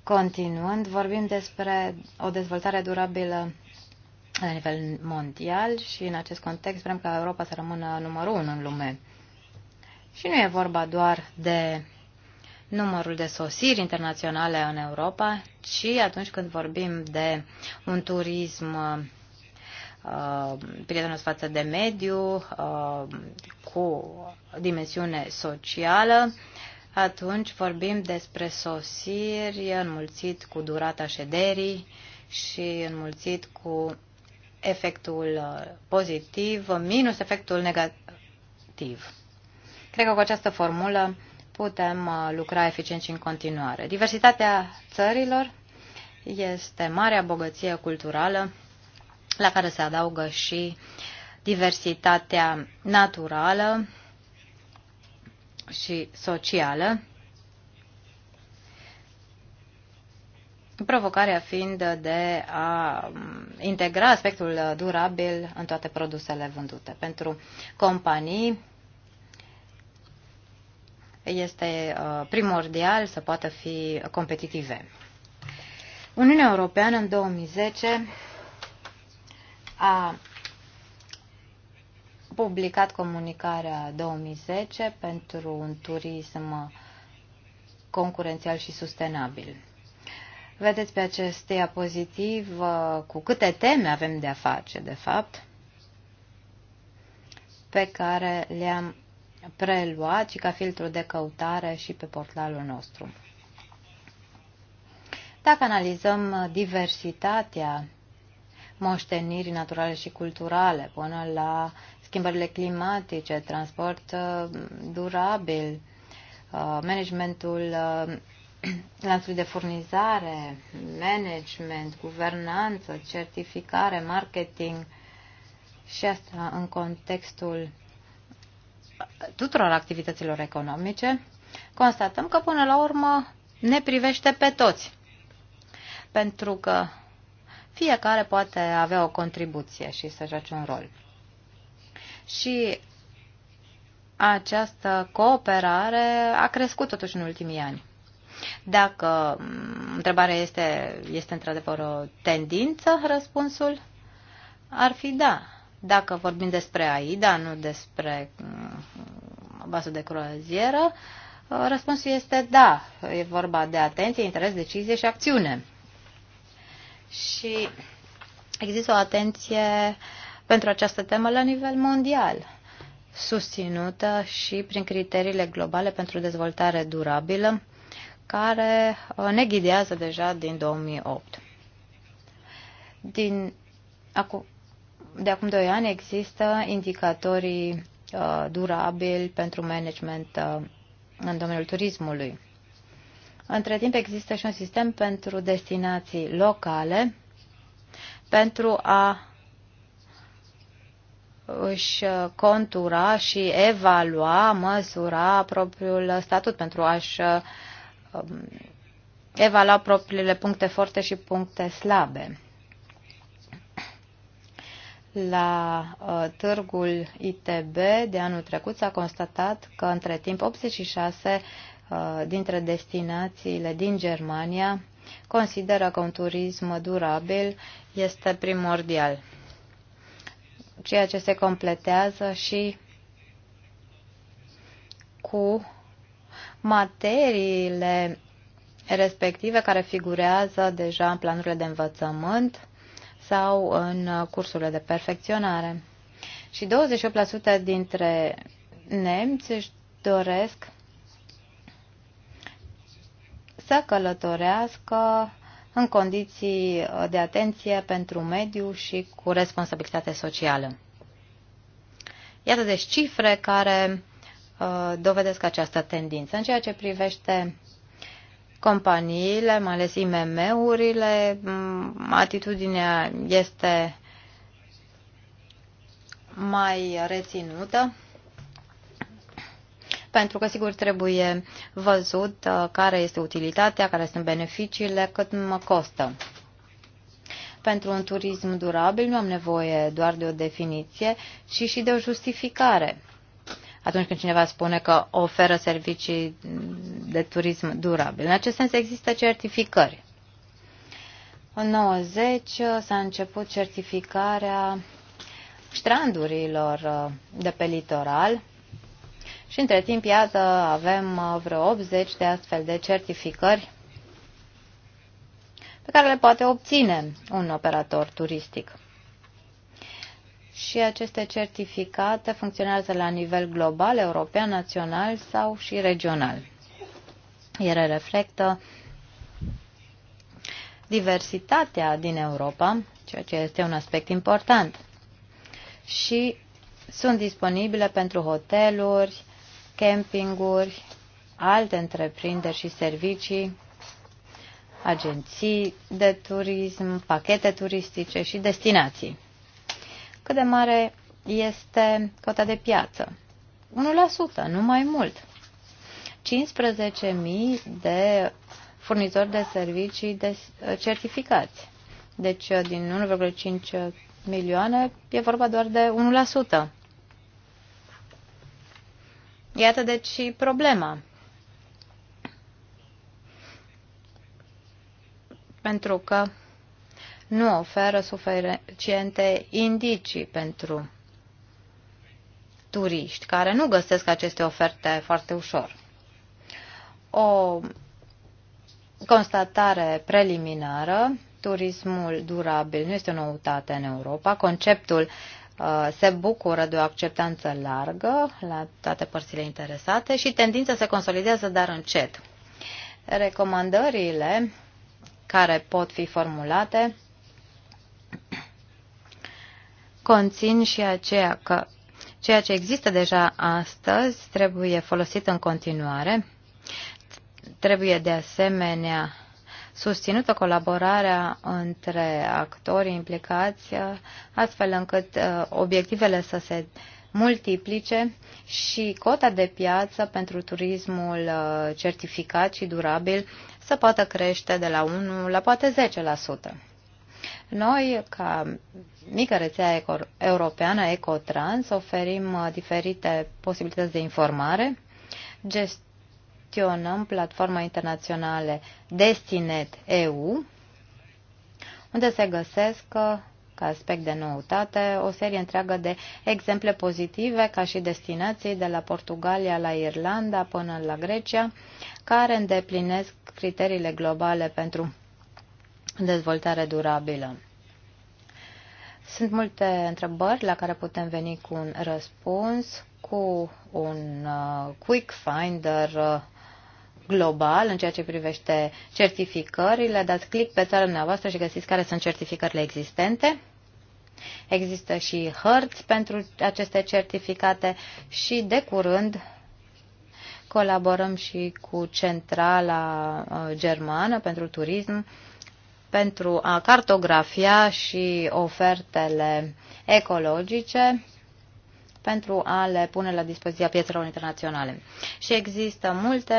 Continuând, vorbim despre o dezvoltare durabilă la nivel mondial și în acest context vrem ca Europa să rămână numărul unu în lume. Și nu e vorba doar de numărul de sosiri internaționale în Europa, ci atunci când vorbim de un turism uh, prietenos față de mediu, uh, cu dimensiune socială, atunci vorbim despre sosiri înmulțit cu durata șederii și înmulțit cu efectul uh, pozitiv minus efectul negativ. Cred că cu această formulă putem uh, lucra eficient și în continuare. Diversitatea țărilor este marea bogăție culturală la care se adaugă și diversitatea naturală și socială provocarea fiind de a integra aspectul durabil în toate produsele vândute. Pentru companii este uh, primordial să poată fi competitive. Uniunea Europeană în 2010 a publicat comunicarea 2010 pentru un turism concurențial și sustenabil. Vedeți pe acest diapozitiv uh, cu câte teme avem de-a face, de fapt, pe care le-am preluat și ca filtru de căutare și pe portalul nostru. Dacă analizăm diversitatea moștenirii naturale și culturale până la schimbările climatice, transport uh, durabil, uh, managementul lanțul de furnizare, management, guvernanță, certificare, marketing și asta în contextul tuturor activităților economice, constatăm că până la urmă ne privește pe toți. Pentru că fiecare poate avea o contribuție și să joace un rol. Și această cooperare a crescut totuși în ultimii ani. Dacă mm, întrebarea este, este într-adevăr o tendință, răspunsul ar fi da. Dacă vorbim despre AIDA, nu despre mm, vasul de croazieră, răspunsul este da. E vorba de atenție, interes, decizie și acțiune. Și există o atenție pentru această temă la nivel mondial, susținută și prin criteriile globale pentru dezvoltare durabilă, care uh, ne ghidează deja din 2008. Din, acu, de acum 2 ani există indicatorii uh, durabili pentru management uh, în domeniul turismului. Între timp există și un sistem pentru destinații locale pentru a își uh, contura și evalua, măsura propriul statut pentru a-și uh, Um, evalua propriile puncte forte și puncte slabe. La uh, târgul ITB de anul trecut s-a constatat că între timp 86 uh, dintre destinațiile din Germania consideră că un turism durabil este primordial, ceea ce se completează și cu materiile respective care figurează deja în planurile de învățământ sau în cursurile de perfecționare. Și 28% dintre nemți își doresc să călătorească în condiții de atenție pentru mediu și cu responsabilitate socială. Iată deci cifre care Uh, dovedesc această tendință. În ceea ce privește companiile, mai ales IMM-urile, mm, atitudinea este mai reținută, pentru că, sigur, trebuie văzut uh, care este utilitatea, care sunt beneficiile, cât mă costă. Pentru un turism durabil nu am nevoie doar de o definiție, ci și de o justificare atunci când cineva spune că oferă servicii de turism durabil. În acest sens există certificări. În 90 s-a început certificarea strandurilor uh, de pe litoral și între timp, iată, avem uh, vreo 80 de astfel de certificări pe care le poate obține un operator turistic și aceste certificate funcționează la nivel global, european, național sau și regional. Ele reflectă diversitatea din Europa, ceea ce este un aspect important. Și sunt disponibile pentru hoteluri, campinguri, alte întreprinderi și servicii, agenții de turism, pachete turistice și destinații cât de mare este cota de piață. 1%, nu mai mult. 15.000 de furnizori de servicii de certificați. Deci uh, din 1,5 milioane e vorba doar de 1%. Iată deci și problema. Pentru că nu oferă suficiente indicii pentru turiști care nu găsesc aceste oferte foarte ușor. O constatare preliminară, turismul durabil nu este o noutate în Europa. Conceptul uh, se bucură de o acceptanță largă la toate părțile interesate și tendința se consolidează, dar încet. Recomandările care pot fi formulate conțin și aceea că ceea ce există deja astăzi trebuie folosit în continuare. Trebuie de asemenea susținută colaborarea între actorii implicați, astfel încât uh, obiectivele să se multiplice și cota de piață pentru turismul uh, certificat și durabil să poată crește de la 1 la poate 10%. Noi, ca mică rețea europeană Ecotrans, oferim uh, diferite posibilități de informare, gestionăm platforma internaționale Destinet EU, unde se găsesc uh, ca aspect de noutate, o serie întreagă de exemple pozitive, ca și destinații de la Portugalia la Irlanda până la Grecia, care îndeplinesc criteriile globale pentru dezvoltare durabilă. Sunt multe întrebări la care putem veni cu un răspuns, cu un uh, quick finder uh, global în ceea ce privește certificările. Dați click pe țara dumneavoastră și găsiți care sunt certificările existente. Există și hărți pentru aceste certificate și de curând colaborăm și cu centrala uh, germană pentru turism pentru a cartografia și ofertele ecologice pentru a le pune la dispoziția piețelor internaționale. Și există multe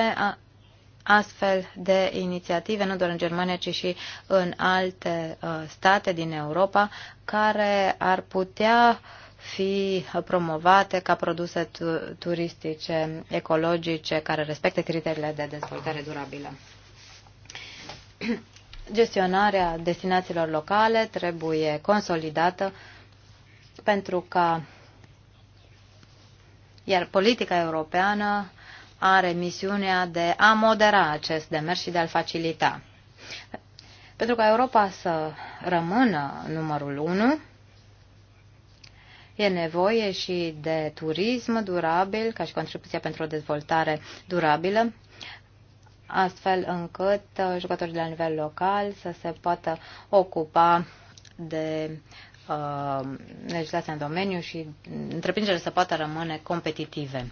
astfel de inițiative, nu doar în Germania, ci și în alte uh, state din Europa, care ar putea fi promovate ca produse turistice ecologice care respectă criteriile de dezvoltare durabilă gestionarea destinațiilor locale trebuie consolidată pentru ca iar politica europeană are misiunea de a modera acest demers și de a-l facilita. Pentru ca Europa să rămână numărul 1, e nevoie și de turism durabil, ca și contribuția pentru o dezvoltare durabilă, astfel încât uh, jucătorii la nivel local să se poată ocupa de uh, legislația în domeniu și întreprinderile să poată rămâne competitive.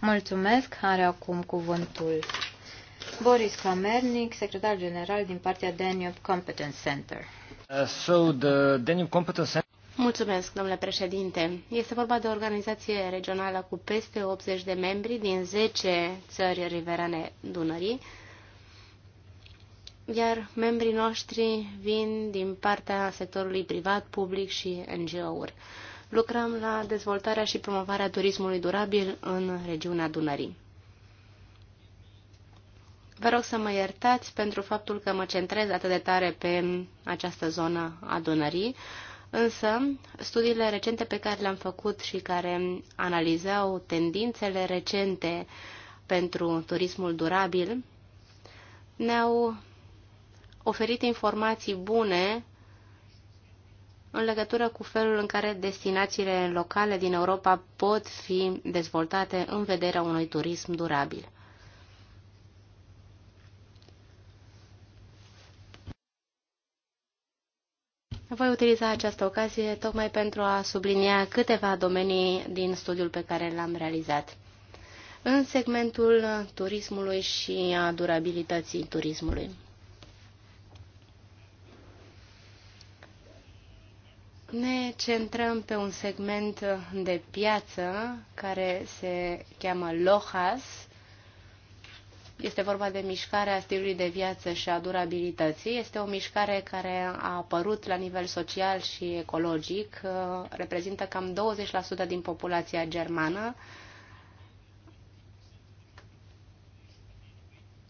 Mulțumesc. Are acum cuvântul Boris Kamernik, secretar general din partea Danube Competence Center. Uh, so the Danube Competence Mulțumesc, domnule președinte. Este vorba de o organizație regională cu peste 80 de membri din 10 țări riverane Dunării, iar membrii noștri vin din partea sectorului privat, public și NGO-uri. Lucrăm la dezvoltarea și promovarea turismului durabil în regiunea Dunării. Vă rog să mă iertați pentru faptul că mă centrez atât de tare pe această zonă a Dunării, Însă, studiile recente pe care le-am făcut și care analizau tendințele recente pentru turismul durabil ne-au oferit informații bune în legătură cu felul în care destinațiile locale din Europa pot fi dezvoltate în vederea unui turism durabil. Voi utiliza această ocazie tocmai pentru a sublinia câteva domenii din studiul pe care l-am realizat. În segmentul turismului și a durabilității turismului. Ne centrăm pe un segment de piață care se cheamă LOHAS, este vorba de mișcarea stilului de viață și a durabilității. Este o mișcare care a apărut la nivel social și ecologic, uh, reprezintă cam 20% din populația germană,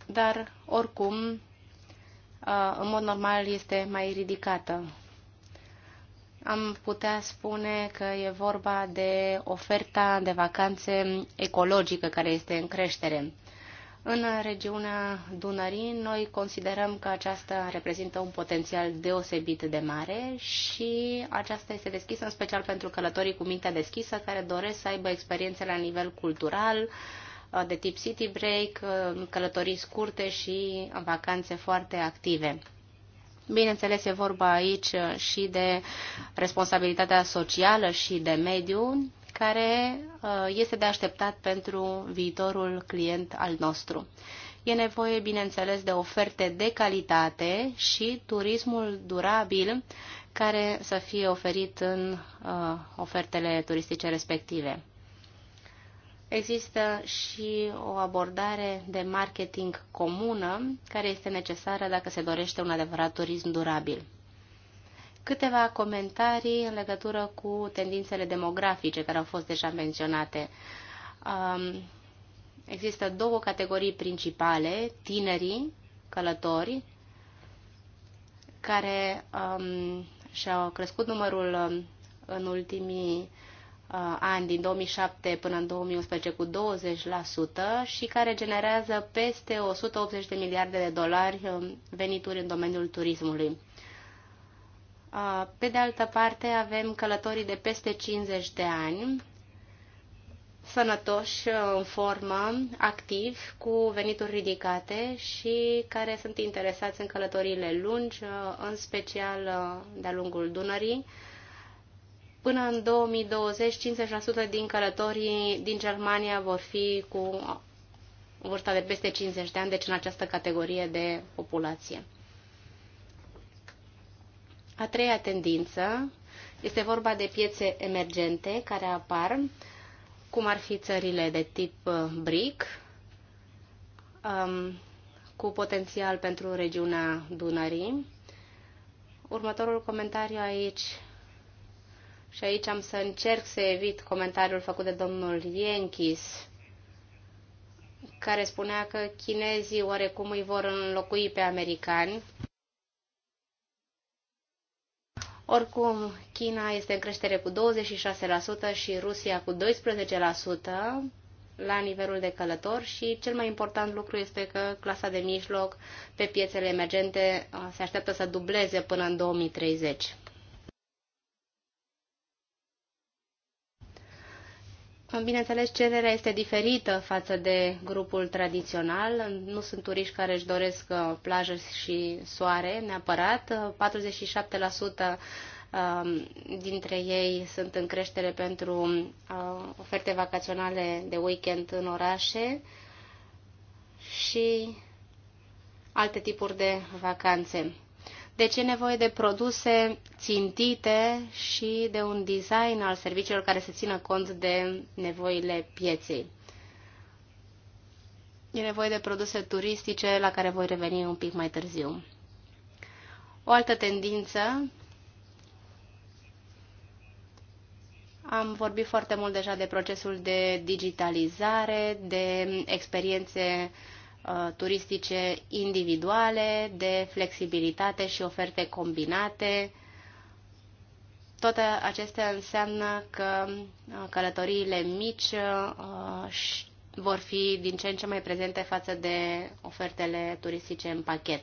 dar oricum, uh, în mod normal, este mai ridicată. Am putea spune că e vorba de oferta de vacanțe ecologică care este în creștere. În regiunea Dunării, noi considerăm că aceasta reprezintă un potențial deosebit de mare și aceasta este deschisă în special pentru călătorii cu mintea deschisă care doresc să aibă experiențe la nivel cultural, de tip city break, călătorii scurte și vacanțe foarte active. Bineînțeles, e vorba aici și de responsabilitatea socială și de mediu, care uh, este de așteptat pentru viitorul client al nostru. E nevoie, bineînțeles, de oferte de calitate și turismul durabil care să fie oferit în uh, ofertele turistice respective. Există și o abordare de marketing comună care este necesară dacă se dorește un adevărat turism durabil. Câteva comentarii în legătură cu tendințele demografice care au fost deja menționate. Um, există două categorii principale, tinerii călători, care um, și-au crescut numărul um, în ultimii uh, ani, din 2007 până în 2011, cu 20% și care generează peste 180 de miliarde de dolari um, venituri în domeniul turismului. Pe de altă parte, avem călătorii de peste 50 de ani, sănătoși, uh, în formă, activi, cu venituri ridicate și care sunt interesați în călătoriile lungi, uh, în special uh, de-a lungul Dunării. Până în 2020, 50% din călătorii din Germania vor fi cu vârsta de peste 50 de ani, deci în această categorie de populație. A treia tendință este vorba de piețe emergente care apar, cum ar fi țările de tip uh, BRIC, um, cu potențial pentru regiunea Dunării. Următorul comentariu aici, și aici am să încerc să evit comentariul făcut de domnul Yenkis, care spunea că chinezii oarecum îi vor înlocui pe americani, Oricum, China este în creștere cu 26% și Rusia cu 12% la nivelul de călător și cel mai important lucru este că clasa de mijloc pe piețele emergente uh, se așteaptă să dubleze până în 2030. Bineînțeles, cererea este diferită față de grupul tradițional. Nu sunt turiști care își doresc uh, plajă și soare neapărat. 47% um, dintre ei sunt în creștere pentru uh, oferte vacaționale de weekend în orașe și alte tipuri de vacanțe. Deci e nevoie de produse țintite și de un design al serviciilor care să țină cont de nevoile pieței. E nevoie de produse turistice la care voi reveni un pic mai târziu. O altă tendință Am vorbit foarte mult deja de procesul de digitalizare, de experiențe uh, Uh, turistice individuale, de flexibilitate și oferte combinate. Toate acestea înseamnă că uh, călătoriile mici uh, vor fi din ce în ce mai prezente față de ofertele turistice în pachet.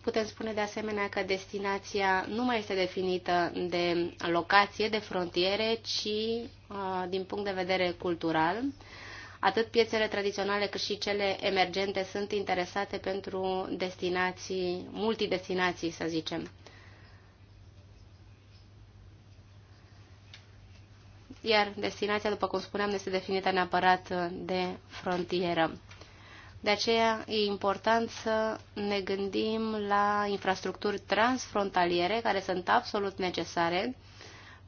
Putem spune de asemenea că destinația nu mai este definită de locație, de frontiere, ci din punct de vedere cultural Atât piețele tradiționale cât și cele emergente sunt interesate pentru destinații, multidestinații, să zicem. Iar destinația, după cum spuneam, este definită neapărat de frontieră. De aceea e important să ne gândim la infrastructuri transfrontaliere care sunt absolut necesare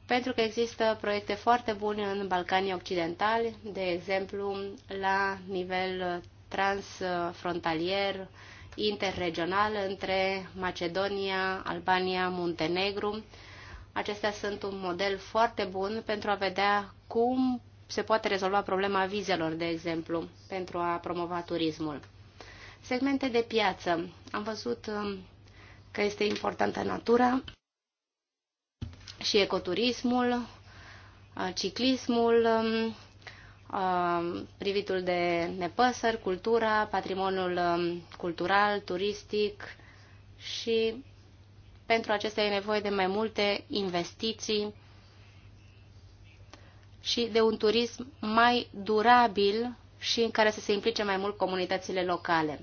pentru că există proiecte foarte bune în Balcanii Occidentali, de exemplu la nivel transfrontalier, interregional între Macedonia, Albania, Muntenegru. Acestea sunt un model foarte bun pentru a vedea cum se poate rezolva problema vizelor, de exemplu, pentru a promova turismul. Segmente de piață. Am văzut um, că este importantă natura și ecoturismul, uh, ciclismul, um, uh, privitul de nepăsări, cultura, patrimoniul um, cultural, turistic și pentru acestea e nevoie de mai multe investiții și de un turism mai durabil și în care să se implice mai mult comunitățile locale.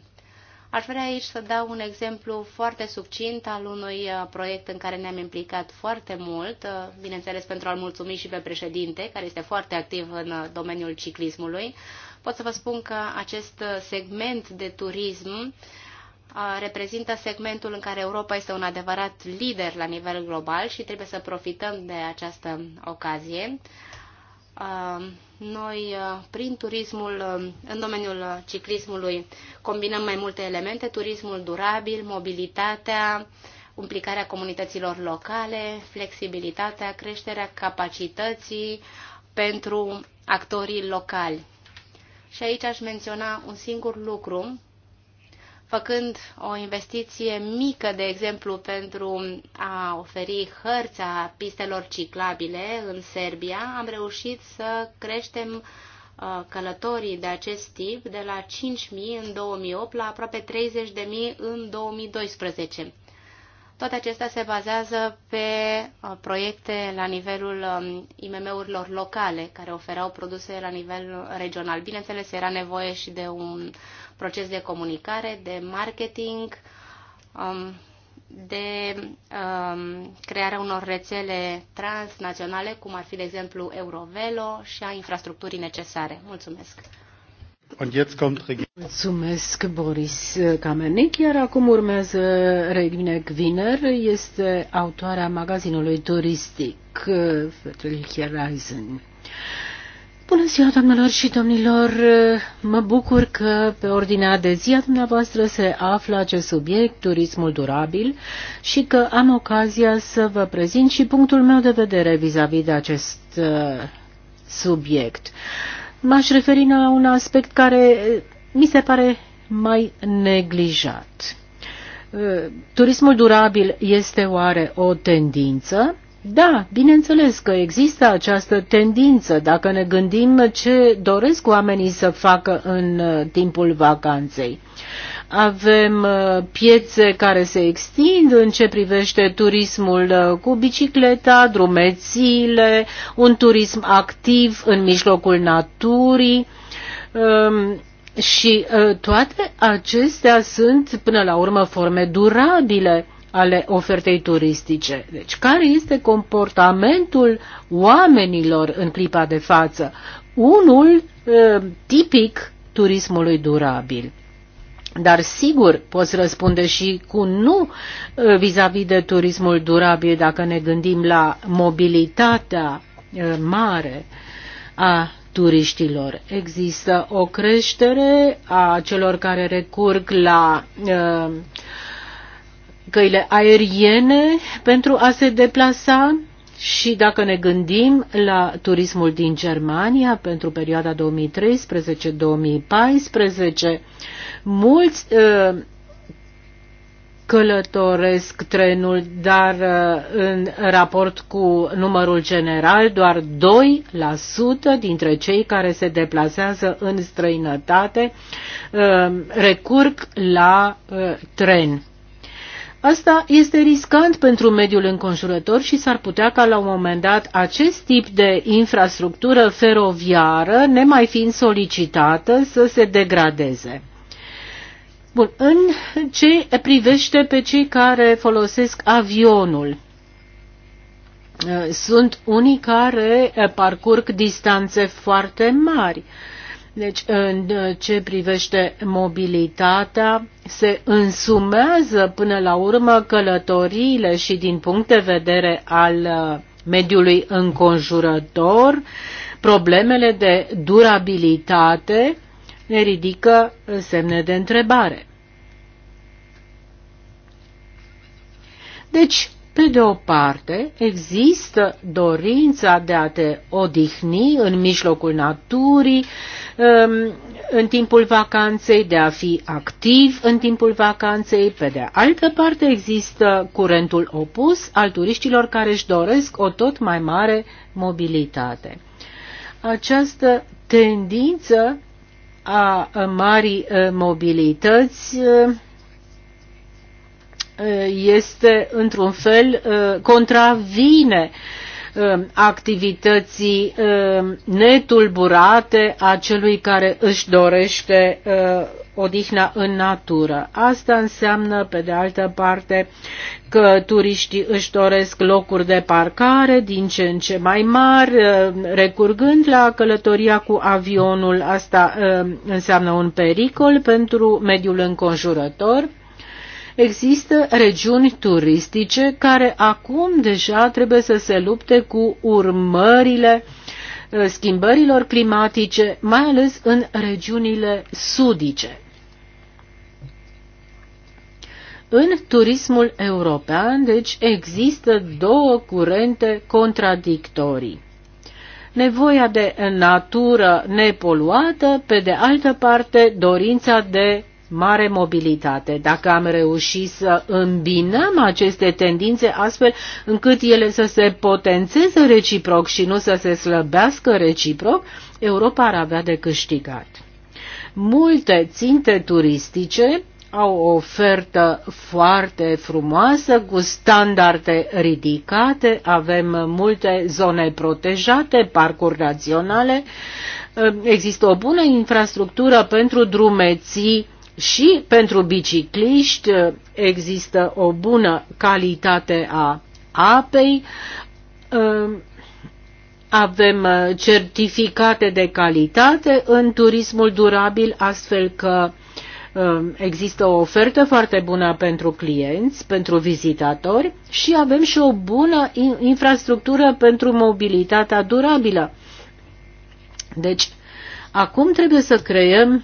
Aș vrea aici să dau un exemplu foarte succint al unui uh, proiect în care ne-am implicat foarte mult, uh, bineînțeles pentru a-l mulțumi și pe președinte, care este foarte activ în uh, domeniul ciclismului. Pot să vă spun că acest segment de turism reprezintă segmentul în care Europa este un adevărat lider la nivel global și trebuie să profităm de această ocazie noi, uh, prin turismul uh, în domeniul uh, ciclismului, combinăm mai multe elemente, turismul durabil, mobilitatea, implicarea comunităților locale, flexibilitatea, creșterea capacității pentru actorii locali. Și aici aș menționa un singur lucru făcând o investiție mică, de exemplu, pentru a oferi hărța pistelor ciclabile în Serbia, am reușit să creștem uh, călătorii de acest tip de la 5.000 în 2008 la aproape 30.000 în 2012. Toate acestea se bazează pe uh, proiecte la nivelul um, IMM-urilor locale, care oferau produse la nivel regional. Bineînțeles, era nevoie și de un proces de comunicare, de marketing, um, de um, crearea unor rețele transnaționale, cum ar fi, de exemplu, Eurovelo și a infrastructurii necesare. Mulțumesc! Mulțumesc, Boris Kamenik. iar acum urmează Regine Gwiner, este autoarea magazinului turistic uh, Fetelichia Reisen. Bună ziua, doamnelor și domnilor! Uh, mă bucur că pe ordinea de zi a dumneavoastră se află acest subiect, turismul durabil, și că am ocazia să vă prezint și punctul meu de vedere vis-a-vis -vis de acest uh, subiect. Uh, m-aș referi la un aspect care mi se pare mai neglijat. Turismul durabil este oare o tendință? Da, bineînțeles că există această tendință dacă ne gândim ce doresc oamenii să facă în timpul vacanței avem uh, piețe care se extind în ce privește turismul uh, cu bicicleta, drumețiile, un turism activ în mijlocul naturii um, și uh, toate acestea sunt până la urmă forme durabile ale ofertei turistice. Deci care este comportamentul oamenilor în clipa de față? Unul tipic turismului durabil. Dar sigur poți răspunde și cu nu ă, vis-a-vis -vis de turismul durabil dacă ne gândim la mobilitatea ă, mare a turiștilor. Există o creștere a celor care recurg la ă, căile aeriene pentru a se deplasa și dacă ne gândim la turismul din Germania pentru perioada 2013-2014, mulți uh, călătoresc trenul, dar uh, în raport cu numărul general, doar 2% dintre cei care se deplasează în străinătate uh, recurg la tren. Asta este riscant pentru mediul înconjurător și s-ar putea ca la un moment dat acest tip de infrastructură feroviară, nemai fiind solicitată, să se degradeze. Bun, în ce privește pe cei care folosesc avionul, sunt unii care parcurg distanțe foarte mari. Deci, în uh, ce privește mobilitatea, se însumează până la urmă călătoriile și din punct de vedere al uh, mediului înconjurător, problemele de durabilitate ne ridică semne de întrebare. Deci, pe de o parte, există dorința de a te odihni în mijlocul naturii, um, în timpul vacanței, de a fi activ în timpul vacanței. Pe de altă parte, există curentul opus al turiștilor care își doresc o tot mai mare mobilitate. Această tendință a marii uh, mobilități uh, Uh, este într-un fel uh, contravine uh, activității netulburate a celui care își dorește odihna în natură. Asta înseamnă, pe de altă parte, că turiștii își doresc locuri de parcare din ce în ce mai mari, recurgând la călătoria cu avionul. Asta înseamnă un pericol pentru mediul înconjurător Există regiuni turistice care acum deja trebuie să se lupte cu urmările uh, schimbărilor climatice, mai ales în regiunile sudice. În turismul european, deci, există două curente contradictorii. Nevoia de natură nepoluată, pe de altă parte, dorința de mare mobilitate, dacă am reușit să îmbinăm aceste tendințe astfel încât ele să se potențeze reciproc și nu să se slăbească reciproc, Europa ar avea de câștigat. Multe ținte turistice au o ofertă foarte frumoasă, cu standarde ridicate, avem multe zone protejate, parcuri naționale, există o bună infrastructură pentru drumeții și pentru bicicliști uh, există o bună calitate a apei, uh, avem uh, certificate de calitate în turismul durabil, astfel că există o ofertă foarte bună pentru clienți, pentru vizitatori și avem și o bună infrastructură pentru mobilitatea durabilă. Deci, acum trebuie să creăm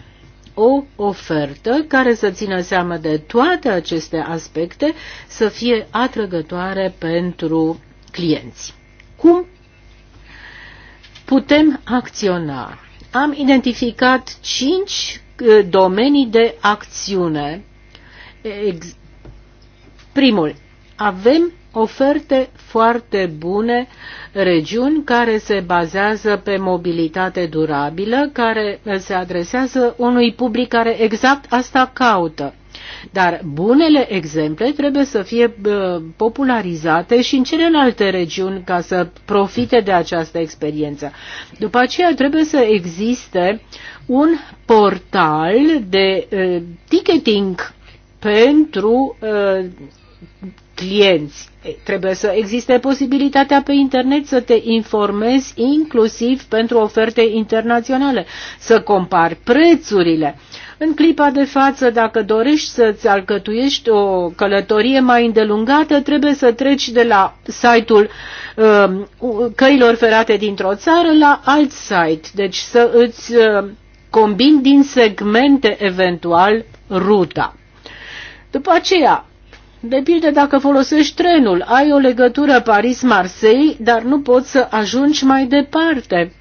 o ofertă care să țină seama de toate aceste aspecte, să fie atrăgătoare pentru clienți. Cum putem acționa? Am identificat cinci eh, domenii de acțiune. Primul, avem oferte foarte bune, regiuni care se bazează pe mobilitate durabilă, care se adresează unui public care exact asta caută. Dar bunele exemple trebuie să fie popularizate și în celelalte regiuni ca să profite de această experiență. După aceea trebuie să existe un portal de uh, ticketing pentru uh, clienți. Trebuie să existe posibilitatea pe internet să te informezi inclusiv pentru oferte internaționale, să compari prețurile. În clipa de față, dacă dorești să-ți alcătuiești o călătorie mai îndelungată, trebuie să treci de la site-ul uh, căilor ferate dintr-o țară la alt site, deci să îți uh, combini din segmente eventual ruta. După aceea, de pildă, dacă folosești trenul, ai o legătură Paris-Marseille, dar nu poți să ajungi mai departe.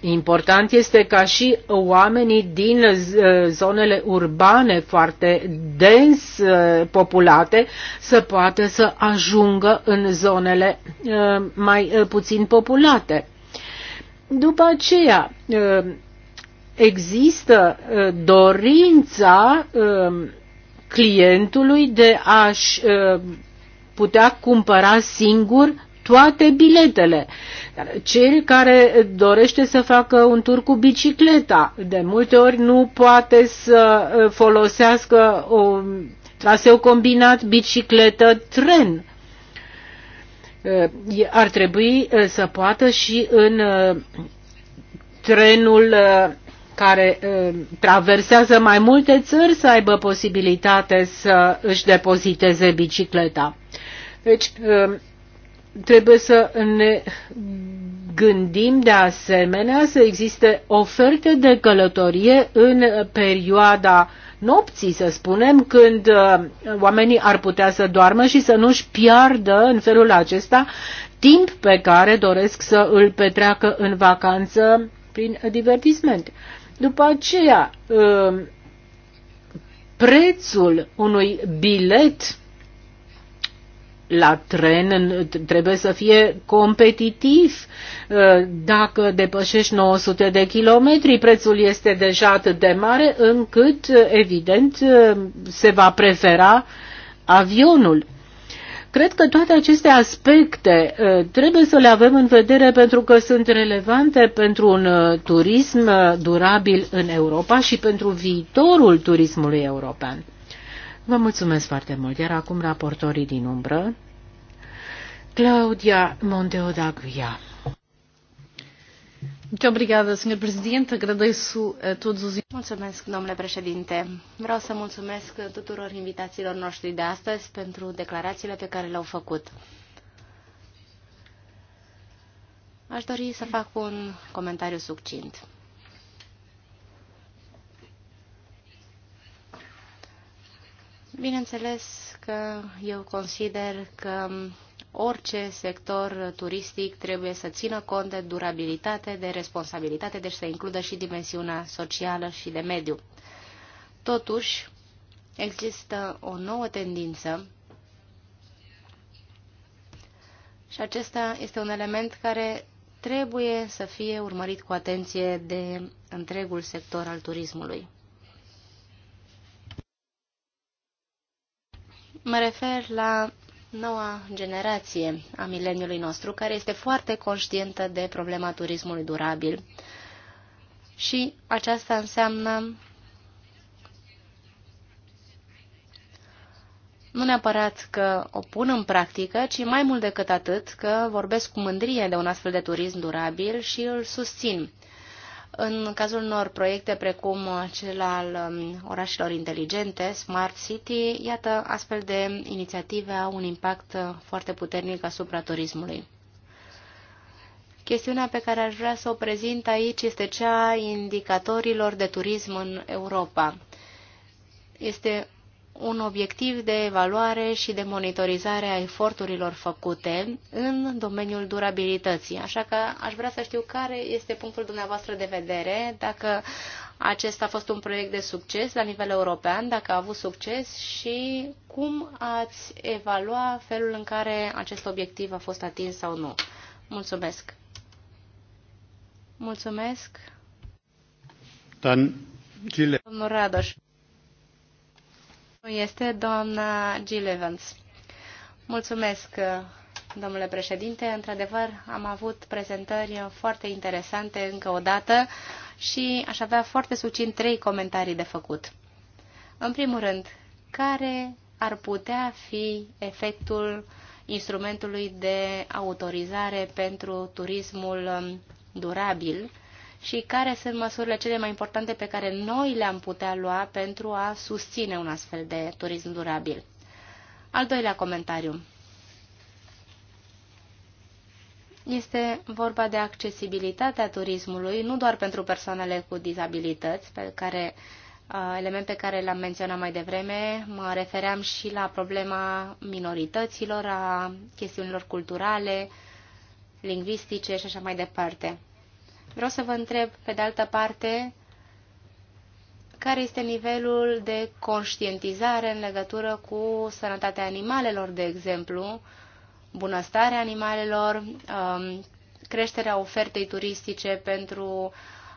Important este ca și oamenii din zonele urbane foarte dens populate să poată să ajungă în zonele mai puțin populate. După aceea, există dorința clientului de a-și uh, putea cumpăra singur toate biletele. Cel care dorește să facă un tur cu bicicleta, de multe ori nu poate să uh, folosească o traseu combinat bicicletă-tren. Uh, ar trebui să poată și în trenul care uh, traversează mai multe țări să aibă posibilitate să își depoziteze bicicleta. Deci uh, trebuie să ne gândim de asemenea să existe oferte de călătorie în perioada nopții, să spunem, când uh, oamenii ar putea să doarmă și să nu-și piardă în felul acesta timp pe care doresc să îl petreacă în vacanță prin divertisment. După aceea, um, prețul unui bilet la tren trebuie să fie competitiv. Uh, dacă depășești 900 de kilometri, prețul este deja atât de mare încât, evident, uh, se va prefera avionul. Cred că toate aceste aspecte uh, trebuie să le avem în vedere pentru că sunt relevante pentru un uh, turism uh, durabil în Europa și pentru viitorul turismului european. Vă mulțumesc foarte mult, iar acum raportorii din umbră. Claudia Monteodaguia. Mulțumesc, domnule președinte. Vreau să mulțumesc tuturor invitațiilor noștri de astăzi pentru declarațiile pe care le-au făcut. Aș dori să fac un comentariu succint. Bineînțeles că eu consider că orice sector turistic trebuie să țină cont de durabilitate, de responsabilitate, deci să includă și dimensiunea socială și de mediu. Totuși, există o nouă tendință și acesta este un element care trebuie să fie urmărit cu atenție de întregul sector al turismului. Mă refer la noua generație a mileniului nostru, care este foarte conștientă de problema turismului durabil. Și aceasta înseamnă nu neapărat că o pun în practică, ci mai mult decât atât că vorbesc cu mândrie de un astfel de turism durabil și îl susțin. În cazul unor proiecte precum cel al um, orașelor inteligente, Smart City, iată, astfel de inițiative au un impact foarte puternic asupra turismului. Chestiunea pe care aș vrea să o prezint aici este cea a indicatorilor de turism în Europa. Este un obiectiv de evaluare și de monitorizare a eforturilor făcute în domeniul durabilității. Așa că aș vrea să știu care este punctul dumneavoastră de vedere, dacă acesta a fost un proiect de succes la nivel european, dacă a avut succes și cum ați evalua felul în care acest obiectiv a fost atins sau nu. Mulțumesc! Mulțumesc! Dan Gile. Domnul Radoș. Este doamna Jill Evans. Mulțumesc, domnule președinte. Într-adevăr, am avut prezentări foarte interesante încă o dată și aș avea foarte succint trei comentarii de făcut. În primul rând, care ar putea fi efectul instrumentului de autorizare pentru turismul durabil și care sunt măsurile cele mai importante pe care noi le-am putea lua pentru a susține un astfel de turism durabil. Al doilea comentariu. Este vorba de accesibilitatea turismului, nu doar pentru persoanele cu dizabilități, pe care, element pe care l-am menționat mai devreme, mă refeream și la problema minorităților, a chestiunilor culturale, lingvistice și așa mai departe. Vreau să vă întreb, pe de altă parte, care este nivelul de conștientizare în legătură cu sănătatea animalelor, de exemplu, bunăstarea animalelor, um, creșterea ofertei turistice pentru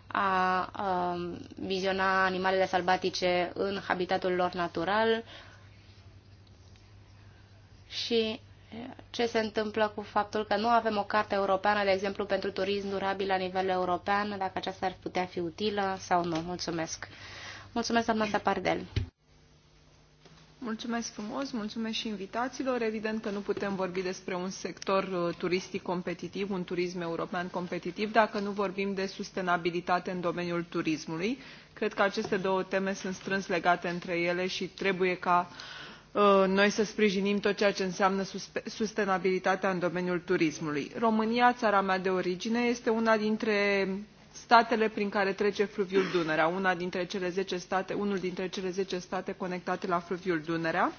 a um, viziona animalele sălbatice în habitatul lor natural și ce se întâmplă cu faptul că nu avem o carte europeană, de exemplu, pentru turism durabil la nivel european, dacă aceasta ar putea fi utilă sau nu. Mulțumesc. Mulțumesc, doamna Sapardel. Mulțumesc frumos, mulțumesc și invitațiilor. Evident că nu putem vorbi despre un sector uh, turistic competitiv, un turism european competitiv, dacă nu vorbim de sustenabilitate în domeniul turismului. Cred că aceste două teme sunt strâns legate între ele și trebuie ca uh, Uh, noi să sprijinim tot ceea ce înseamnă sustenabilitatea în domeniul turismului. românia țara mea de origine este una dintre statele prin care trece fluviul dunărea una dintre cele unul dintre cele zece state conectate la fluviul dunărea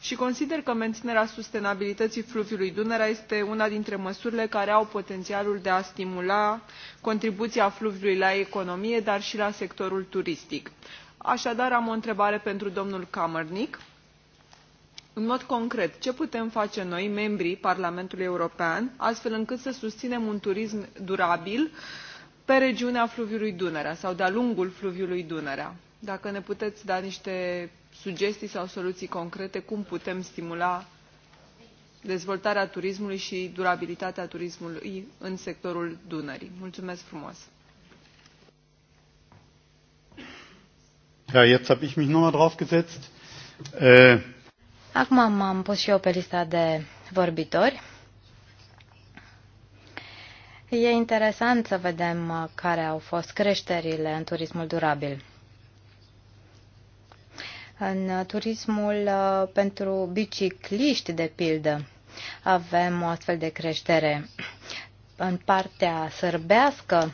și consider că menținerea sustenabilității fluviului dunărea este una dintre măsurile care au potențialul de a stimula contribuția fluviului la economie dar și la sectorul turistic. așadar am o întrebare pentru domnul kamarnik în mod concret ce putem face noi membrii parlamentului european astfel încât să susținem un turism durabil pe regiunea fluviului dunărea sau de a lungul fluviului dunărea? dacă ne puteți da niște sugestii sau soluții concrete cum putem stimula dezvoltarea turismului și durabilitatea turismului în sectorul Dunării. Mulțumesc frumos! Ja, jetzt habe ich mich nochmal drauf gesetzt. Äh, Acum m-am pus și eu pe lista de vorbitori. E interesant să vedem uh, care au fost creșterile în turismul durabil. În uh, turismul uh, pentru bicicliști, de pildă, avem o astfel de creștere. În partea sărbească,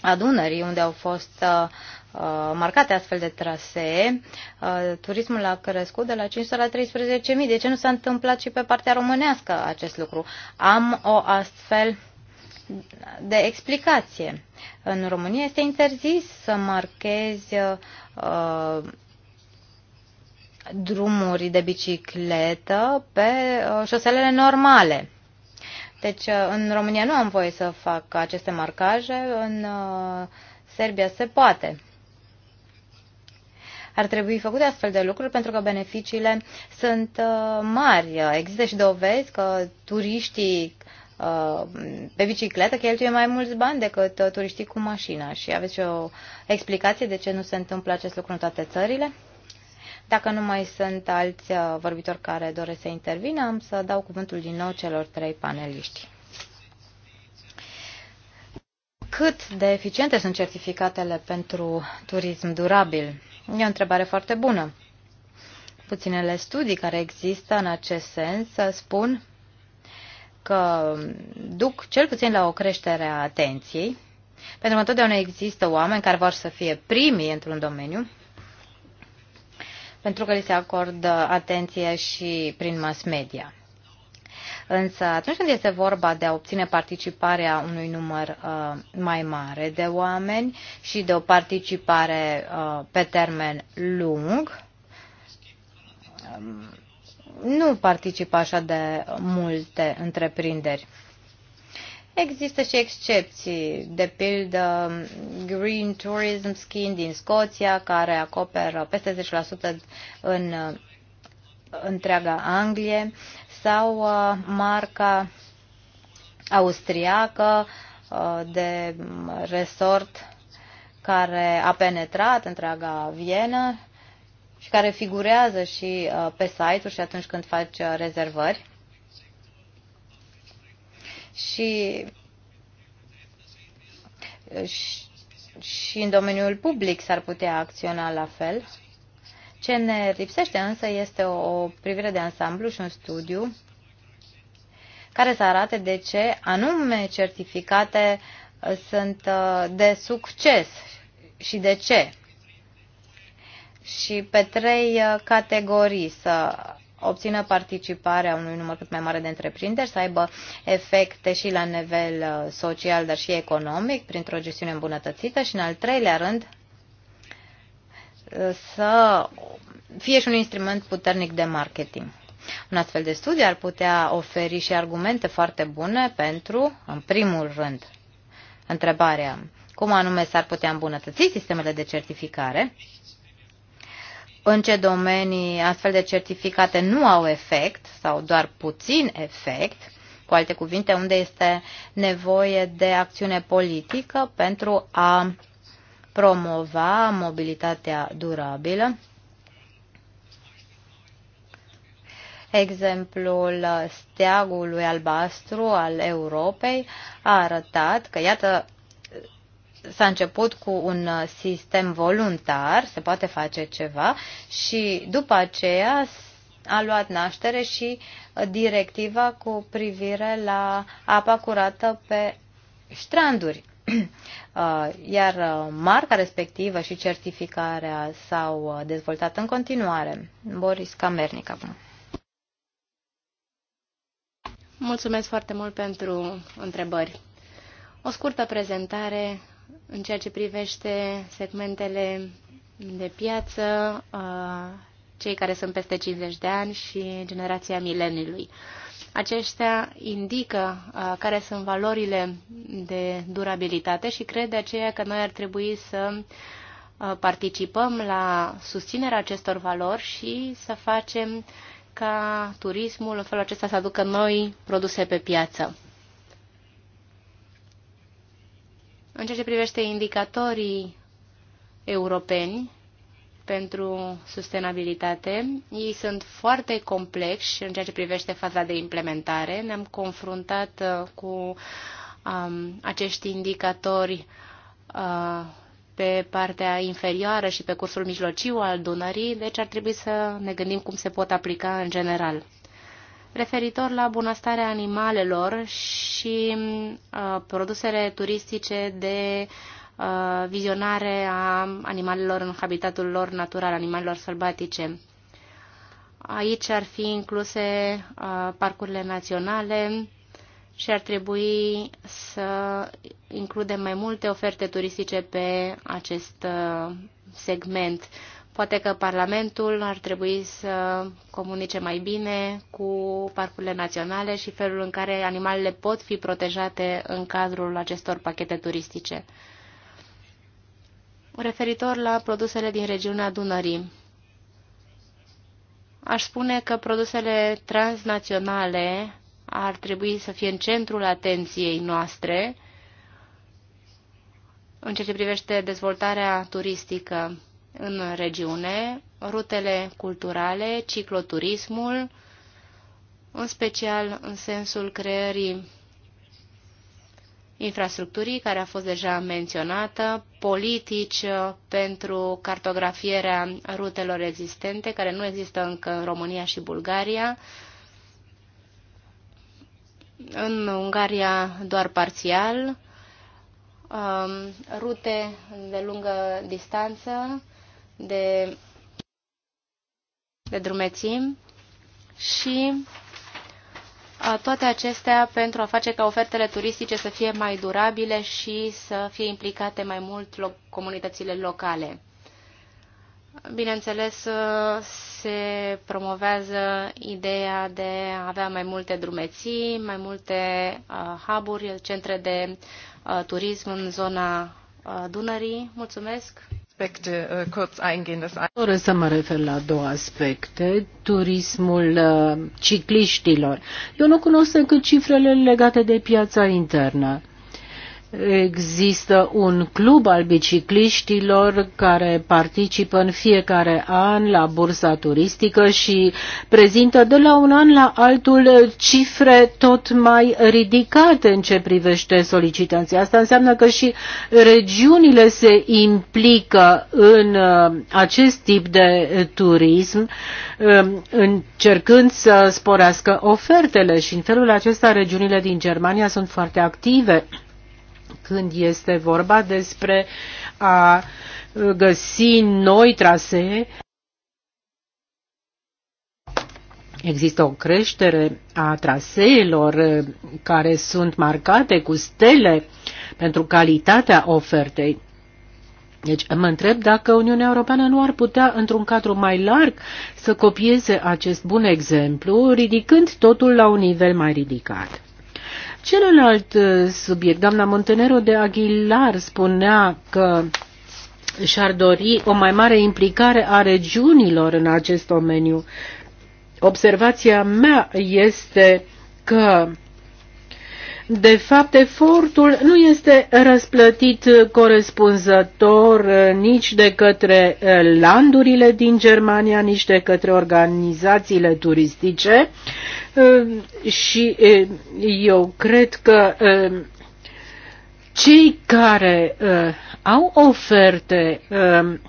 adunării unde au fost uh, uh, marcate astfel de trasee, uh, turismul a crescut de la 500 la 13.000. De ce nu s-a întâmplat și pe partea românească acest lucru? Am o astfel de explicație. În România este interzis să marchezi uh, drumuri de bicicletă pe uh, șoselele normale. Deci uh, în România nu am voie să fac aceste marcaje, în uh, Serbia se poate. Ar trebui făcute astfel de lucruri pentru că beneficiile sunt uh, mari. Există și dovezi că turiștii pe bicicletă cheltuie mai mulți bani decât turiștii cu mașina. Și aveți o explicație de ce nu se întâmplă acest lucru în toate țările? Dacă nu mai sunt alți uh, vorbitori care doresc să intervină, am să dau cuvântul din nou celor trei paneliști. Cât de eficiente sunt certificatele pentru turism durabil? E o întrebare foarte bună. Puținele studii care există în acest sens uh, spun că duc cel puțin la o creștere a atenției, pentru că întotdeauna există oameni care vor să fie primii într-un domeniu pentru că li se acordă atenție și prin mass media. Însă atunci când este vorba de a obține participarea unui număr uh, mai mare de oameni și de o participare uh, pe termen lung, um, nu participă așa de multe întreprinderi. Există și excepții, de pildă Green Tourism Scheme din Scoția, care acoperă peste 10% în uh, întreaga Anglie, sau uh, marca austriacă uh, de resort care a penetrat întreaga Vienă și care figurează și pe site-uri și atunci când faci rezervări și, și, și în domeniul public s-ar putea acționa la fel. Ce ne lipsește însă este o privire de ansamblu și un studiu care să arate de ce anume certificate sunt uh, de succes și de ce. Și pe trei uh, categorii să obțină participarea unui număr cât mai mare de întreprinderi, să aibă efecte și la nivel uh, social, dar și economic, printr-o gestiune îmbunătățită și, în al treilea rând, uh, să fie și un instrument puternic de marketing. Un astfel de studiu ar putea oferi și argumente foarte bune pentru, în primul rând, întrebarea cum anume s-ar putea îmbunătăți sistemele de certificare în ce domenii astfel de certificate nu au efect sau doar puțin efect, cu alte cuvinte, unde este nevoie de acțiune politică pentru a promova mobilitatea durabilă. Exemplul steagului albastru al Europei a arătat că, iată, s-a început cu un uh, sistem voluntar, se poate face ceva și după aceea a luat naștere și uh, directiva cu privire la apa curată pe stranduri. Uh, iar marca respectivă și certificarea s-au dezvoltat în continuare. Boris Camernic acum. Mulțumesc foarte mult pentru întrebări. O scurtă prezentare în ceea ce privește segmentele de piață, cei care sunt peste 50 de ani și generația mileniului. Aceștia indică care sunt valorile de durabilitate și cred de aceea că noi ar trebui să participăm la susținerea acestor valori și să facem ca turismul în felul acesta să aducă noi produse pe piață. În ceea ce privește indicatorii europeni pentru sustenabilitate, ei sunt foarte complexi în ceea ce privește faza de implementare. Ne-am confruntat uh, cu um, acești indicatori uh, pe partea inferioară și pe cursul mijlociu al Dunării, deci ar trebui să ne gândim cum se pot aplica în general referitor la bunăstarea animalelor și uh, produsele turistice de uh, vizionare a animalelor în habitatul lor natural, animalelor sălbatice. Aici ar fi incluse uh, parcurile naționale și ar trebui să includem mai multe oferte turistice pe acest uh, segment Poate că Parlamentul ar trebui să comunice mai bine cu parcurile naționale și felul în care animalele pot fi protejate în cadrul acestor pachete turistice. Referitor la produsele din regiunea Dunării, aș spune că produsele transnaționale ar trebui să fie în centrul atenției noastre în ceea ce privește dezvoltarea turistică în regiune, rutele culturale, cicloturismul, în special în sensul creării infrastructurii, care a fost deja menționată, politici uh, pentru cartografierea rutelor existente, care nu există încă în România și Bulgaria, în Ungaria doar parțial, um, rute de lungă distanță, de, de drumeții și toate acestea pentru a face ca ofertele turistice să fie mai durabile și să fie implicate mai mult lo comunitățile locale. Bineînțeles, se promovează ideea de a avea mai multe drumeții, mai multe hub centre de turism în zona Dunării. Mulțumesc! aspecte uh, kurz eingehen. Das Doresc să mă refer la două aspecte. Turismul uh, cicliștilor. Eu nu cunosc încât cifrele legate de piața internă. Există un club al bicicliștilor care participă în fiecare an la bursa turistică și prezintă de la un an la altul cifre tot mai ridicate în ce privește solicitanții. Asta înseamnă că și regiunile se implică în uh, acest tip de turism, uh, încercând să sporească ofertele și în felul acesta regiunile din Germania sunt foarte active când este vorba despre a uh, găsi noi trasee. Există o creștere a traseelor uh, care sunt marcate cu stele pentru calitatea ofertei. Deci mă întreb dacă Uniunea Europeană nu ar putea, într-un cadru mai larg, să copieze acest bun exemplu, ridicând totul la un nivel mai ridicat. Celălalt uh, subiect, doamna Montenero de Aguilar spunea că și-ar dori o mai mare implicare a regiunilor în acest domeniu. Observația mea este că de fapt, efortul nu este răsplătit corespunzător nici de către landurile din Germania, nici de către organizațiile turistice și eu cred că um, cei care uh, au oferte um,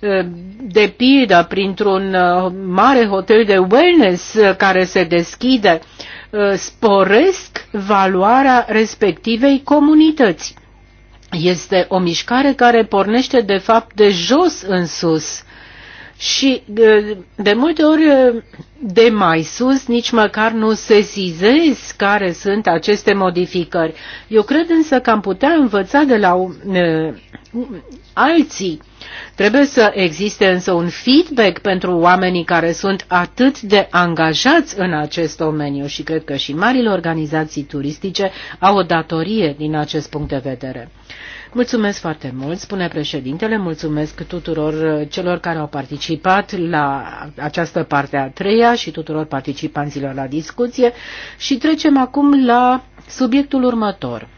uh, de pildă printr-un uh, mare hotel de wellness care se deschide Uh, sporesc valoarea respectivei comunități. Este o mișcare care pornește de fapt de jos în sus și uh, de multe ori uh, de mai sus nici măcar nu sesizezi care sunt aceste modificări. Eu cred însă că am putea învăța de la alții Trebuie să existe însă un feedback pentru oamenii care sunt atât de angajați în acest domeniu și cred că și marile organizații turistice au o datorie din acest punct de vedere. Mulțumesc foarte mult, spune președintele, mulțumesc tuturor celor care au participat la această parte a treia și tuturor participanților la discuție și trecem acum la subiectul următor.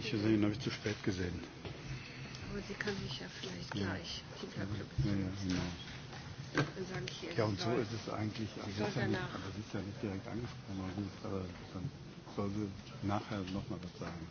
nicht gesehen, habe ich zu spät gesehen. Aber sie kann mich ja vielleicht ja. gleich ja, ja, genau. Dann ich ja, und so ist es eigentlich. Also sie ist ja nicht, aber sie ist ja nicht direkt angesprochen, aber, gut, aber dann soll sie nachher nochmal was sagen.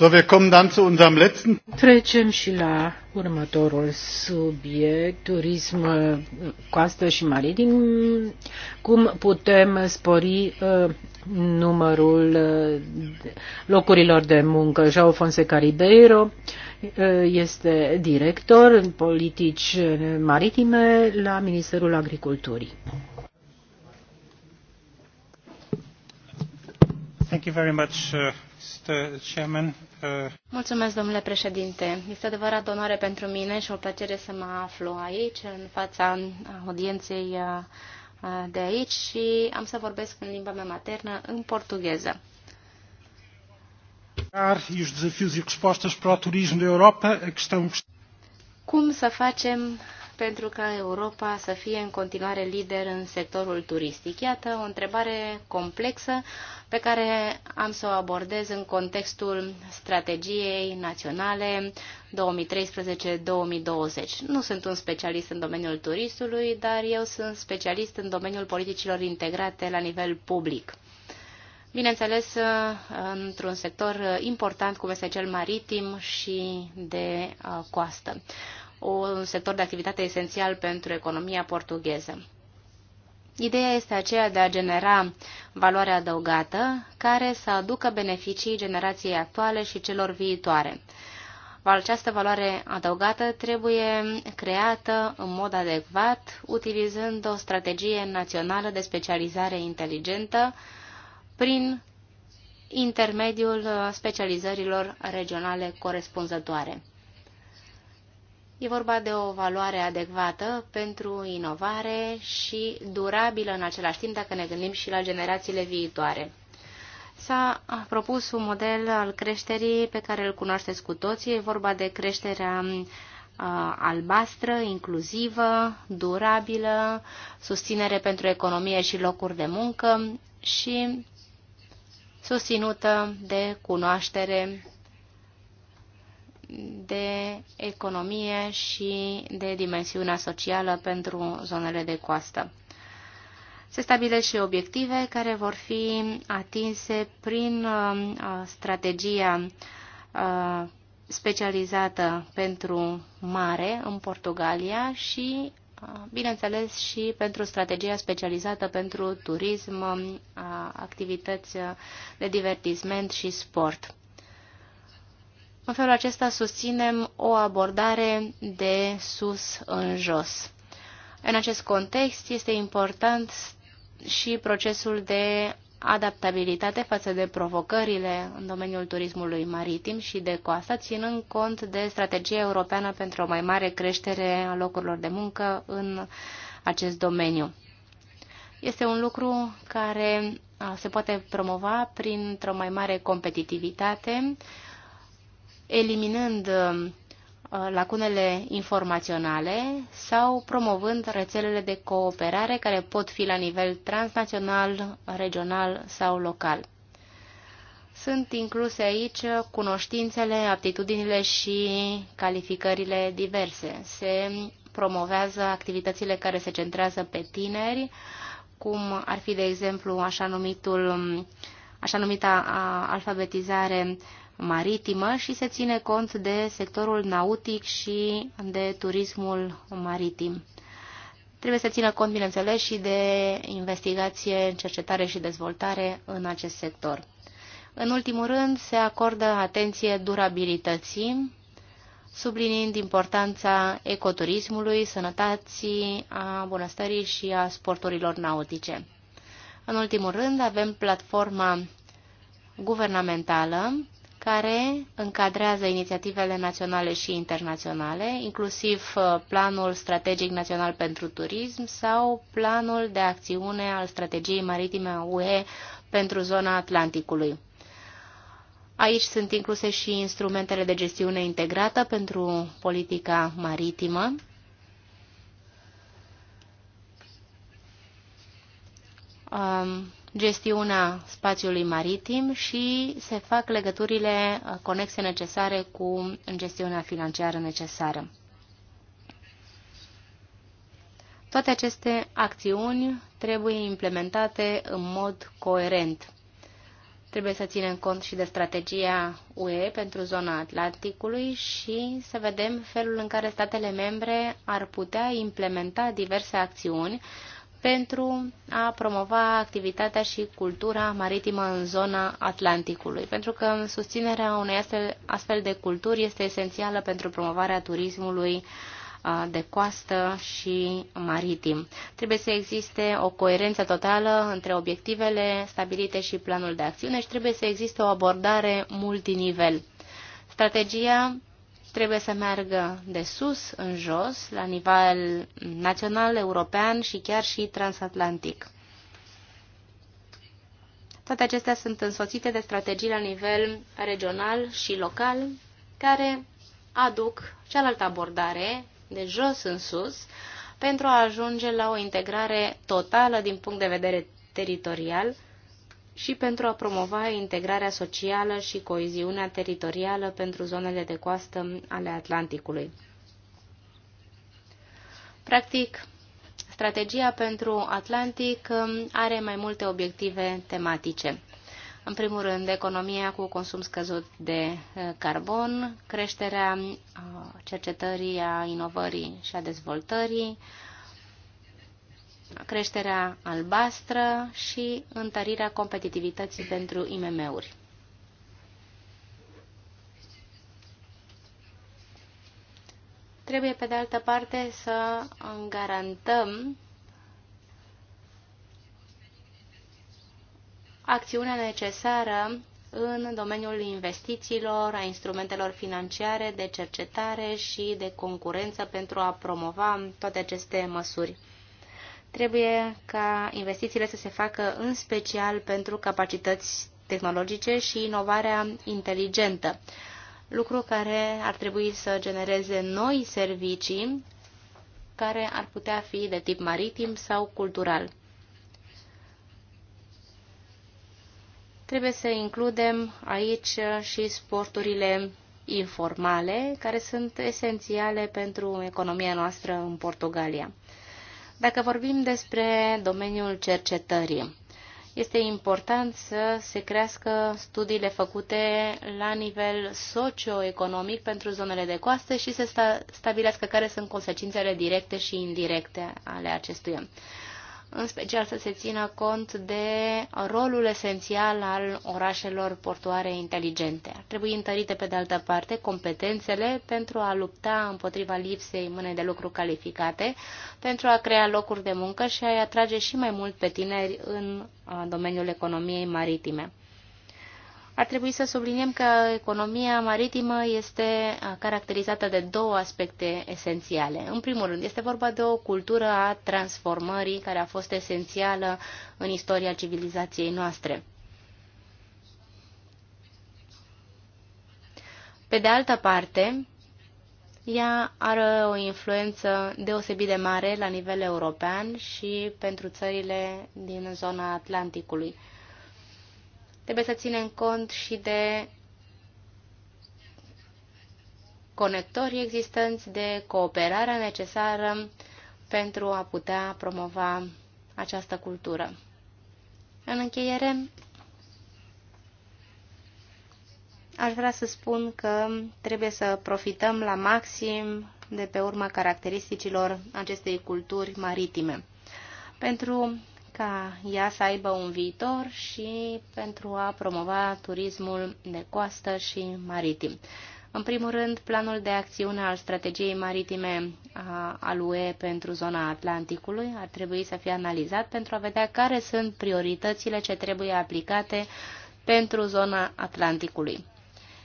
So, wir kommen dann zu unserem letzten. Trecem și la următorul subiect, turism uh, coastă și maritim. Cum putem spori uh, numărul uh, locurilor de muncă? João Fonseca Ribeiro uh, este director în politici maritime la Ministerul Agriculturii. Thank you very much, uh... Uh, Mulțumesc, domnule președinte. Este adevărat onoare pentru mine și o plăcere să mă aflu aici, în fața audienței uh, uh, de aici și am să vorbesc în limba mea maternă, în portugheză. E os desafios e respostas para o turismo da Europa, a questão... Cum să facem pentru ca Europa să fie în continuare lider în sectorul turistic? Iată o întrebare complexă pe care am să o abordez în contextul strategiei naționale 2013-2020. Nu sunt un specialist în domeniul turistului, dar eu sunt specialist în domeniul politicilor integrate la nivel public bineînțeles, într-un sector important cum este cel maritim și de uh, coastă un sector de activitate esențial pentru economia portugheză. Ideea este aceea de a genera valoare adăugată care să aducă beneficii generației actuale și celor viitoare. Această valoare adăugată trebuie creată în mod adecvat, utilizând o strategie națională de specializare inteligentă prin intermediul specializărilor regionale corespunzătoare. E vorba de o valoare adecvată pentru inovare și durabilă în același timp dacă ne gândim și la generațiile viitoare. S-a propus un model al creșterii pe care îl cunoașteți cu toții. E vorba de creșterea albastră, inclusivă, durabilă, susținere pentru economie și locuri de muncă și susținută de cunoaștere de economie și de dimensiunea socială pentru zonele de coastă. Se stabilesc și obiective care vor fi atinse prin uh, strategia uh, specializată pentru mare în Portugalia și, uh, bineînțeles, și pentru strategia specializată pentru turism, activități de divertisment și sport. În felul acesta susținem o abordare de sus în jos. În acest context este important și procesul de adaptabilitate față de provocările în domeniul turismului maritim și de coasta, ținând cont de strategia europeană pentru o mai mare creștere a locurilor de muncă în acest domeniu. Este un lucru care se poate promova printr-o mai mare competitivitate, eliminând um, uh, lacunele informaționale sau promovând rețelele de cooperare care pot fi la nivel transnațional, regional sau local. Sunt incluse aici cunoștințele, aptitudinile și calificările diverse. Se promovează activitățile care se centrează pe tineri, cum ar fi, de exemplu, așa, numitul, așa numita alfabetizare maritimă și se ține cont de sectorul nautic și de turismul maritim. Trebuie să țină cont, bineînțeles, și de investigație, cercetare și dezvoltare în acest sector. În ultimul rând, se acordă atenție durabilității, subliniind importanța ecoturismului, sănătății, a bunăstării și a sporturilor nautice. În ultimul rând, avem platforma guvernamentală care încadrează inițiativele naționale și internaționale, inclusiv uh, Planul Strategic Național pentru Turism sau Planul de Acțiune al Strategiei Maritime a UE pentru zona Atlanticului. Aici sunt incluse și instrumentele de gestiune integrată pentru politica maritimă, um, gestiunea spațiului maritim și se fac legăturile uh, conexe necesare cu gestiunea financiară necesară. Toate aceste acțiuni trebuie implementate în mod coerent. Trebuie să ținem cont și de strategia UE pentru zona Atlanticului și să vedem felul în care statele membre ar putea implementa diverse acțiuni pentru a promova activitatea și cultura maritimă în zona Atlanticului, pentru că susținerea unei astfel, astfel de culturi este esențială pentru promovarea turismului de coastă și maritim. Trebuie să existe o coerență totală între obiectivele stabilite și planul de acțiune și trebuie să existe o abordare multinivel. Strategia trebuie să meargă de sus în jos, la nivel național, european și chiar și transatlantic. Toate acestea sunt însoțite de strategii la nivel regional și local, care aduc cealaltă abordare, de jos în sus, pentru a ajunge la o integrare totală din punct de vedere teritorial, și pentru a promova integrarea socială și coeziunea teritorială pentru zonele de coastă ale Atlanticului. Practic, strategia pentru Atlantic um, are mai multe obiective tematice. În primul rând, economia cu consum scăzut de uh, carbon, creșterea uh, cercetării, a inovării și a dezvoltării, creșterea albastră și întărirea competitivității pentru IMM-uri. Trebuie, pe de altă parte, să garantăm acțiunea necesară în domeniul investițiilor, a instrumentelor financiare, de cercetare și de concurență pentru a promova toate aceste măsuri. Trebuie ca investițiile să se facă în special pentru capacități tehnologice și inovarea inteligentă, lucru care ar trebui să genereze noi servicii care ar putea fi de tip maritim sau cultural. Trebuie să includem aici și sporturile informale, care sunt esențiale pentru economia noastră în Portugalia. Dacă vorbim despre domeniul cercetării, este important să se crească studiile făcute la nivel socioeconomic pentru zonele de coastă și să sta stabilească care sunt consecințele directe și indirecte ale acestuia în special să se țină cont de rolul esențial al orașelor portoare inteligente. Ar trebui întărite, pe de altă parte, competențele pentru a lupta împotriva lipsei mâne de lucru calificate, pentru a crea locuri de muncă și a-i atrage și mai mult pe tineri în uh, domeniul economiei maritime. Ar trebui să subliniem că economia maritimă este caracterizată de două aspecte esențiale. În primul rând, este vorba de o cultură a transformării care a fost esențială în istoria civilizației noastre. Pe de altă parte, ea are o influență deosebit de mare la nivel european și pentru țările din zona Atlanticului. Trebuie să ținem cont și de conectorii existenți, de cooperarea necesară pentru a putea promova această cultură. În încheiere, aș vrea să spun că trebuie să profităm la maxim de pe urma caracteristicilor acestei culturi maritime. Pentru ca ea să aibă un viitor și pentru a promova turismul de coastă și maritim. În primul rând, planul de acțiune al strategiei maritime al UE pentru zona Atlanticului ar trebui să fie analizat pentru a vedea care sunt prioritățile ce trebuie aplicate pentru zona Atlanticului.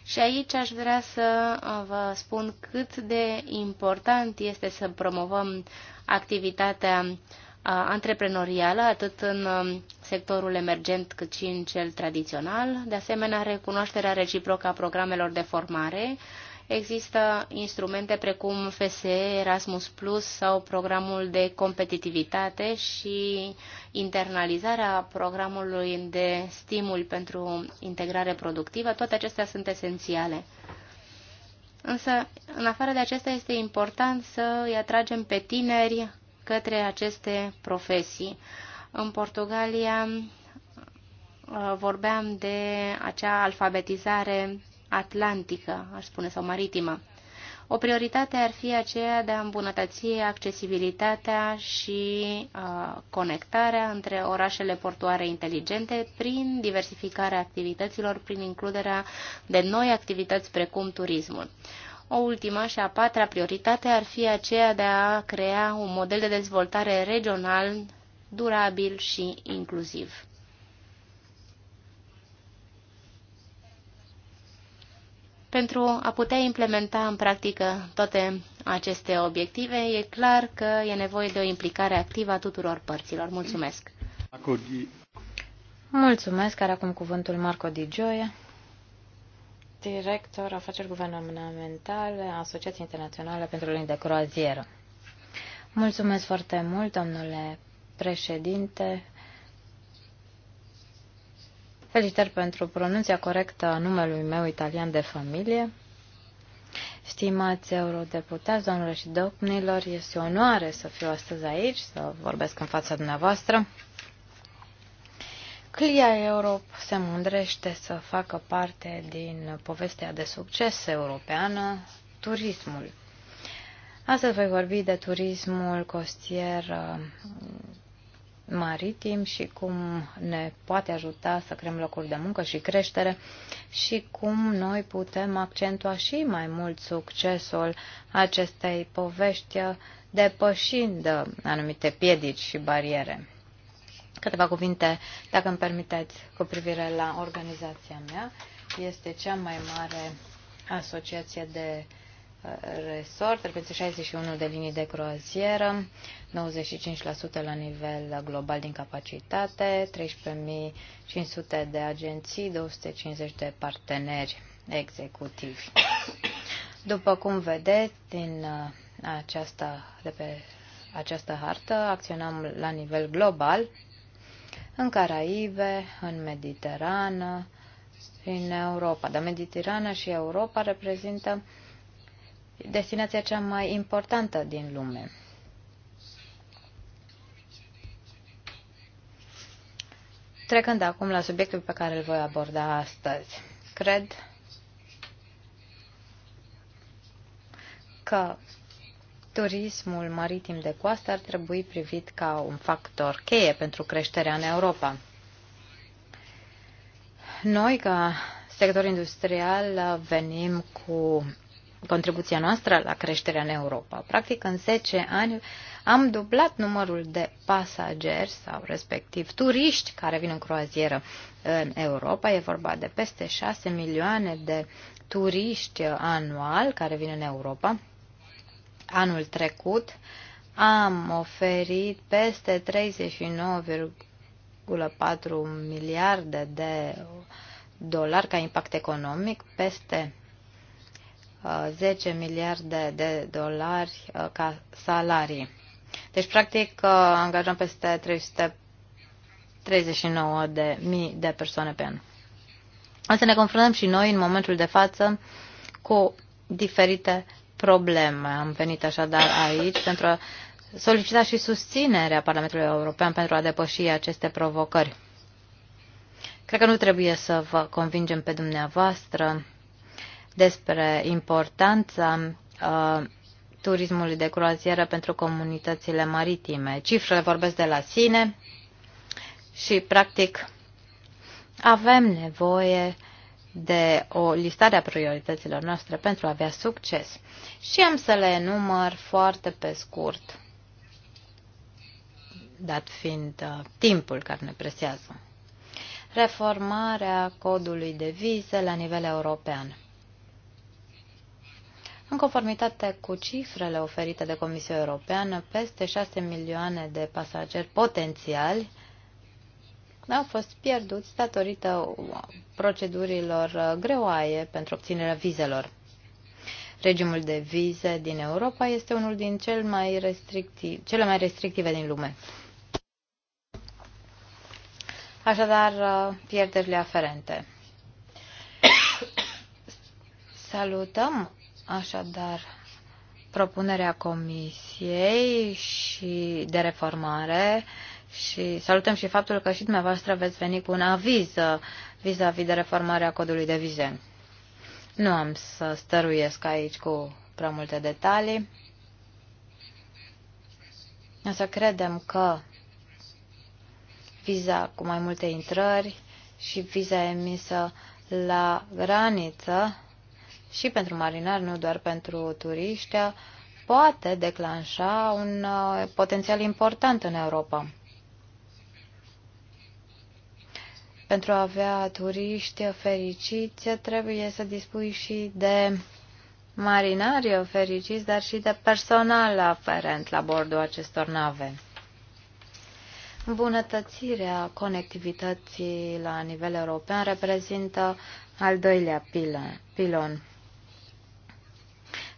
Și aici aș vrea să vă spun cât de important este să promovăm activitatea antreprenorială, atât în um, sectorul emergent cât și în cel tradițional, de asemenea recunoașterea reciprocă a programelor de formare. Există instrumente precum FSE, Erasmus Plus sau programul de competitivitate și internalizarea programului de stimul pentru integrare productivă. Toate acestea sunt esențiale. Însă, în afară de acesta, este important să îi atragem pe tineri către aceste profesii. În Portugalia uh, vorbeam de acea alfabetizare atlantică, aș spune, sau maritimă. O prioritate ar fi aceea de a îmbunătăți accesibilitatea și uh, conectarea între orașele portoare inteligente prin diversificarea activităților, prin includerea de noi activități precum turismul. Uh, o ultima și a patra prioritate ar fi aceea de a crea un model de dezvoltare regional, durabil și inclusiv. Pentru a putea implementa în practică toate aceste obiective, e clar că e nevoie de o implicare activă a tuturor părților. Mulțumesc! Mulțumesc, are acum cuvântul Marco Di Gioia director afaceri guvernamentale a Asociației Internaționale pentru Linii de Croazieră. Mulțumesc foarte mult, domnule președinte. Felicitări pentru pronunția corectă a numelui meu italian de familie. Stimați eurodeputați, domnule și domnilor, este o onoare să fiu astăzi aici, să vorbesc în fața dumneavoastră. Clia Europe se mândrește să facă parte din povestea de succes europeană, turismul. Astăzi voi vorbi de turismul costier uh, maritim și cum ne poate ajuta să creăm locuri de muncă și creștere și cum noi putem accentua și mai mult succesul acestei povești depășind anumite piedici și bariere. Câteva cuvinte, dacă îmi permiteți, cu privire la organizația mea. Este cea mai mare asociație de uh, resort, reprezintă 61 de linii de croazieră, 95% la nivel global din capacitate, 13.500 de agenții, 250 de parteneri executivi. După cum vedeți din uh, aceasta, de pe această hartă, acționăm la nivel global, în Caraibe, în Mediterană și în Europa. Dar Mediterana și Europa reprezintă destinația cea mai importantă din lume. Trecând acum la subiectul pe care îl voi aborda astăzi, cred că turismul maritim de coastă ar trebui privit ca un factor cheie pentru creșterea în Europa. Noi, ca sector industrial, venim cu contribuția noastră la creșterea în Europa. Practic, în 10 ani am dublat numărul de pasageri sau respectiv turiști care vin în croazieră în Europa. E vorba de peste 6 milioane de turiști anual care vin în Europa anul trecut am oferit peste 39,4 miliarde de dolari ca impact economic, peste 10 uh, miliarde de dolari uh, ca salarii. Deci, practic, uh, angajăm peste 339.000 de mii de persoane pe an. Însă ne confruntăm și noi, în momentul de față, cu diferite probleme. Am venit așadar aici pentru a solicita și susținerea Parlamentului European pentru a depăși aceste provocări. Cred că nu trebuie să vă convingem pe dumneavoastră despre importanța uh, turismului de croazieră pentru comunitățile maritime. Cifrele vorbesc de la sine și, practic, avem nevoie de o listare a priorităților noastre pentru a avea succes. Și am să le enumăr foarte pe scurt, dat fiind uh, timpul care ne presează. Reformarea codului de vize la nivel european. În conformitate cu cifrele oferite de Comisia Europeană, peste 6 milioane de pasageri potențiali au fost pierduți datorită procedurilor uh, greoaie pentru obținerea vizelor. Regimul de vize din Europa este unul din cel mai restrictiv, cele mai restrictive din lume. Așadar, uh, pierderile aferente. Salutăm așadar propunerea Comisiei și de reformare uh, și salutăm și faptul că și dumneavoastră veți veni cu un aviz uh, vis-a-vis -vis de reformarea codului de vize. Nu am să stăruiesc aici cu prea multe detalii, însă credem că viza cu mai multe intrări și viza emisă la graniță și pentru marinari, nu doar pentru turiști, poate declanșa un uh, potențial important în Europa. pentru a avea turiști fericiți, trebuie să dispui și de marinari fericiți, dar și de personal aferent la bordul acestor nave. Bunătățirea conectivității la nivel european reprezintă al doilea pilon.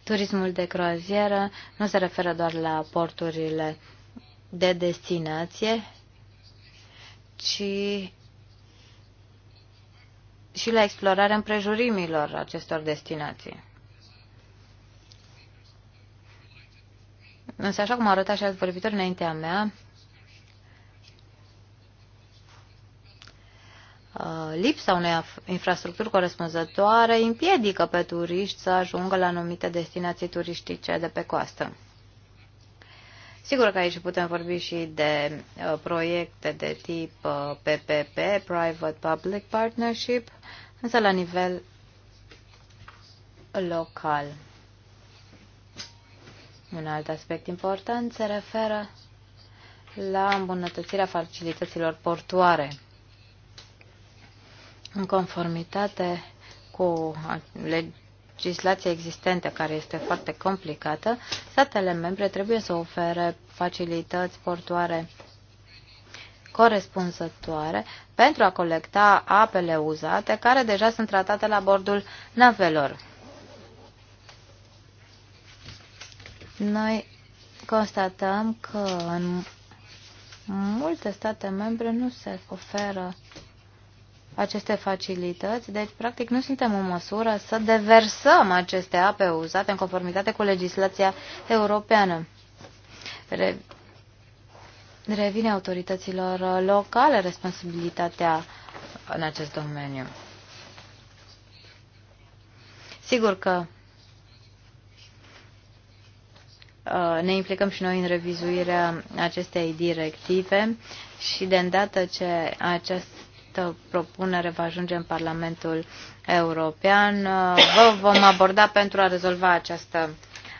Turismul de croazieră nu se referă doar la porturile de destinație, ci și la explorarea împrejurimilor acestor destinații. Însă, așa cum a arătat și alți vorbitori înaintea mea, uh, lipsa unei infrastructuri corespunzătoare împiedică pe turiști să ajungă la anumite destinații turistice de pe coastă. Sigur că aici putem vorbi și de uh, proiecte de tip uh, PPP, Private Public Partnership, însă la nivel local. Un alt aspect important se referă la îmbunătățirea facilităților portoare. În conformitate cu legislația existentă, care este foarte complicată, statele membre trebuie să ofere facilități portoare corespunzătoare pentru a colecta apele uzate care deja sunt tratate la bordul navelor. Noi constatăm că în multe state membre nu se oferă aceste facilități, deci practic nu suntem în măsură să deversăm aceste ape uzate în conformitate cu legislația europeană. Re revine autorităților locale responsabilitatea în acest domeniu. Sigur că uh, ne implicăm și noi în revizuirea acestei directive și de îndată ce acest această propunere va ajunge în Parlamentul European. Vă vom aborda pentru a rezolva această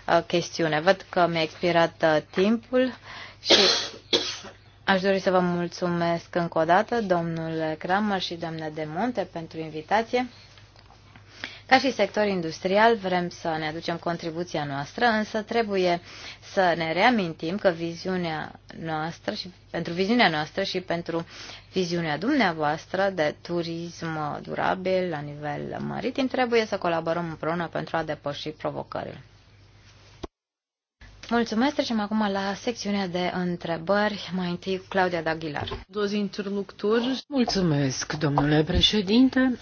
uh, chestiune. Văd că mi-a expirat uh, timpul și aș dori să vă mulțumesc încă o dată, domnule Kramer și doamna de Monte, pentru invitație. Ca și sector industrial vrem să ne aducem contribuția noastră, însă trebuie să ne reamintim că viziunea noastră și pentru viziunea noastră și pentru viziunea dumneavoastră de turism durabil la nivel maritim trebuie să colaborăm împreună pentru a depăși provocările. Mulțumesc, trecem acum la secțiunea de întrebări. Mai întâi Claudia Daghilar. Dozi interlocutori. Mulțumesc, domnule președinte.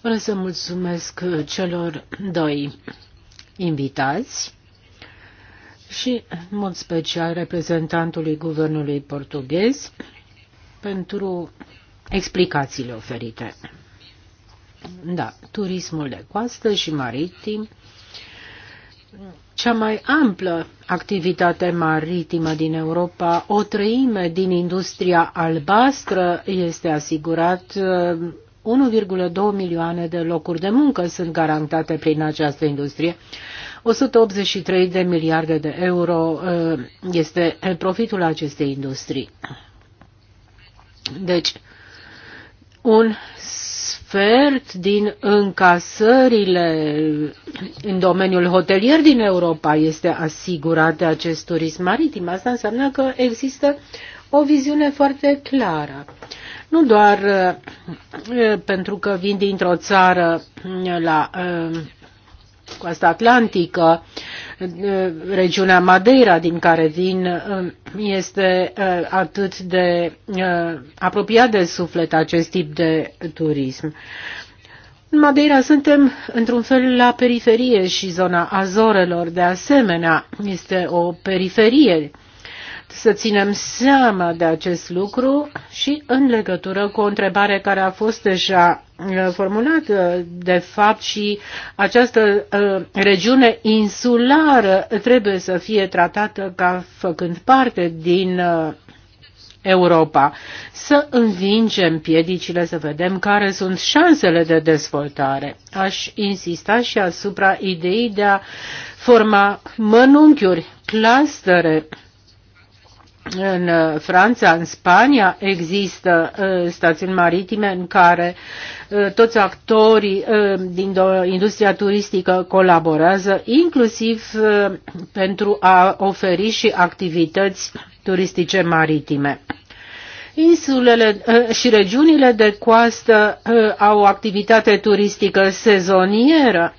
Vreau să mulțumesc celor doi invitați și, în mod special, reprezentantului guvernului portughez pentru explicațiile oferite. Da, turismul de coastă și maritim cea mai amplă activitate maritimă din Europa. O treime din industria albastră este asigurat 1,2 uh, milioane de locuri de muncă sunt garantate prin această industrie. 183 de miliarde de euro uh, este profitul acestei industrii. Deci, un ofert din încasările în domeniul hotelier din Europa este asigurat de acest turism maritim. Asta înseamnă că există o viziune foarte clară. Nu doar eh, pentru că vin dintr-o țară la eh, coasta atlantică, regiunea Madeira din care vin este eh, atât de eh, apropiat de suflet acest tip de turism. În Madeira suntem într-un fel la periferie și zona Azorelor de asemenea este o periferie să ținem seama de acest lucru și în legătură cu o întrebare care a fost deja uh, formulată, uh, de fapt și această uh, regiune insulară trebuie să fie tratată ca făcând parte din Europa. Să învingem piedicile, să vedem care sunt șansele de dezvoltare. Aș insista și asupra ideii de a forma mănunchiuri, clastere, în uh, Franța, în Spania există uh, stațiuni maritime în care uh, toți actorii din industria turistică colaborează, inclusiv pentru a oferi și activități turistice maritime. Insulele și regiunile de coastă au activitate turistică sezonieră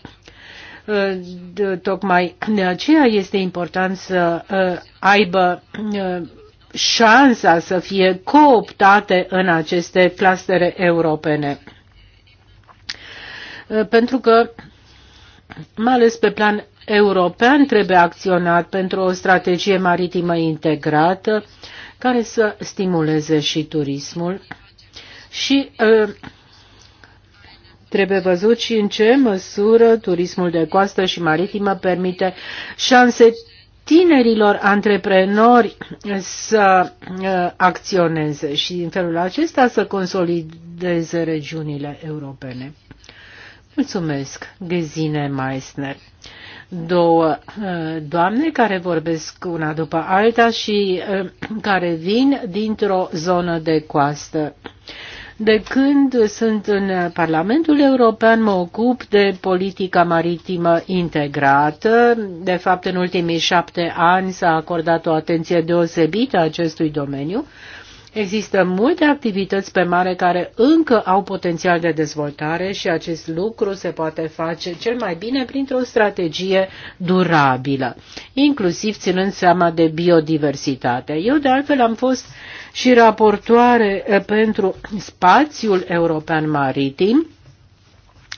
Tocmai de aceea este important să uh, aibă uh, șansa să fie cooptate în aceste clastere europene. Uh, pentru că, mai ales pe plan european, trebuie acționat pentru o strategie maritimă integrată care să stimuleze și turismul și Trebuie văzut și în ce măsură turismul de coastă și maritimă permite șanse tinerilor antreprenori să uh, acționeze și în felul acesta să consolideze regiunile europene. Mulțumesc, Gezine Meissner. Două uh, doamne care vorbesc una după alta și uh, care vin dintr-o zonă de coastă. De când sunt în Parlamentul European, mă ocup de politica maritimă integrată. De fapt, în ultimii șapte ani s-a acordat o atenție deosebită acestui domeniu. Există multe activități pe mare care încă au potențial de dezvoltare și acest lucru se poate face cel mai bine printr-o strategie durabilă, inclusiv ținând seama de biodiversitate. Eu, de altfel, am fost uh, și raportoare eh, pentru spațiul european maritim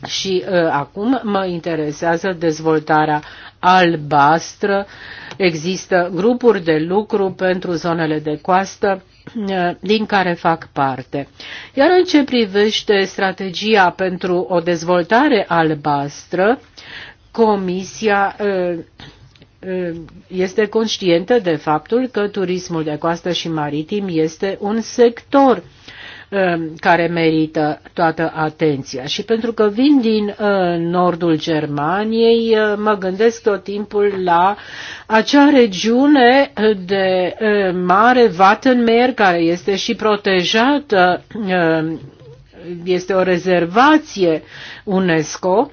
și uh, acum mă interesează dezvoltarea albastră. Există grupuri de lucru pentru zonele de coastă uh, din care fac parte. Iar în ce privește strategia pentru o dezvoltare albastră, Comisia uh, Uh, este conștientă de faptul că turismul de coastă și maritim este un sector uh, care merită toată atenția. Și pentru că vin din uh, nordul Germaniei, mă gândesc tot timpul la acea regiune de mare Wattenmeer, care este și protejată, este o rezervație UNESCO,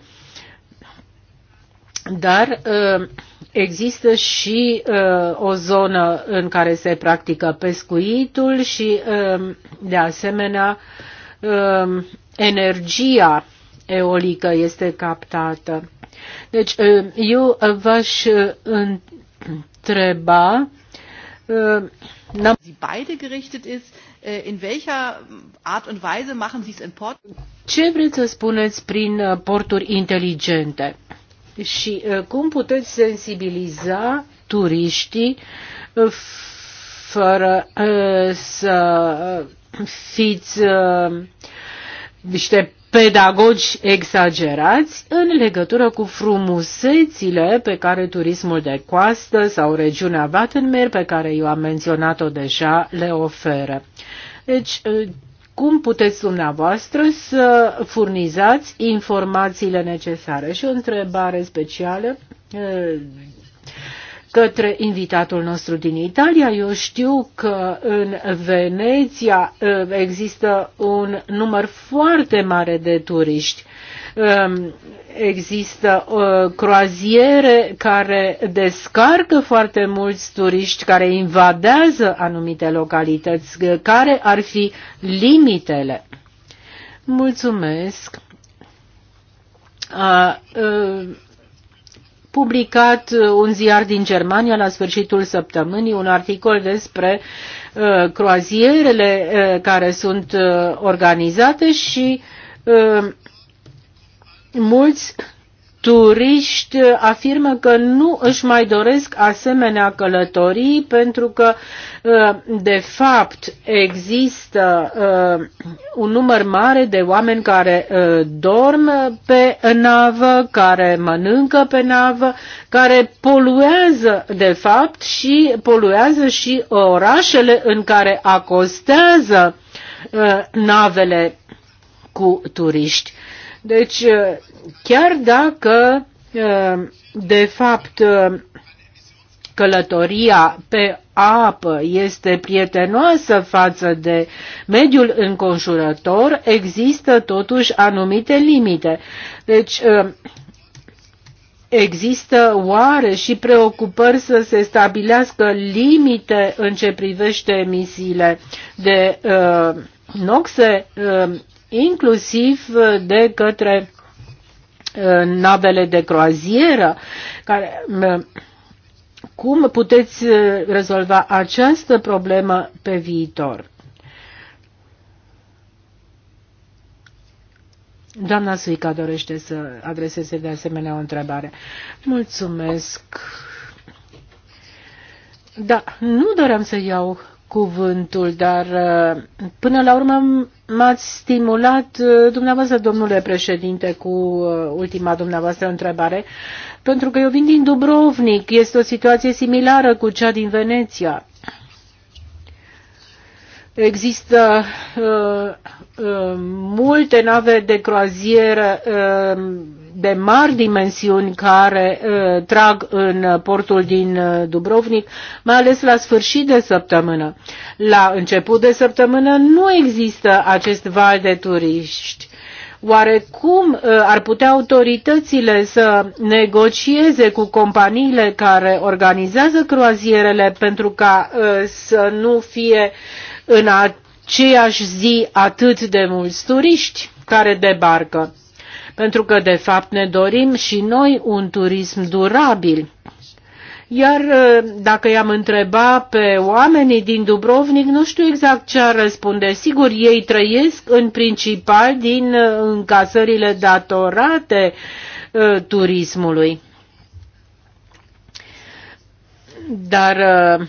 dar uh, Există și uh, o zonă în care se practică pescuitul și, uh, de asemenea, uh, energia eolică este captată. Deci, uh, eu v-aș uh, întreba. Uh, Sie beide gerichtet ist, äh, in welcher Art und Weise machen Sie es in Port? Ce vreți să spuneți prin uh, porturi inteligente? și uh, cum puteți sensibiliza turiștii uh, fără uh, să fiți niște pedagogi exagerați în legătură cu frumusețile pe care turismul de coastă sau regiunea Vatenmer, pe care eu am menționat-o deja, le oferă. Deci, cum puteți dumneavoastră să furnizați informațiile necesare. Și o întrebare specială către invitatul nostru din Italia. Eu știu că în Veneția există un număr foarte mare de turiști Um, există uh, croaziere care descarcă foarte mulți turiști care invadează anumite localități. Uh, care ar fi limitele? Mulțumesc. A, uh, publicat un ziar din Germania la sfârșitul săptămânii un articol despre uh, croazierele uh, care sunt uh, organizate și uh, mulți turiști afirmă că nu își mai doresc asemenea călătorii pentru că, uh, de fapt, există uh, un număr mare de oameni care uh, dorm pe navă, care mănâncă pe navă, care poluează, de fapt, și poluează și orașele în care acostează navele cu turiști. Deci, uh, chiar dacă, uh, de fapt, uh, călătoria pe apă este prietenoasă față de mediul înconjurător, există totuși anumite limite. Deci, Există oare și preocupări să se stabilească limite în ce privește emisiile de uh, noxe uh, inclusiv uh, de către uh, navele de croazieră, care uh, cum puteți rezolva această problemă pe viitor? Doamna Suica dorește să adreseze de asemenea o întrebare. Mulțumesc. Da, nu doream să iau cuvântul, dar uh, până la urmă m-ați stimulat uh, dumneavoastră, domnule președinte, cu uh, ultima dumneavoastră întrebare, pentru că eu vin din Dubrovnik, este o situație similară cu cea din Veneția. Există uh, uh, multe nave de croazieră uh, de mari dimensiuni care uh, trag în portul din uh, Dubrovnik, mai ales la sfârșit de săptămână. La început de săptămână nu există acest val de turiști. Oare cum uh, ar putea autoritățile să negocieze cu companiile care organizează croazierele pentru ca să nu fie în aceeași zi atât de mulți turiști care debarcă? pentru că de fapt ne dorim și noi un turism durabil. Iar ă, dacă i-am întrebat pe oamenii din Dubrovnik, nu știu exact ce ar răspunde. Sigur, ei trăiesc în principal din ă, încasările datorate ă, turismului. Dar uh,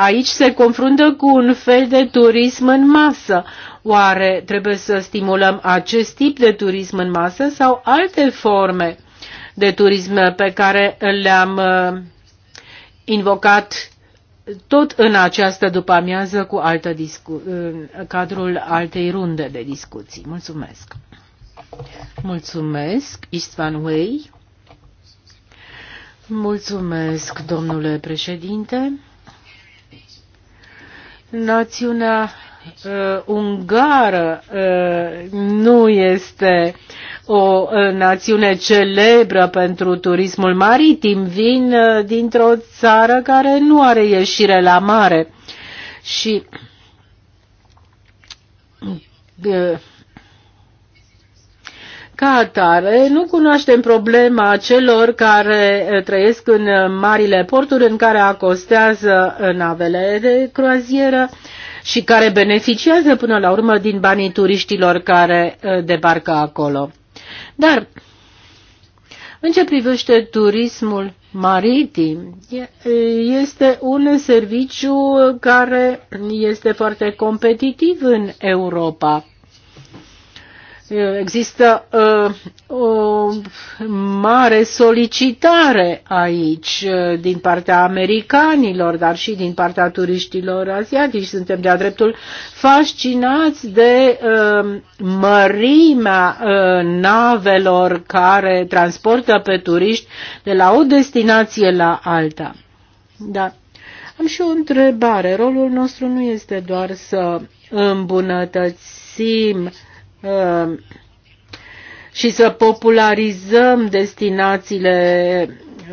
aici se confruntă cu un fel de turism în masă. Oare trebuie să stimulăm acest tip de turism în masă sau alte forme de turism pe care le-am uh, invocat tot în această după-amiază cu altă discu- în cadrul altei runde de discuții. Mulțumesc! Mulțumesc, Istvan Wei. Mulțumesc, domnule președinte. Națiunea uh, ungară uh, nu este o uh, națiune celebră pentru turismul maritim. Vin uh, dintr-o țară care nu are ieșire la mare. Și uh, ca atare, nu cunoaștem problema celor care eh, trăiesc în eh, marile porturi în care acostează eh, navele de croazieră și care beneficiază până la urmă din banii turiștilor care debarcă acolo. Dar, în ce privește turismul maritim, este un serviciu care este foarte competitiv în Europa Există ă, o mare solicitare aici ă, din partea americanilor, dar și din partea turiștilor asiatici. Suntem de-a dreptul fascinați de ă, mărimea navelor care transportă pe turiști de la o destinație la alta. Da. Am și o întrebare. Rolul nostru nu este doar să îmbunătățim Ehm, și să popularizăm destinațiile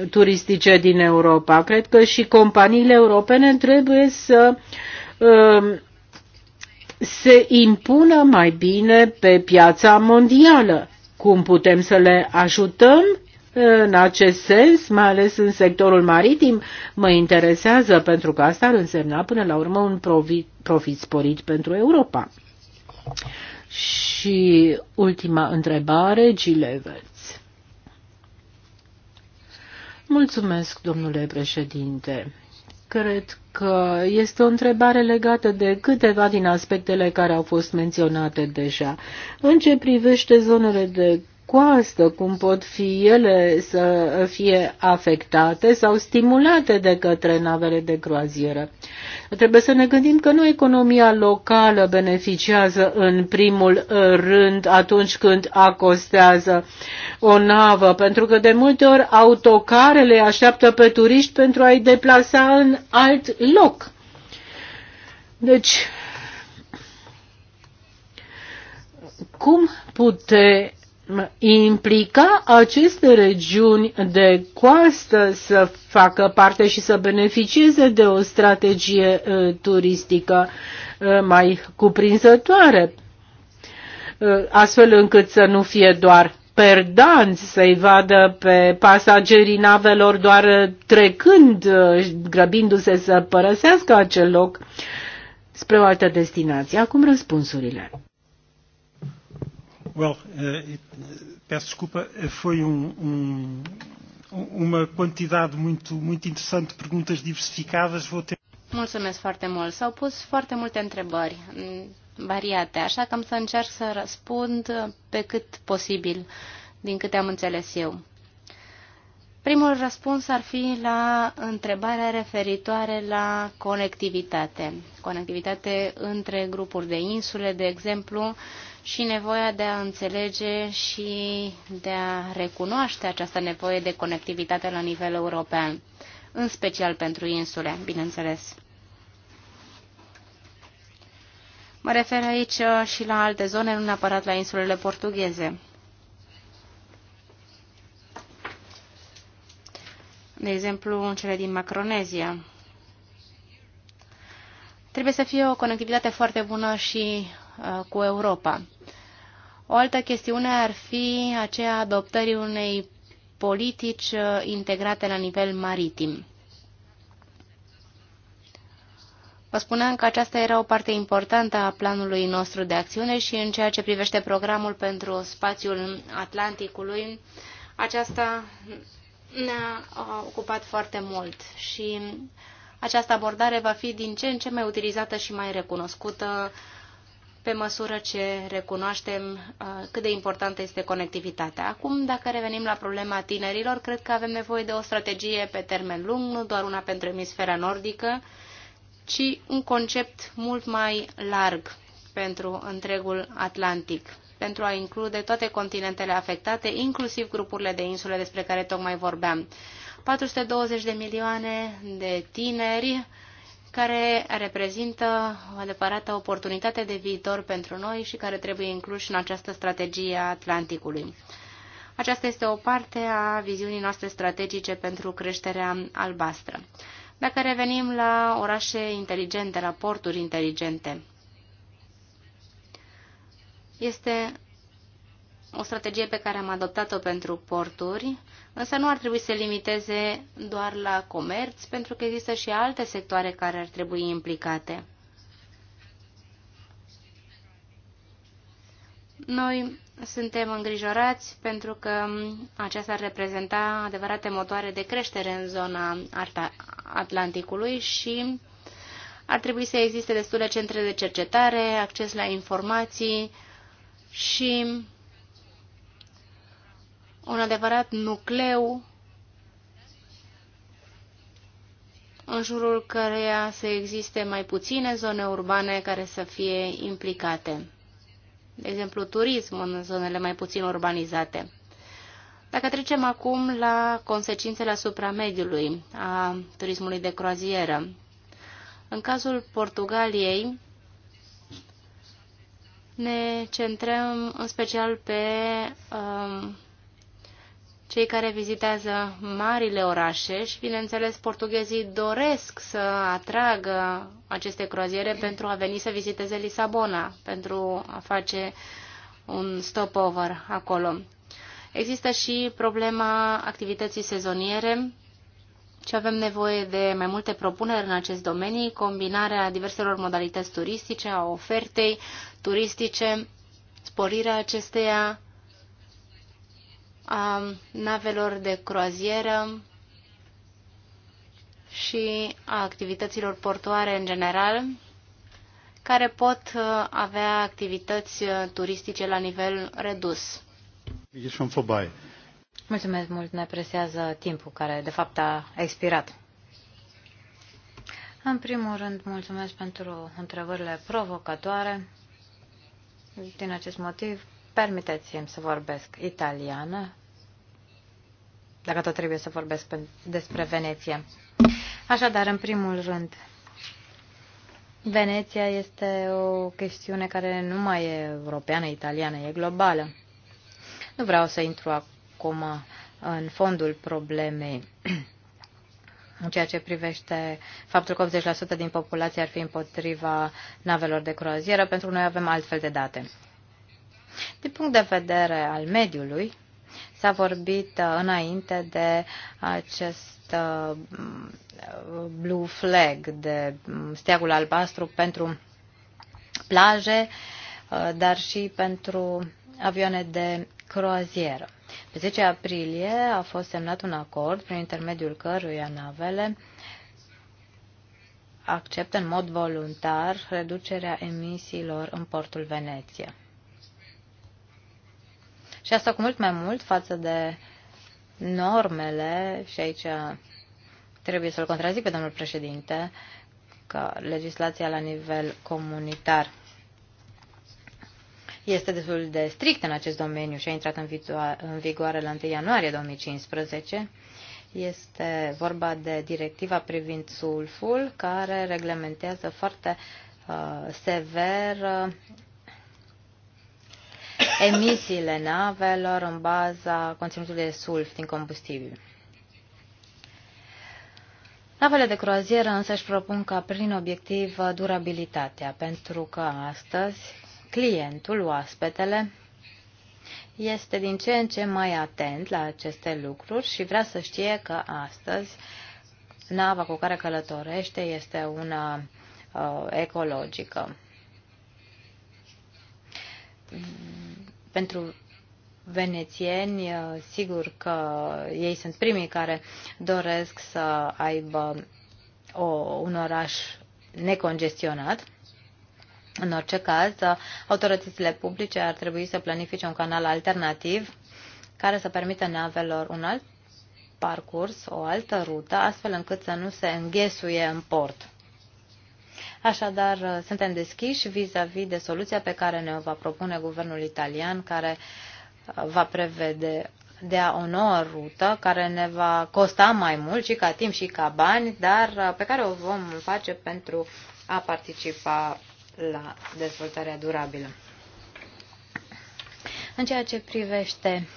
turistice din Europa. Cred că și companiile europene trebuie să ehm, se impună mai bine pe piața mondială. Cum putem să le ajutăm ehm, în acest sens, mai ales în sectorul maritim, mă interesează pentru că asta ar însemna până la urmă un profit, profit sporit pentru Europa. Și ultima întrebare, Gileveți. Mulțumesc, domnule președinte. Cred că este o întrebare legată de câteva din aspectele care au fost menționate deja. În ce privește zonele de coastă, cum pot fi ele să fie afectate sau stimulate de către navele de croazieră. Trebuie să ne gândim că nu economia locală beneficiază în primul rând atunci când acostează o navă, pentru că de multe ori autocarele așteaptă pe turiști pentru a-i deplasa în alt loc. Deci, cum putem implica aceste regiuni de coastă să facă parte și să beneficieze de o strategie uh, turistică uh, mai cuprinzătoare, uh, astfel încât să nu fie doar perdanți să-i vadă pe pasagerii navelor doar trecând, grăbindu-se să părăsească acel loc spre o altă destinație. Acum răspunsurile. Well, uh, peço desculpa, foi um, um, uma quantidade muito, muito interessante de perguntas diversificadas. Vou ter... Mulțumesc foarte mult. S-au pus foarte multe întrebări mm, variate, așa că am să încerc să răspund pe cât posibil, din câte am înțeles eu. Primul răspuns ar fi la întrebarea referitoare la conectivitate. Conectivitate între grupuri de insule, de exemplu, și nevoia de a înțelege și de a recunoaște această nevoie de conectivitate la nivel european, în special pentru insule, bineînțeles. Mă refer aici uh, și la alte zone, nu neapărat la insulele portugheze. De exemplu, în cele din Macronezia. Trebuie să fie o conectivitate foarte bună și uh, cu Europa. O altă chestiune ar fi aceea adoptării unei politici uh, integrate la nivel maritim. Vă spuneam că aceasta era o parte importantă a planului nostru de acțiune și în ceea ce privește programul pentru spațiul Atlanticului, aceasta ne-a uh, ocupat foarte mult și această abordare va fi din ce în ce mai utilizată și mai recunoscută pe măsură ce recunoaștem uh, cât de importantă este conectivitatea. Acum, dacă revenim la problema tinerilor, cred că avem nevoie de o strategie pe termen lung, nu doar una pentru emisfera nordică, ci un concept mult mai larg pentru întregul Atlantic, pentru a include toate continentele afectate, inclusiv grupurile de insule despre care tocmai vorbeam. 420 de milioane de tineri care reprezintă o adevărată oportunitate de viitor pentru noi și care trebuie inclus în această strategie a Atlanticului. Aceasta este o parte a viziunii noastre strategice pentru creșterea albastră. Dacă revenim la orașe inteligente, la porturi inteligente, este o strategie pe care am adoptat-o pentru porturi, însă nu ar trebui să se limiteze doar la comerț, pentru că există și alte sectoare care ar trebui implicate. Noi suntem îngrijorați pentru că aceasta ar reprezenta adevărate motoare de creștere în zona Atlanticului și ar trebui să existe destule centre de cercetare, acces la informații și un adevărat nucleu în jurul căreia să existe mai puține zone urbane care să fie implicate. De exemplu, turism în zonele mai puțin urbanizate. Dacă trecem acum la consecințele asupra mediului, a turismului de croazieră. În cazul Portugaliei, ne centrăm în special pe uh, cei care vizitează marile orașe și, bineînțeles, portughezii doresc să atragă aceste croaziere pentru a veni să viziteze Lisabona, pentru a face un stopover acolo. Există și problema activității sezoniere și avem nevoie de mai multe propuneri în acest domeniu, combinarea diverselor modalități turistice, a ofertei turistice, sporirea acesteia, a navelor de croazieră și a activităților portoare în general, care pot uh, avea activități uh, turistice la nivel redus. Mulțumesc mult, ne presează timpul care de fapt a expirat. În primul rând, mulțumesc pentru întrebările provocatoare. Din acest motiv, Permiteți-mi să vorbesc italiană, dacă tot trebuie să vorbesc despre Veneția. Așadar, în primul rând, Veneția este o chestiune care nu mai e europeană, italiană, e globală. Nu vreau să intru acum în fondul problemei în ceea ce privește faptul că 80% din populație ar fi împotriva navelor de croazieră, pentru că noi avem altfel de date. Din punct de vedere al mediului, s-a vorbit uh, înainte de acest uh, blue flag, de mm, steagul albastru pentru plaje, uh, dar și pentru avioane de croazieră. Pe 10 aprilie a fost semnat un acord prin intermediul căruia navele acceptă în mod voluntar reducerea emisiilor în portul Veneția. Și asta cu mult mai mult față de normele, și aici uh, trebuie să-l contrazic pe domnul președinte, că legislația la nivel comunitar este destul de strict în acest domeniu și a intrat în, în vigoare la 1 ianuarie 2015. Este vorba de directiva privind sulful, care reglementează foarte uh, sever uh, emisiile navelor în baza conținutului de sulf din combustibil. Navele de croazieră însă își propun ca prin obiectiv durabilitatea, pentru că astăzi clientul, oaspetele, este din ce în ce mai atent la aceste lucruri și vrea să știe că astăzi nava cu care călătorește este una uh, ecologică pentru venețieni, uh, sigur că ei sunt primii care doresc să aibă o, un oraș necongestionat. În orice caz, uh, autoritățile publice ar trebui să planifice un canal alternativ care să permită navelor un alt parcurs, o altă rută, astfel încât să nu se înghesuie în port. Așadar, uh, suntem deschiși vis-a-vis -vis de soluția pe care ne-o va propune guvernul italian, care uh, va prevede de-a o nouă rută care ne va costa mai mult și ca timp și ca bani, dar uh, pe care o vom face pentru a participa la dezvoltarea durabilă. În ceea ce privește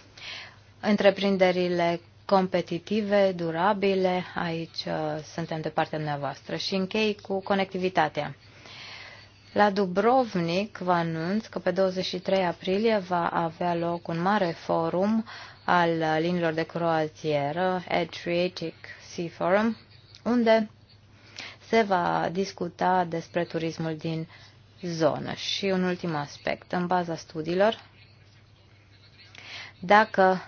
întreprinderile competitive, durabile. Aici uh, suntem de partea dumneavoastră. Și închei cu conectivitatea. La Dubrovnik vă anunț că pe 23 aprilie va avea loc un mare forum al linilor de croazieră, Adriatic Sea Forum, unde se va discuta despre turismul din zonă. Și un ultim aspect, în baza studiilor, dacă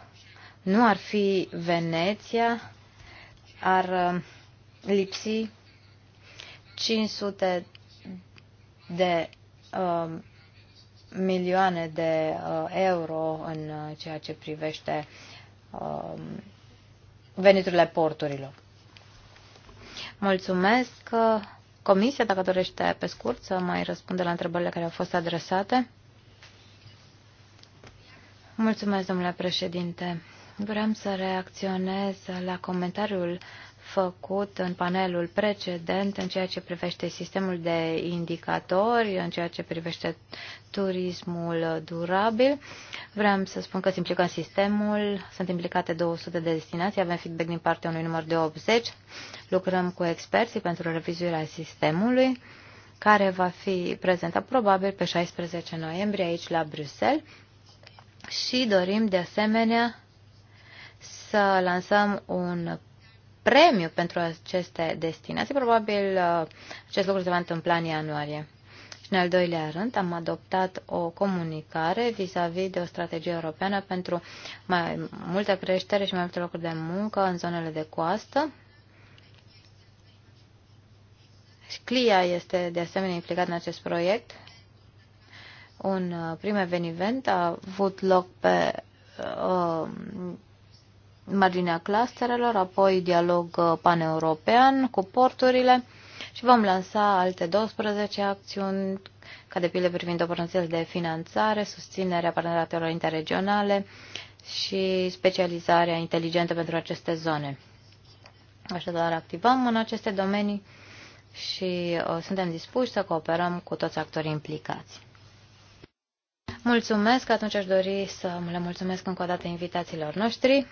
nu ar fi Veneția, ar uh, lipsi 500 de uh, milioane de uh, euro în uh, ceea ce privește uh, veniturile porturilor. Mulțumesc. Comisia, dacă dorește pe scurt să mai răspunde la întrebările care au fost adresate. Mulțumesc, domnule președinte. Vreau să reacționez la comentariul făcut în panelul precedent în ceea ce privește sistemul de indicatori, în ceea ce privește turismul durabil. Vreau să spun că se implică sistemul, sunt implicate 200 de destinații, avem feedback din partea unui număr de 80, lucrăm cu experții pentru revizuirea sistemului, care va fi prezentat probabil pe 16 noiembrie aici la Bruxelles și dorim de asemenea să lansăm un premiu pentru aceste destinații. Probabil uh, acest lucru se va întâmpla în ianuarie. Și în al doilea rând am adoptat o comunicare vis-a-vis -vis de o strategie europeană pentru mai multă creștere și mai multe locuri de muncă în zonele de coastă. Și CLIA este de asemenea implicat în acest proiect. Un uh, prim eveniment a avut loc pe uh, marginea clusterelor, apoi dialog uh, paneuropean cu porturile și vom lansa alte 12 acțiuni, ca de pildă privind oportunitățile de finanțare, susținerea parteneriatelor interregionale și specializarea inteligentă pentru aceste zone. Așadar, activăm în aceste domenii și uh, suntem dispuși să cooperăm cu toți actorii implicați. Mulțumesc, atunci aș dori să le mulțumesc încă o dată invitațiilor noștri.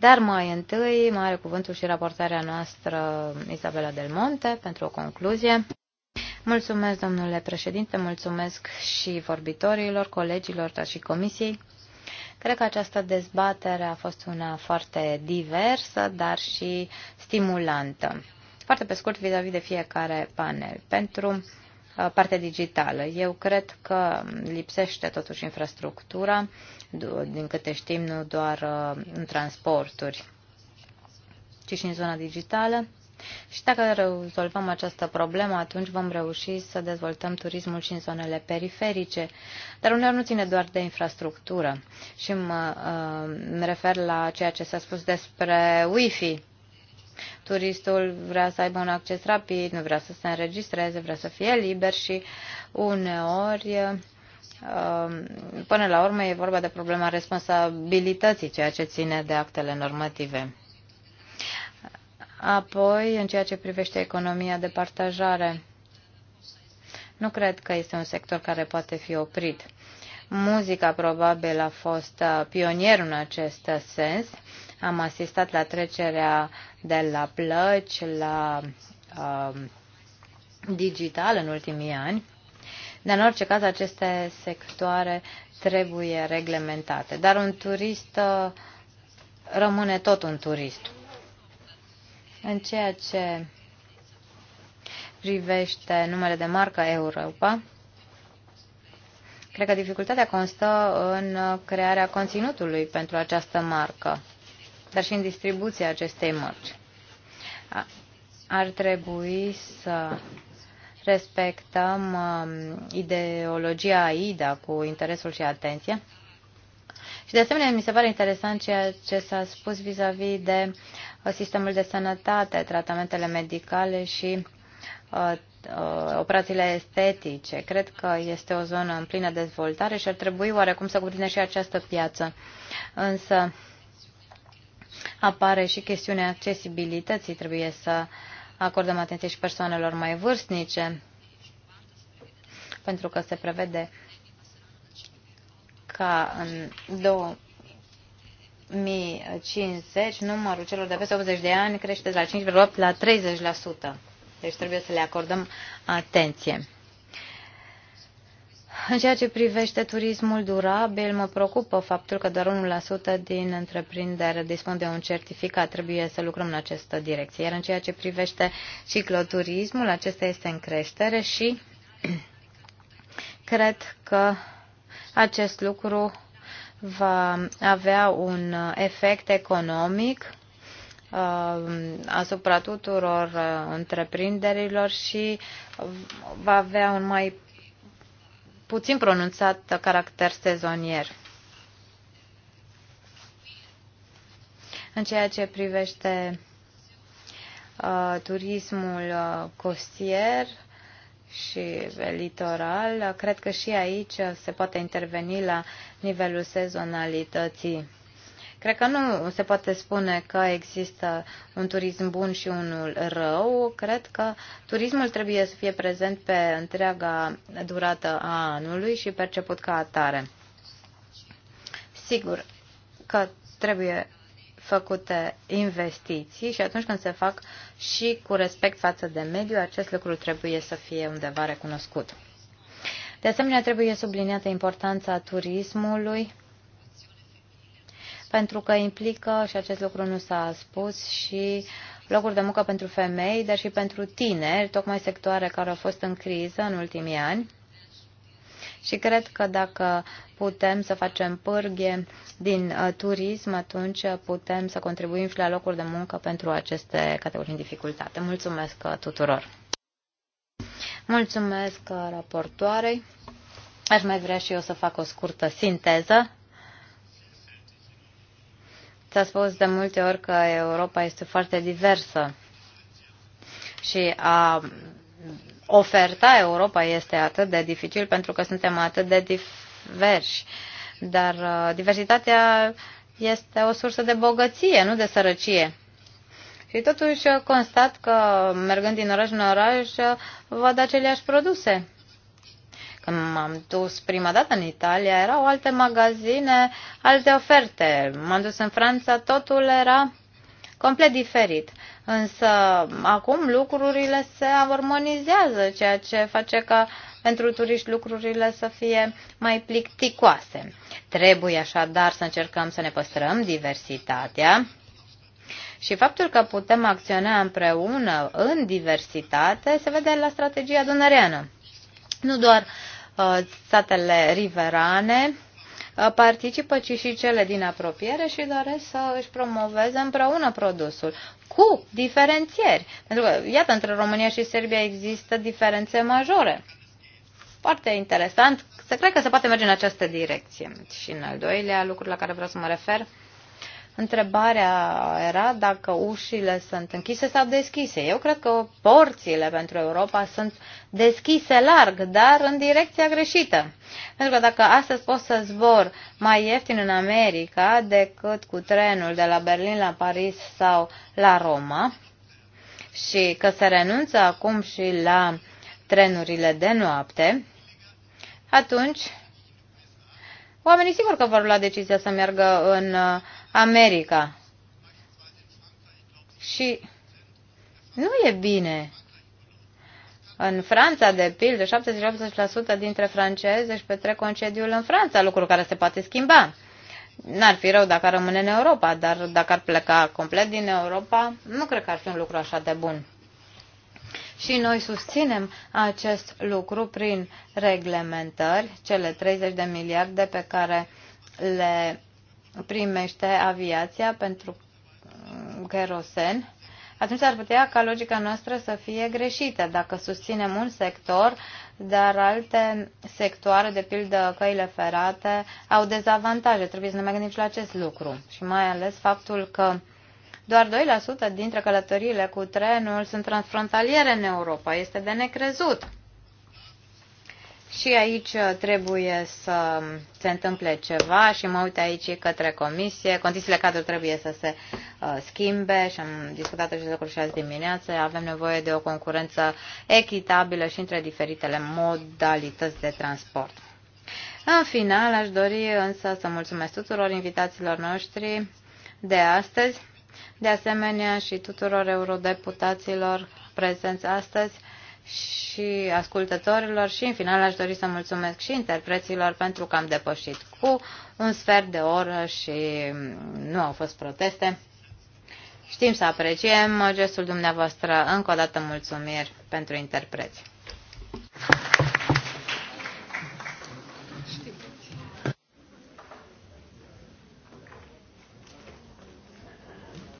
Dar mai întâi, mai are cuvântul și raportarea noastră Isabela Del Monte pentru o concluzie. Mulțumesc, domnule președinte, mulțumesc și vorbitorilor, colegilor, dar și comisiei. Cred că această dezbatere a fost una foarte diversă, dar și stimulantă. Foarte pe scurt, vis-a-vis -vis de fiecare panel. Pentru Uh, partea digitală. Eu cred că lipsește totuși infrastructura, din câte știm, nu doar uh, în transporturi, ci și în zona digitală. Și dacă rezolvăm această problemă, atunci vom reuși să dezvoltăm turismul și în zonele periferice. Dar uneori nu ține doar de infrastructură. Și mă uh, mă refer la ceea ce s-a spus despre Wi-Fi turistul vrea să aibă un acces rapid, nu vrea să se înregistreze, vrea să fie liber și uneori um, Până la urmă e vorba de problema responsabilității, ceea ce ține de actele normative. Apoi, în ceea ce privește economia de partajare, nu cred că este un sector care poate fi oprit. Muzica probabil a fost uh, pionier în acest sens am asistat la trecerea de la plăci la uh, digital în ultimii ani. Dar în orice caz aceste sectoare trebuie reglementate. Dar un turist uh, rămâne tot un turist. În ceea ce privește numele de marcă Europa, cred că dificultatea constă în crearea conținutului pentru această marcă dar și în distribuția acestei mărci. Ar trebui să respectăm um, ideologia AIDA cu interesul și atenția. Și de asemenea, mi se pare interesant ceea ce s-a spus vis-a-vis -vis de uh, sistemul de sănătate, tratamentele medicale și uh, uh, operațiile estetice. Cred că este o zonă în plină dezvoltare și ar trebui oarecum să cuprinde și această piață. Însă, Apare și chestiunea accesibilității. Trebuie să acordăm atenție și persoanelor mai vârstnice, pentru că se prevede ca în 2050 numărul celor de peste 80 de ani crește de la 5,8 la 30%. Deci trebuie să le acordăm atenție. În ceea ce privește turismul durabil, mă preocupă faptul că doar 1% din întreprindere dispun de un certificat. Trebuie să lucrăm în această direcție. Iar în ceea ce privește cicloturismul, acesta este în creștere și cred că acest lucru va avea un efect economic uh, asupra tuturor uh, întreprinderilor și va avea un mai puțin pronunțat caracter sezonier. În ceea ce privește uh, turismul uh, costier și litoral, cred că și aici se poate interveni la nivelul sezonalității. Cred că nu se poate spune că există un turism bun și unul rău. Cred că turismul trebuie să fie prezent pe întreaga durată a anului și perceput ca atare. Sigur că trebuie făcute investiții și atunci când se fac și cu respect față de mediu, acest lucru trebuie să fie undeva recunoscut. De asemenea, trebuie subliniată importanța turismului pentru că implică, și acest lucru nu s-a spus, și locuri de muncă pentru femei, dar și pentru tineri, tocmai sectoare care au fost în criză în ultimii ani. Și cred că dacă putem să facem pârghe din uh, turism, atunci putem să contribuim și la locuri de muncă pentru aceste categorii în dificultate. Mulțumesc uh, tuturor! Mulțumesc uh, raportoarei. Aș mai vrea și eu să fac o scurtă sinteză. S-a spus de multe ori că Europa este foarte diversă și a oferta Europa este atât de dificil pentru că suntem atât de diversi. Dar uh, diversitatea este o sursă de bogăție, nu de sărăcie. Și totuși uh, constat că mergând din oraș în oraș uh, văd aceleași produse m-am dus prima dată în Italia, erau alte magazine, alte oferte. M-am dus în Franța, totul era complet diferit. Însă acum lucrurile se armonizează, ceea ce face ca pentru turiști lucrurile să fie mai plicticoase. Trebuie așadar să încercăm să ne păstrăm diversitatea și faptul că putem acționa împreună în diversitate se vede la strategia dunăreană. Nu doar Uh, statele riverane, uh, participă, ci și cele din apropiere și doresc să își promoveze împreună produsul cu diferențieri. Pentru că, iată, între România și Serbia există diferențe majore. Foarte interesant. Se cred că se poate merge în această direcție. Și în al doilea lucru la care vreau să mă refer, Întrebarea era dacă ușile sunt închise sau deschise. Eu cred că porțile pentru Europa sunt deschise larg, dar în direcția greșită. Pentru că dacă astăzi pot să zbor mai ieftin în America decât cu trenul de la Berlin la Paris sau la Roma, și că se renunță acum și la trenurile de noapte, atunci oamenii sigur că vor lua decizia să meargă în uh, America. Și nu e bine. În Franța, de pildă, 77% dintre francezi își petrec concediul în Franța, lucru care se poate schimba. N-ar fi rău dacă ar rămâne în Europa, dar dacă ar pleca complet din Europa, nu cred că ar fi un lucru așa de bun. Și noi susținem acest lucru prin reglementări, cele 30 de miliarde pe care le primește aviația pentru mm, kerosen, atunci ar putea ca logica noastră să fie greșită. Dacă susținem un sector, dar alte sectoare, de pildă căile ferate, au dezavantaje. Trebuie să ne mai gândim și la acest lucru. Și mai ales faptul că doar 2% dintre călătoriile cu trenul sunt transfrontaliere în Europa. Este de necrezut. Și aici uh, trebuie să se întâmple ceva și mă uit aici către comisie. Condițiile cadru trebuie să se uh, schimbe și am discutat acest lucru și azi dimineață. Avem nevoie de o concurență echitabilă și între diferitele modalități de transport. În final, aș dori însă să mulțumesc tuturor invitațiilor noștri de astăzi, de asemenea și tuturor eurodeputaților prezenți astăzi și ascultătorilor și în final aș dori să mulțumesc și interpreților pentru că am depășit cu un sfert de oră și nu au fost proteste. Știm să apreciem gestul dumneavoastră. Încă o dată mulțumiri pentru interpreți.